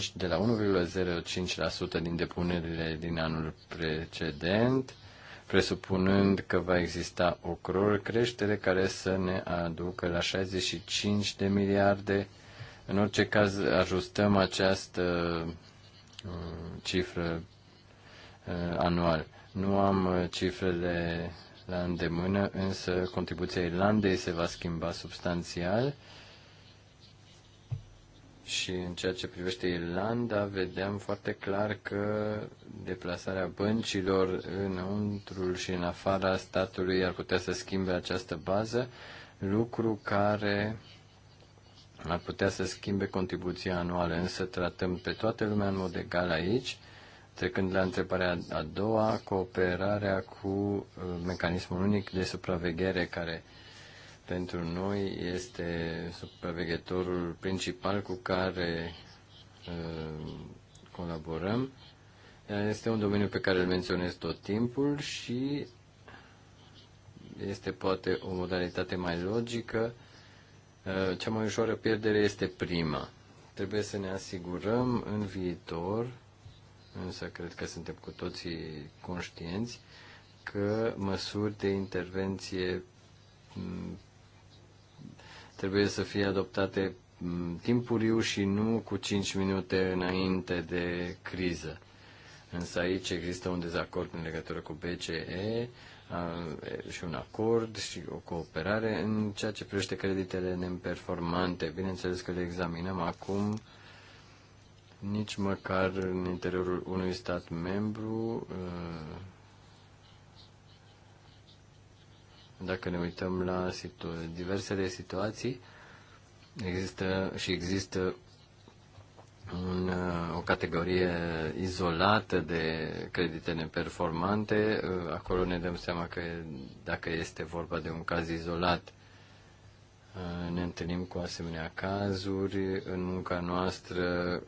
1,05 de la 1,05% din depunerile din anul precedent, presupunând că va exista o cror creștere care să ne aducă la 65 de miliarde în orice caz, ajustăm această uh, cifră uh, anual. Nu am uh, cifrele la îndemână, însă contribuția Irlandei se va schimba substanțial. Și în ceea ce privește Irlanda, vedeam foarte clar că deplasarea băncilor înăuntru și în afara statului ar putea să schimbe această bază, lucru care ar putea să schimbe contribuția anuală, însă tratăm pe toată lumea în mod egal aici. Trecând la întrebarea a doua, cooperarea cu uh, mecanismul unic de supraveghere care pentru noi este supraveghetorul principal cu care uh, colaborăm. Este un domeniu pe care îl menționez tot timpul și este poate o modalitate mai logică Uh, cea mai ușoară pierdere este prima. Trebuie să ne asigurăm în viitor, însă cred că suntem cu toții conștienți, că măsuri de intervenție mm, trebuie să fie adoptate mm, timpuriu și nu cu 5 minute înainte de criză. Însă aici există un dezacord în legătură cu BCE și un acord și o cooperare în ceea ce privește creditele neperformante. Bineînțeles că le examinăm acum nici măcar în interiorul unui stat membru. Dacă ne uităm la situ- diversele situații, există și există un, uh, o categorie izolată de credite neperformante, uh, acolo ne dăm seama că dacă este vorba de un caz izolat, uh, ne întâlnim cu asemenea cazuri în munca noastră,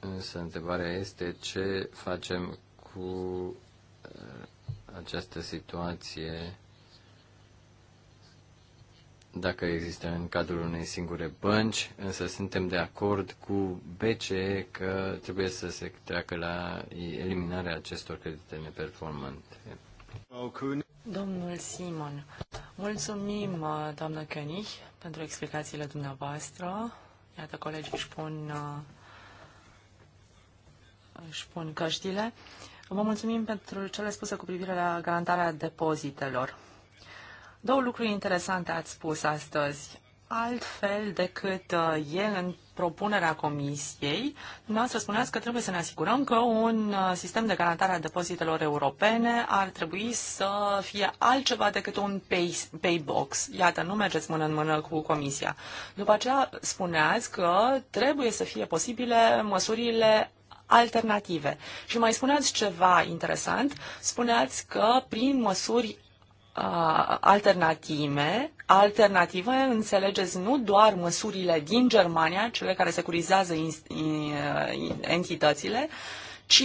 însă întrebarea este ce facem cu această situație dacă există în cadrul unei singure bănci, însă suntem de acord cu BCE că trebuie să se treacă la eliminarea acestor credite neperformante. Domnul Simon, mulțumim, uh, doamnă König, pentru explicațiile dumneavoastră. Iată, colegii își pun, uh, își pun căștile. Vă mulțumim pentru cele spuse cu privire la garantarea depozitelor. Două lucruri interesante ați spus astăzi. Altfel decât uh, e în propunerea comisiei, dumneavoastră spuneați că trebuie să ne asigurăm că un uh, sistem de garantare a depozitelor europene ar trebui să fie altceva decât un pay, pay box. Iată, nu mergeți mână în mână cu comisia. După aceea spuneați că trebuie să fie posibile măsurile alternative. Și mai spuneați ceva interesant, spuneați că prin măsuri alternative, alternative înțelegeți nu doar măsurile din Germania, cele care securizează entitățile, ci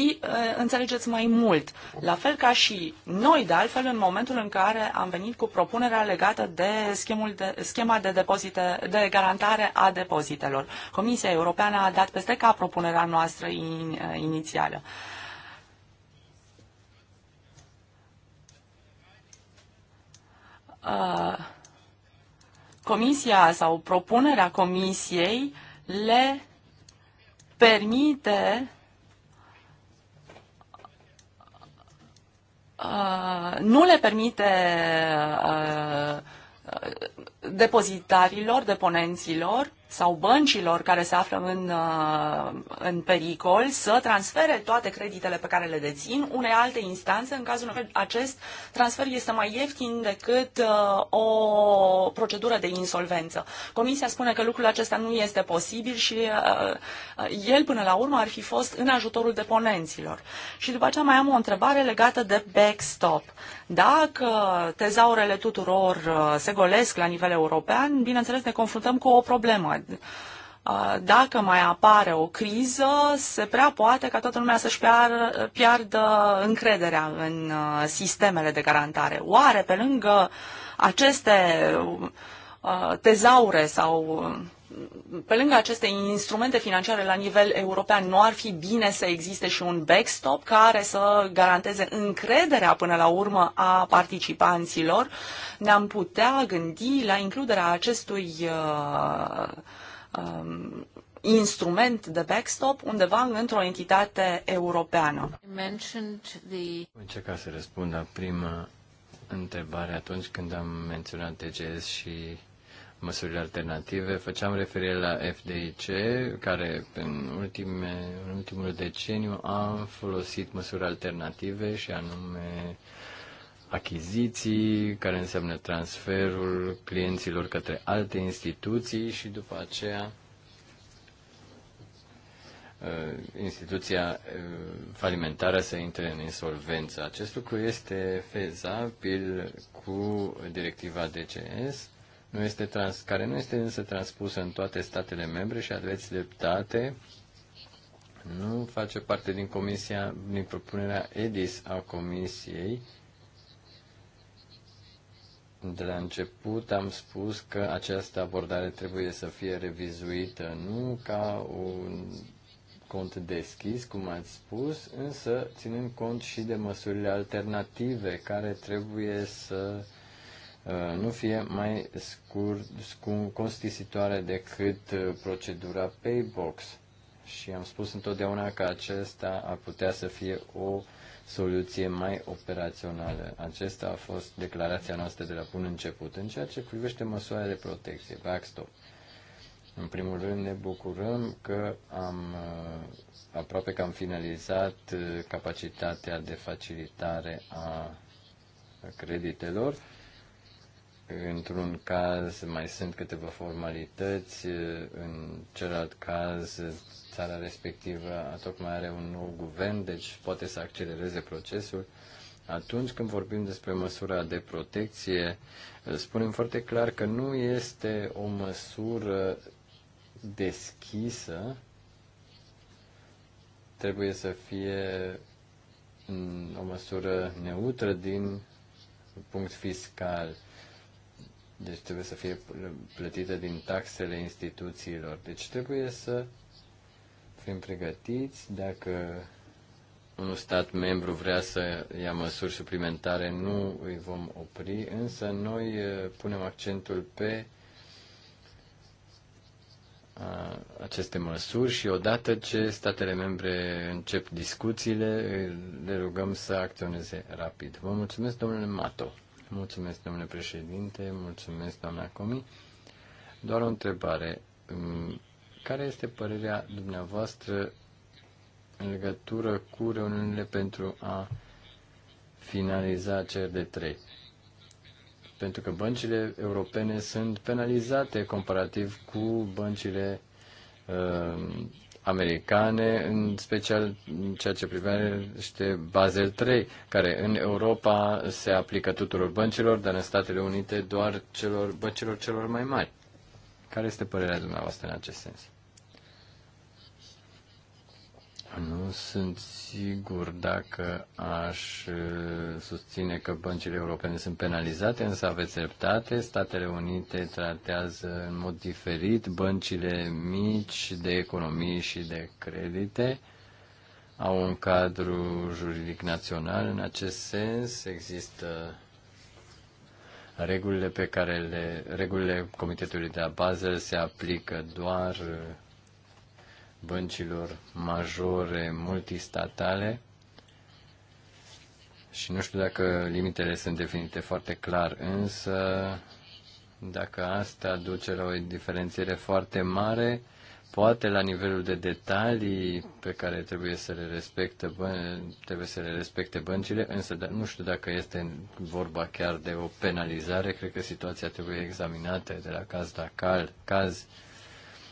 înțelegeți mai mult. La fel ca și noi, de altfel, în momentul în care am venit cu propunerea legată de, schemul de schema de, depozite, de garantare a depozitelor. Comisia Europeană a dat peste cap propunerea noastră in, inițială. Uh, Uh, comisia sau propunerea comisiei le permite uh, nu le permite uh, depozitarilor, deponenților sau băncilor care se află în, uh, în pericol să transfere toate creditele pe care le dețin unei alte instanțe în cazul în care acest transfer este mai ieftin decât uh, o procedură de insolvență. Comisia spune că lucrul acesta nu este posibil și uh, el până la urmă ar fi fost în ajutorul deponenților. Și după aceea mai am o întrebare legată de backstop. Dacă tezaurele tuturor uh, se golesc la nivel european, bineînțeles ne confruntăm cu o problemă uh, dacă mai apare o criză, se prea poate ca toată lumea să-și piardă încrederea în uh, sistemele de garantare. Oare pe lângă aceste tezaure sau pe lângă aceste instrumente financiare la nivel european, nu ar fi bine să existe și un backstop care să garanteze încrederea până la urmă a participanților? Ne-am putea gândi la includerea acestui uh, um, instrument de backstop undeva într-o entitate europeană. Voi încerca să răspund la prima întrebare atunci când am menționat DGS și măsurile alternative, făceam referire la FDIC, care în, ultime, în ultimul deceniu a folosit măsuri alternative și anume achiziții, care înseamnă transferul clienților către alte instituții și după aceea uh, instituția uh, falimentară să intre în insolvență. Acest lucru este fezabil cu directiva DCS nu este trans, care nu este însă transpusă în toate statele membre și aveți dreptate, nu face parte din comisia, din propunerea EDIS a comisiei. De la început am spus că această abordare trebuie să fie revizuită, nu ca un cont deschis, cum ați spus, însă ținând cont și de măsurile alternative care trebuie să Uh, nu fie mai scurt, scurt costisitoare decât uh, procedura Paybox. Și am spus întotdeauna că acesta ar putea să fie o soluție mai operațională. Acesta a fost declarația noastră de la bun început. În ceea ce privește măsoarea de protecție, backstop, în primul rând ne bucurăm că am uh, aproape că am finalizat capacitatea de facilitare a creditelor Într-un caz mai sunt câteva formalități, în celălalt caz țara respectivă tocmai are un nou guvern, deci poate să accelereze procesul. Atunci când vorbim despre măsura de protecție, spunem foarte clar că nu este o măsură deschisă, trebuie să fie mm, o măsură neutră din punct fiscal deci trebuie să fie plătită din taxele instituțiilor. Deci trebuie să fim pregătiți dacă un stat membru vrea să ia măsuri suplimentare, nu îi vom opri, însă noi uh, punem accentul pe uh, aceste măsuri și odată ce statele membre încep discuțiile, le rugăm să acționeze rapid. Vă mulțumesc, domnule Mato. Mulțumesc, domnule președinte, mulțumesc, doamna Comi. Doar o întrebare. Mm, care este părerea dumneavoastră în legătură cu reuniunile pentru a finaliza cer de 3? Pentru că băncile europene sunt penalizate comparativ cu băncile uh, americane, în special în ceea ce privește Basel 3, care în Europa se aplică tuturor băncilor, dar în Statele Unite doar celor băncilor celor mai mari. Care este părerea dumneavoastră în acest sens? Nu sunt sigur dacă aș uh, susține că băncile europene sunt penalizate, însă aveți dreptate. Statele Unite tratează în mod diferit băncile mici de economii și de credite. Au un cadru juridic național în acest sens. Există regulile pe care le, regulile Comitetului de la Basel se aplică doar uh, băncilor majore multistatale și nu știu dacă limitele sunt definite foarte clar, însă dacă asta duce la o diferențiere foarte mare, poate la nivelul de detalii pe care trebuie să le respecte, trebuie să le respecte băncile, însă nu știu dacă este vorba chiar de o penalizare, cred că situația trebuie examinată de la caz la caz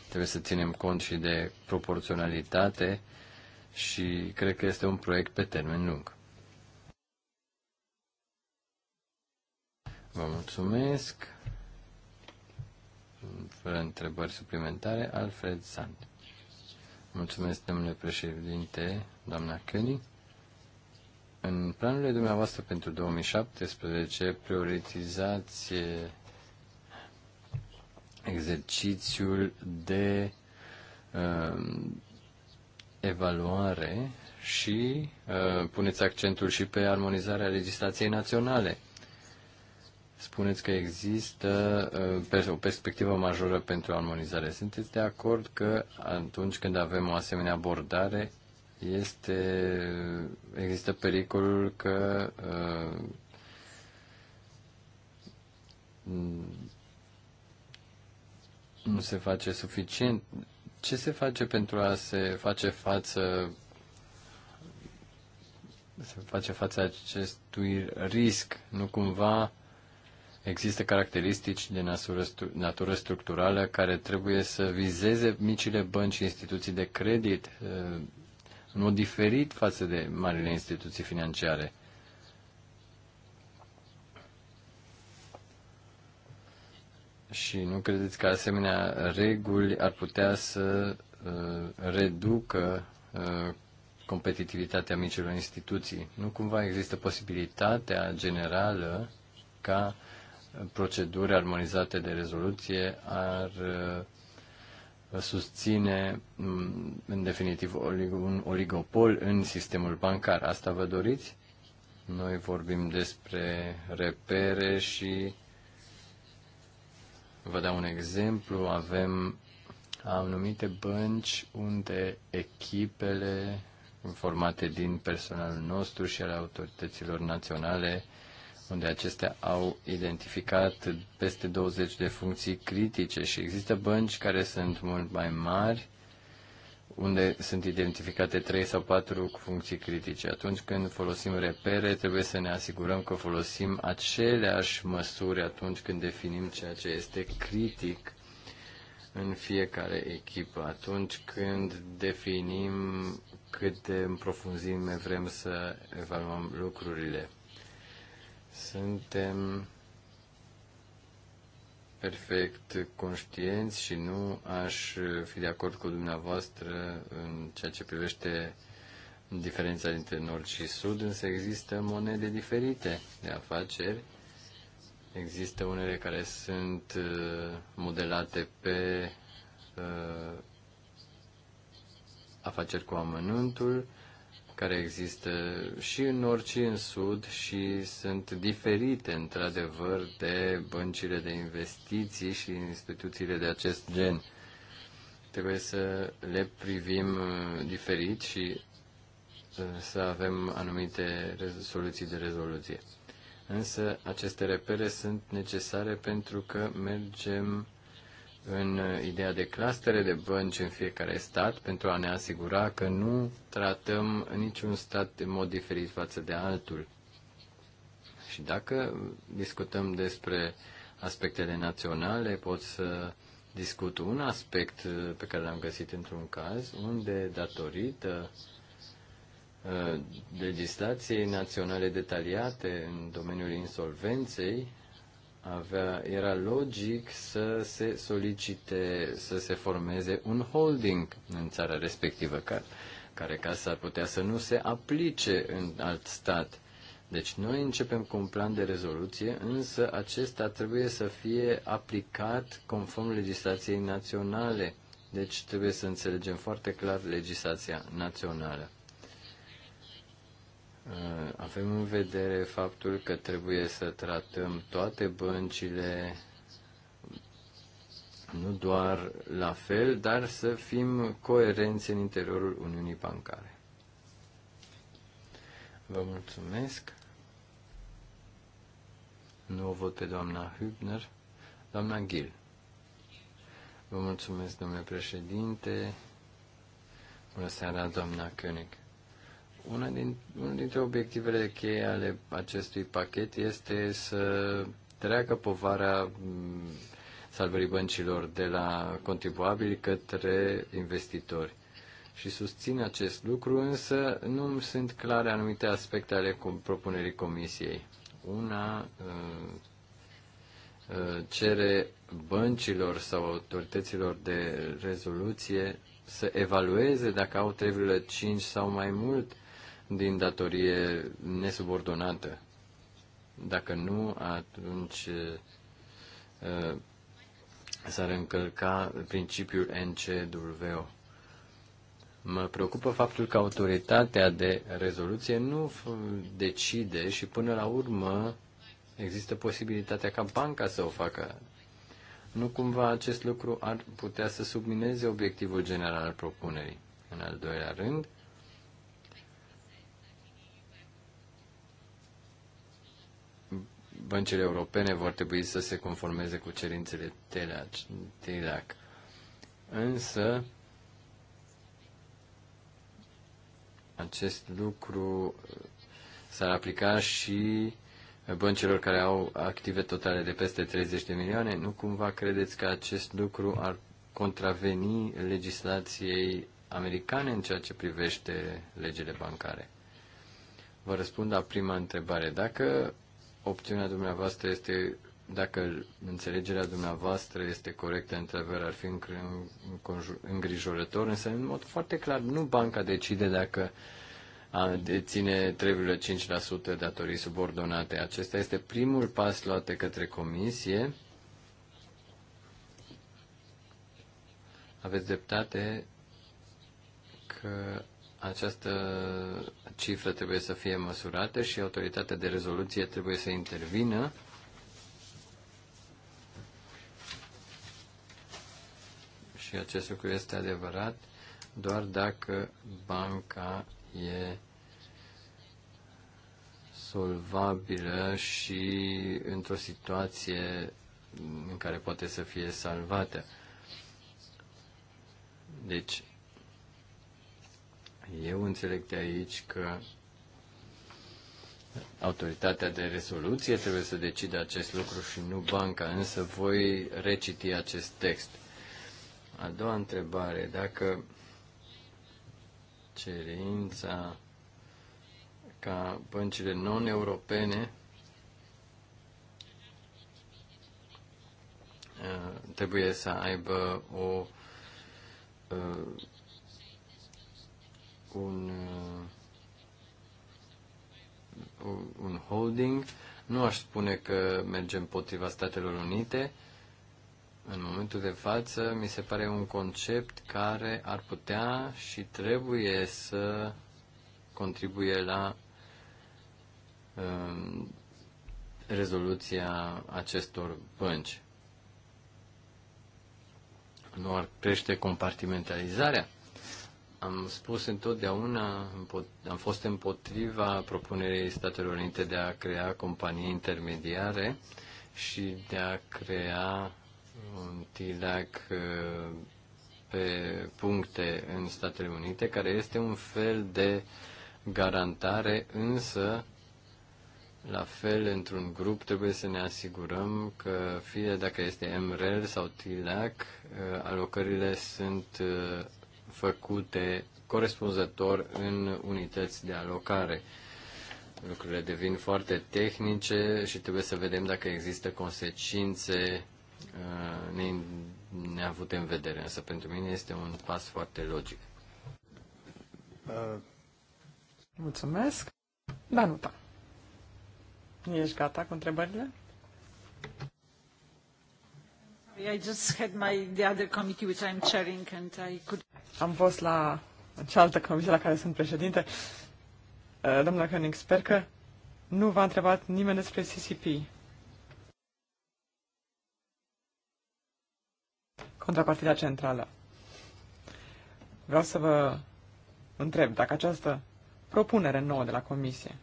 Trebuie să ținem cont și de proporționalitate și cred că este un proiect pe termen lung. Vă mulțumesc. Fără întrebări suplimentare, Alfred Sand. Mulțumesc, domnule președinte, doamna Căni. În planurile dumneavoastră pentru 2017 prioritizați exercițiul de uh, evaluare și uh, puneți accentul și pe armonizarea legislației naționale. Spuneți că există uh, o perspectivă majoră pentru armonizare. Sunteți de acord că atunci când avem o asemenea abordare, este, există pericolul că uh, nu se face suficient. Ce se face pentru a se face față se face față acestui risc? Nu cumva există caracteristici de natură structurală care trebuie să vizeze micile bănci și instituții de credit eh, în mod diferit față de marile instituții financiare. Și nu credeți că asemenea reguli ar putea să uh, reducă uh, competitivitatea micilor instituții? Nu cumva există posibilitatea generală ca proceduri armonizate de rezoluție ar uh, susține mm, în definitiv un oligopol în sistemul bancar. Asta vă doriți? Noi vorbim despre repere și Vă dau un exemplu. Avem anumite bănci unde echipele formate din personalul nostru și al autorităților naționale, unde acestea au identificat peste 20 de funcții critice și există bănci care sunt mult mai mari unde sunt identificate trei sau patru funcții critice. Atunci când folosim repere, trebuie să ne asigurăm că folosim aceleași măsuri atunci când definim ceea ce este critic în fiecare echipă. Atunci când definim cât de în profunzime vrem să evaluăm lucrurile. Suntem perfect conștienți și nu aș fi de acord cu dumneavoastră în ceea ce privește diferența dintre nord și sud, însă există monede diferite de afaceri. Există unele care sunt uh, modelate pe uh, afaceri cu amănuntul, care există și în nord și în sud și sunt diferite într-adevăr de băncile de investiții și instituțiile de acest gen. Trebuie să le privim uh, diferit și uh, să avem anumite soluții de rezoluție. Însă aceste repere sunt necesare pentru că mergem în uh, ideea de clustere de bănci în fiecare stat pentru a ne asigura că nu tratăm niciun stat în mod diferit față de altul. Și dacă discutăm despre aspectele naționale, pot să discut un aspect uh, pe care l-am găsit într-un caz, unde datorită uh, legislației naționale detaliate în domeniul insolvenței, avea, era logic să se solicite, să se formeze un holding în țara respectivă, care, care ca s-ar putea să nu se aplice în alt stat. Deci noi începem cu un plan de rezoluție, însă acesta trebuie să fie aplicat conform legislației naționale. Deci trebuie să înțelegem foarte clar legislația națională. Uh, avem în vedere faptul că trebuie să tratăm toate băncile nu doar la fel, dar să fim coerenți în interiorul Uniunii Bancare. Vă mulțumesc. Nu o văd pe doamna Hübner, doamna Gil. Vă mulțumesc, domnule președinte. Bună seara, doamna König. Una din, unul dintre obiectivele cheie ale acestui pachet este să treacă povara mm, salvării băncilor de la contribuabili către investitori. Și susțin acest lucru, însă nu sunt clare anumite aspecte ale propunerii comisiei. Una uh, uh, cere băncilor sau autorităților de rezoluție să evalueze dacă au 3,5 sau mai mult din datorie nesubordonată. Dacă nu, atunci uh, s-ar încălca principiul NCWO. Mă preocupă faptul că autoritatea de rezoluție nu decide și până la urmă există posibilitatea ca banca să o facă. Nu cumva acest lucru ar putea să submineze obiectivul general al propunerii. În al doilea rând, băncile europene vor trebui să se conformeze cu cerințele TELAC. Însă, acest lucru s-ar aplica și băncilor care au active totale de peste 30 de milioane. Nu cumva credeți că acest lucru ar contraveni legislației americane în ceea ce privește legile bancare? Vă răspund la prima întrebare. Dacă opțiunea dumneavoastră este, dacă înțelegerea dumneavoastră este corectă, într-adevăr ar fi îngrijorător, însă în mod foarte clar nu banca decide dacă deține 3,5% datorii subordonate. Acesta este primul pas luat de către comisie. Aveți dreptate că această cifră trebuie să fie măsurată și autoritatea de rezoluție trebuie să intervină. Și acest lucru este adevărat doar dacă banca e solvabilă și într-o situație în care poate să fie salvată. Deci, eu înțeleg de aici că autoritatea de rezoluție trebuie să decide acest lucru și nu banca, însă voi reciti acest text. A doua întrebare, dacă cerința ca băncile non-europene uh, trebuie să aibă o uh, Uh, un, un holding. Nu aș spune că mergem împotriva Statelor Unite. În momentul de față, mi se pare un concept care ar putea și trebuie să contribuie la um, rezoluția acestor bănci. Nu ar crește compartimentalizarea? am spus întotdeauna, am fost împotriva propunerii Statelor Unite de a crea companii intermediare și de a crea un TILAC uh, pe puncte în Statele Unite, care este un fel de garantare, însă, la fel, într-un grup trebuie să ne asigurăm că, fie dacă este MREL sau TILAC, uh, alocările sunt uh, făcute corespunzător în unități de alocare. Lucrurile devin foarte tehnice și trebuie să vedem dacă există consecințe uh, ne neavute în vedere, însă pentru mine este un pas foarte logic. Uh. Mulțumesc. Danuta, ești gata cu întrebările? Am fost la cealaltă comisie la care sunt președinte. Uh, Domnule Koenig, sper că nu v-a întrebat nimeni despre CCP. Contrapartida centrală. Vreau să vă întreb dacă această propunere nouă de la comisie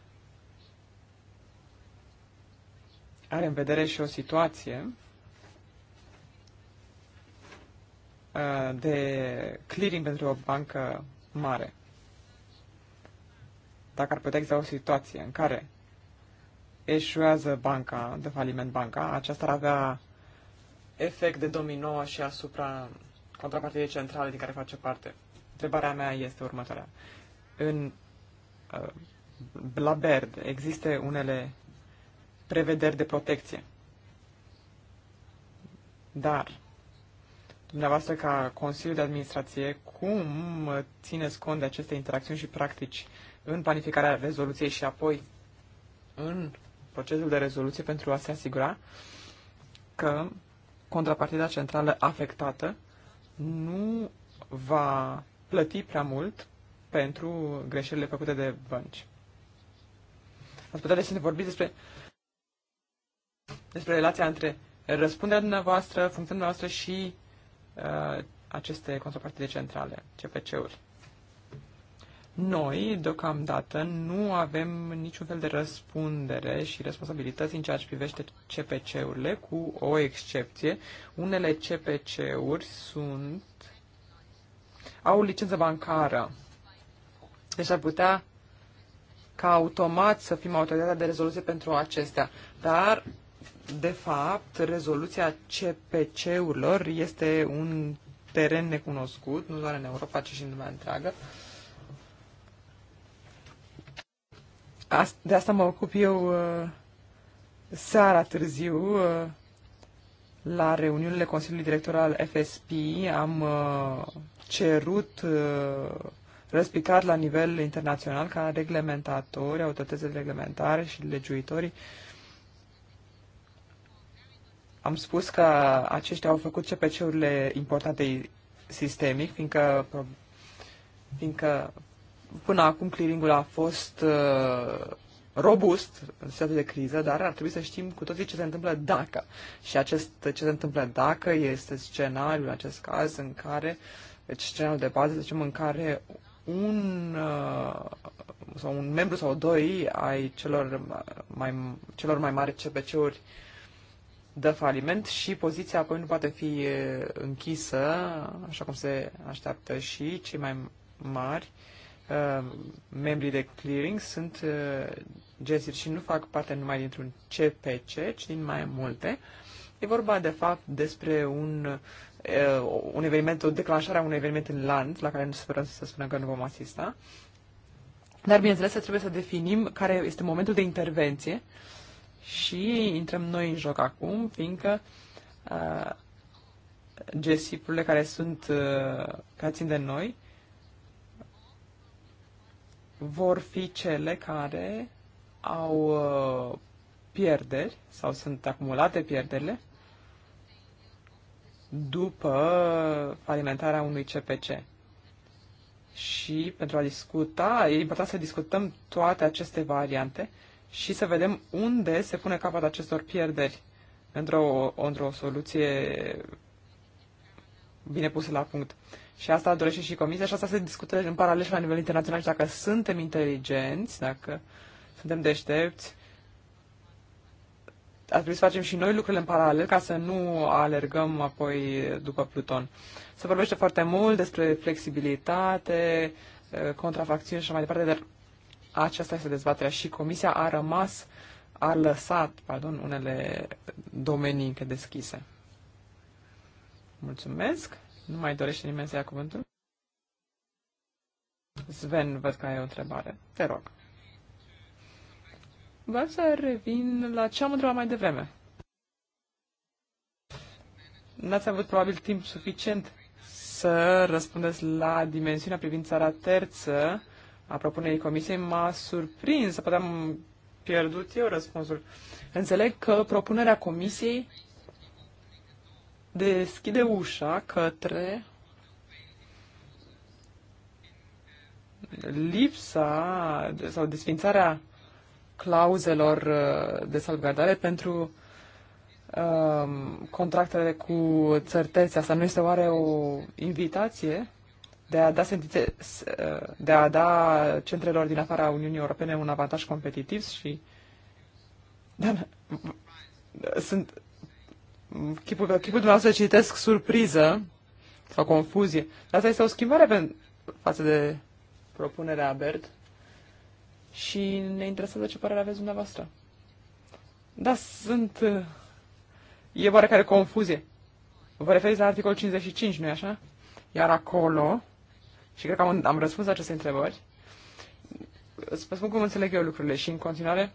are în vedere și o situație Uh, de clearing pentru o bancă mare. Dacă ar putea exista o situație în care eșuează banca, de faliment banca, aceasta ar avea efect de domino și asupra contrapartidei centrale din care face parte. Întrebarea mea este următoarea. În uh, la BERD există unele prevederi de protecție. Dar dumneavoastră ca Consiliu de Administrație, cum țineți cont de aceste interacțiuni și practici în planificarea rezoluției și apoi în procesul de rezoluție pentru a se asigura că contrapartida centrală afectată nu va plăti prea mult pentru greșelile făcute de bănci. Ați putea deci să ne vorbiți despre, despre relația între răspunderea dumneavoastră, funcția dumneavoastră și Uh, aceste contrapartide centrale, CPC-uri. Noi, deocamdată, nu avem niciun fel de răspundere și responsabilități în ceea ce privește CPC-urile, cu o excepție. Unele CPC-uri sunt au licență bancară. Deci ar putea ca automat să fim autoritatea de rezoluție pentru acestea. Dar de fapt, rezoluția CPC-urilor este un teren necunoscut, nu doar în Europa, ci și în lumea întreagă. De asta mă ocup eu uh, seara târziu uh, la reuniunile Consiliului Director al FSP. Am uh, cerut răspicat la nivel internațional ca reglementatori, autoritățile reglementare și legiuitorii uh, am spus că aceștia au făcut CPC-urile importante sistemic, fiindcă, fiindcă până acum clearing-ul a fost uh, robust în situația de criză, dar ar trebui să știm cu toții ce se întâmplă dacă. Și acest ce se întâmplă dacă este scenariul, în acest caz, în care, deci scenariul de bază, zicem, în care un, uh, sau un membru sau doi ai celor mai, celor mai mari CPC-uri uh, dă faliment și poziția apoi nu poate fi închisă, așa cum se așteaptă și cei mai mari uh, membrii de clearing sunt uh, gesiri și nu fac parte numai dintr-un CPC, ci din mai multe. E vorba, de fapt, despre un, uh, un eveniment, o declanșare a unui eveniment în land, la care nu sperăm să spunem că nu vom asista. Dar, bineînțeles, trebuie să definim care este momentul de intervenție uh, și intrăm noi în joc acum, fiindcă uh, gesipurile care sunt uh, care țin de noi vor fi cele care au uh, pierderi sau sunt acumulate pierderile după alimentarea unui CPC. Și pentru a discuta, e important să discutăm toate aceste variante și să vedem unde se pune capăt acestor pierderi într-o, într-o soluție bine pusă la punct. Și asta dorește și Comisia și asta se discută în paralel și la nivel internațional și dacă suntem inteligenți, dacă suntem deștepți, ar trebui să facem și noi lucrurile în paralel ca să nu alergăm apoi după Pluton. Se vorbește foarte mult despre flexibilitate, eh, contrafacțiuni și mai departe, dar aceasta este dezbaterea și Comisia a rămas, a lăsat, pardon, unele domenii încă deschise. Mulțumesc. Nu mai dorește nimeni să ia cuvântul? Sven, văd că ai o întrebare. Te rog. Vreau să revin la ce am întrebat mai devreme. N-ați avut probabil timp suficient să răspundeți la dimensiunea privind țara terță a propunerii comisiei m-a surprins, poate am pierdut eu răspunsul. Înțeleg că propunerea comisiei deschide ușa către lipsa sau desfințarea clauzelor uh, de salvgardare pentru um, contractele cu țărtețe. Asta nu este oare o invitație de a da, sentite, de a da centrelor din afara Uniunii Europene un avantaj competitiv și dar, sunt chipul, chipul dumneavoastră citesc surpriză sau confuzie. Asta este o schimbare pe, față de propunerea Bert și ne interesează ce părere aveți dumneavoastră. Da, sunt... E oarecare confuzie. Vă referiți la articolul 55, nu-i așa? Iar acolo și cred că am, am răspuns aceste întrebări. Să spun cum înțeleg eu lucrurile și în continuare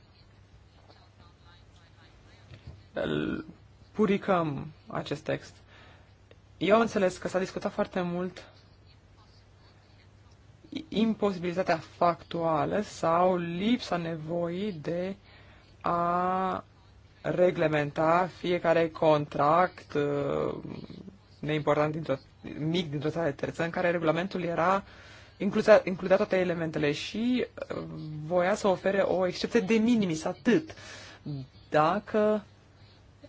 îl puricăm acest text. Eu am înțeles că s-a discutat foarte mult imposibilitatea factuală sau lipsa nevoii de a reglementa fiecare contract neimportant dintr-o, mic dintr-o țară terță, în care regulamentul era incluzea, includea toate elementele și uh, voia să ofere o excepție de minimis atât. Dacă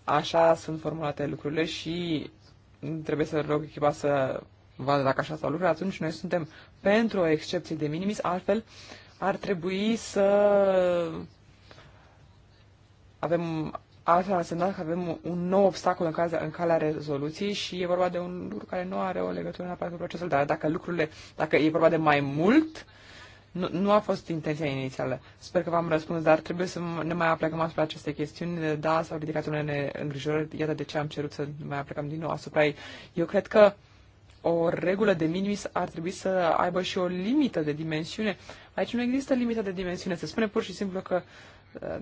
așa sunt formulate lucrurile și trebuie să rog echipa să vadă dacă așa stau lucrurile, atunci noi suntem pentru o excepție de minimis, altfel ar trebui să avem Asta a însemnat că avem un nou obstacol în, caz, în calea rezoluției și e vorba de un lucru care nu are o legătură neapărat cu procesul, dar dacă lucrurile, dacă e vorba de mai mult, nu, nu a fost intenția inițială. Sper că v-am răspuns, dar trebuie să ne mai aplecăm asupra acestei chestiuni. Da, s-au ridicat unele îngrijorări, iată de ce am cerut să ne mai aplecăm din nou asupra ei. Eu cred că o regulă de minimis ar trebui să aibă și o limită de dimensiune. Aici nu există limită de dimensiune. Se spune pur și simplu că uh,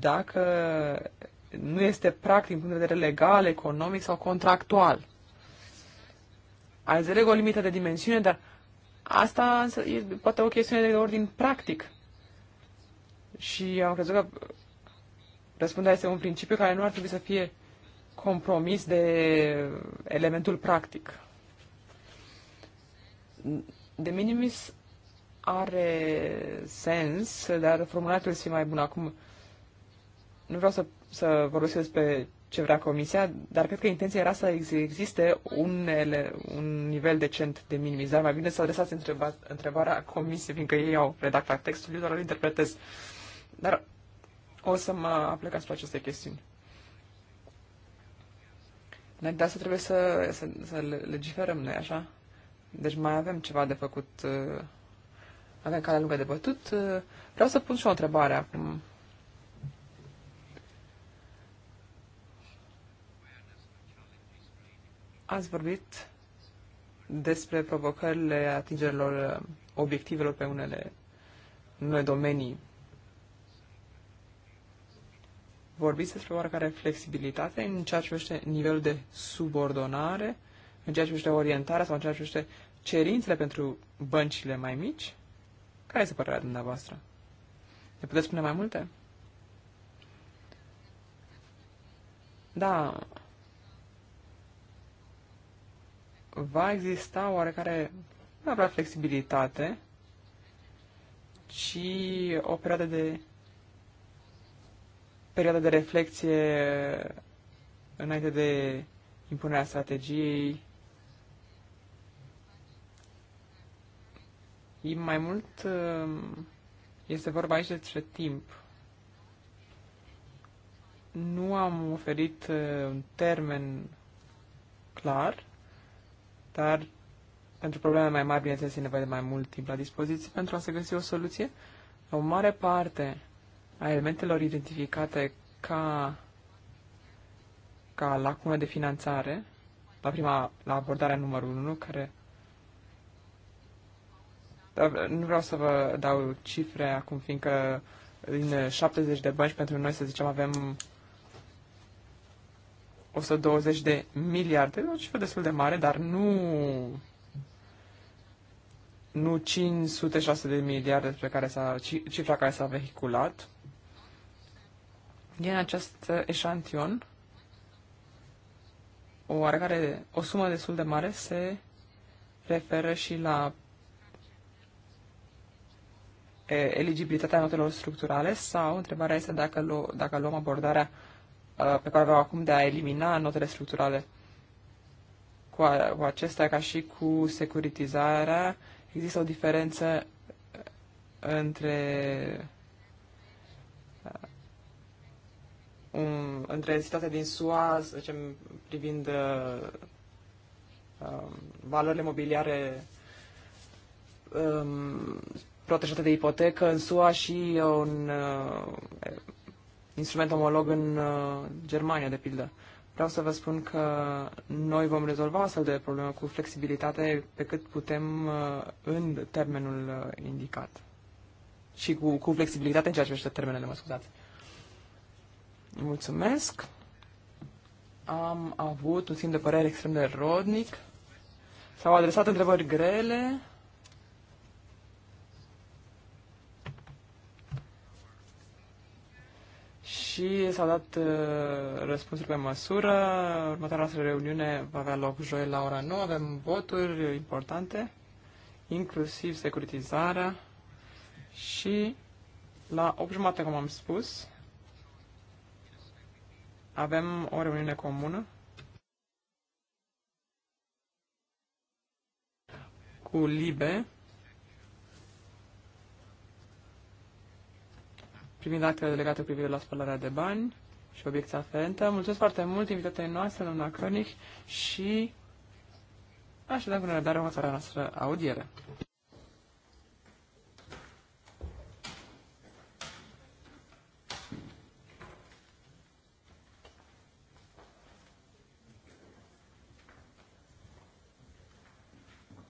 dacă nu este practic din punct de vedere legal, economic sau contractual. Înțeleg o limită de dimensiune, dar asta e poate o chestiune de ordin practic. Și am crezut că răspunderea este un principiu care nu ar trebui să fie compromis de elementul practic. De minimis are sens, dar formulatul este mai bun acum nu vreau să, să vorbesc despre ce vrea Comisia, dar cred că intenția era să existe un, ele, un nivel decent de minimizare. Mai bine să adresați întreba, întrebarea Comisiei, fiindcă ei au redactat textul, eu doar îl interpretez. Dar o să mă aplec asupra acestei chestiuni. Înainte de asta trebuie să, să, să legiferăm noi, așa? Deci mai avem ceva de făcut. Uh, avem calea lungă de bătut. Uh, vreau să pun și o întrebare acum Ați vorbit despre provocările atingerilor obiectivelor pe unele noi domenii. Vorbiți despre oarecare flexibilitate în ceea ce privește nivelul de subordonare, în ceea ce privește orientarea sau în ceea ce privește cerințele pentru băncile mai mici? Care este părerea dumneavoastră? Ne puteți spune mai multe? Da, va exista oarecare, nu avea flexibilitate, ci o perioadă de perioadă de reflexie înainte de impunerea strategiei. Mai mult uh, este vorba aici despre timp. Nu am oferit uh, un termen clar, dar pentru probleme mai mari, bineînțeles, e nevoie de mai mult timp la dispoziție pentru a se găsi o soluție. O mare parte a elementelor identificate ca, ca lacună de finanțare, la prima, la abordarea numărul 1, care nu vreau să vă dau cifre acum, fiindcă din 70 de bănci, pentru noi, să zicem, avem 120 de miliarde, deci o cifră destul de mare, dar nu nu 506 de miliarde pe care s-a, cifra care s-a vehiculat. Din acest eșantion, o oarecare, o sumă destul de mare se referă și la eligibilitatea notelor structurale sau întrebarea este dacă, lu- dacă luăm abordarea uh, Uh, pe care aveau acum de a elimina notele structurale. Cu, a, cu acestea, ca și cu securitizarea, există o diferență uh, între um, între situația din SUA, să zicem, privind uh, um, valorile mobiliare um, protejate de ipotecă în SUA și un uh, instrument omolog în uh, Germania, de pildă. Vreau să vă spun că noi vom rezolva astfel de probleme cu flexibilitate pe cât putem uh, în termenul uh, indicat. Și cu, cu flexibilitate în ceea ce privește termenele, mă scuzați. Mulțumesc. Am avut un simt de părere extrem de rodnic. S-au adresat întrebări grele. și s a dat uh, răspunsuri pe măsură. Următoarea noastră reuniune va avea loc joi la ora 9. Avem voturi importante, inclusiv securitizarea și la 8 jumate, cum am spus, avem o reuniune comună cu LIBE, privind actele delegate privire la spălarea de bani și obiecția aferentă. Mulțumesc foarte mult invitatei noastre, doamna Cărnic, și așteptăm da cu nerăbdare următoarea noastră audiere.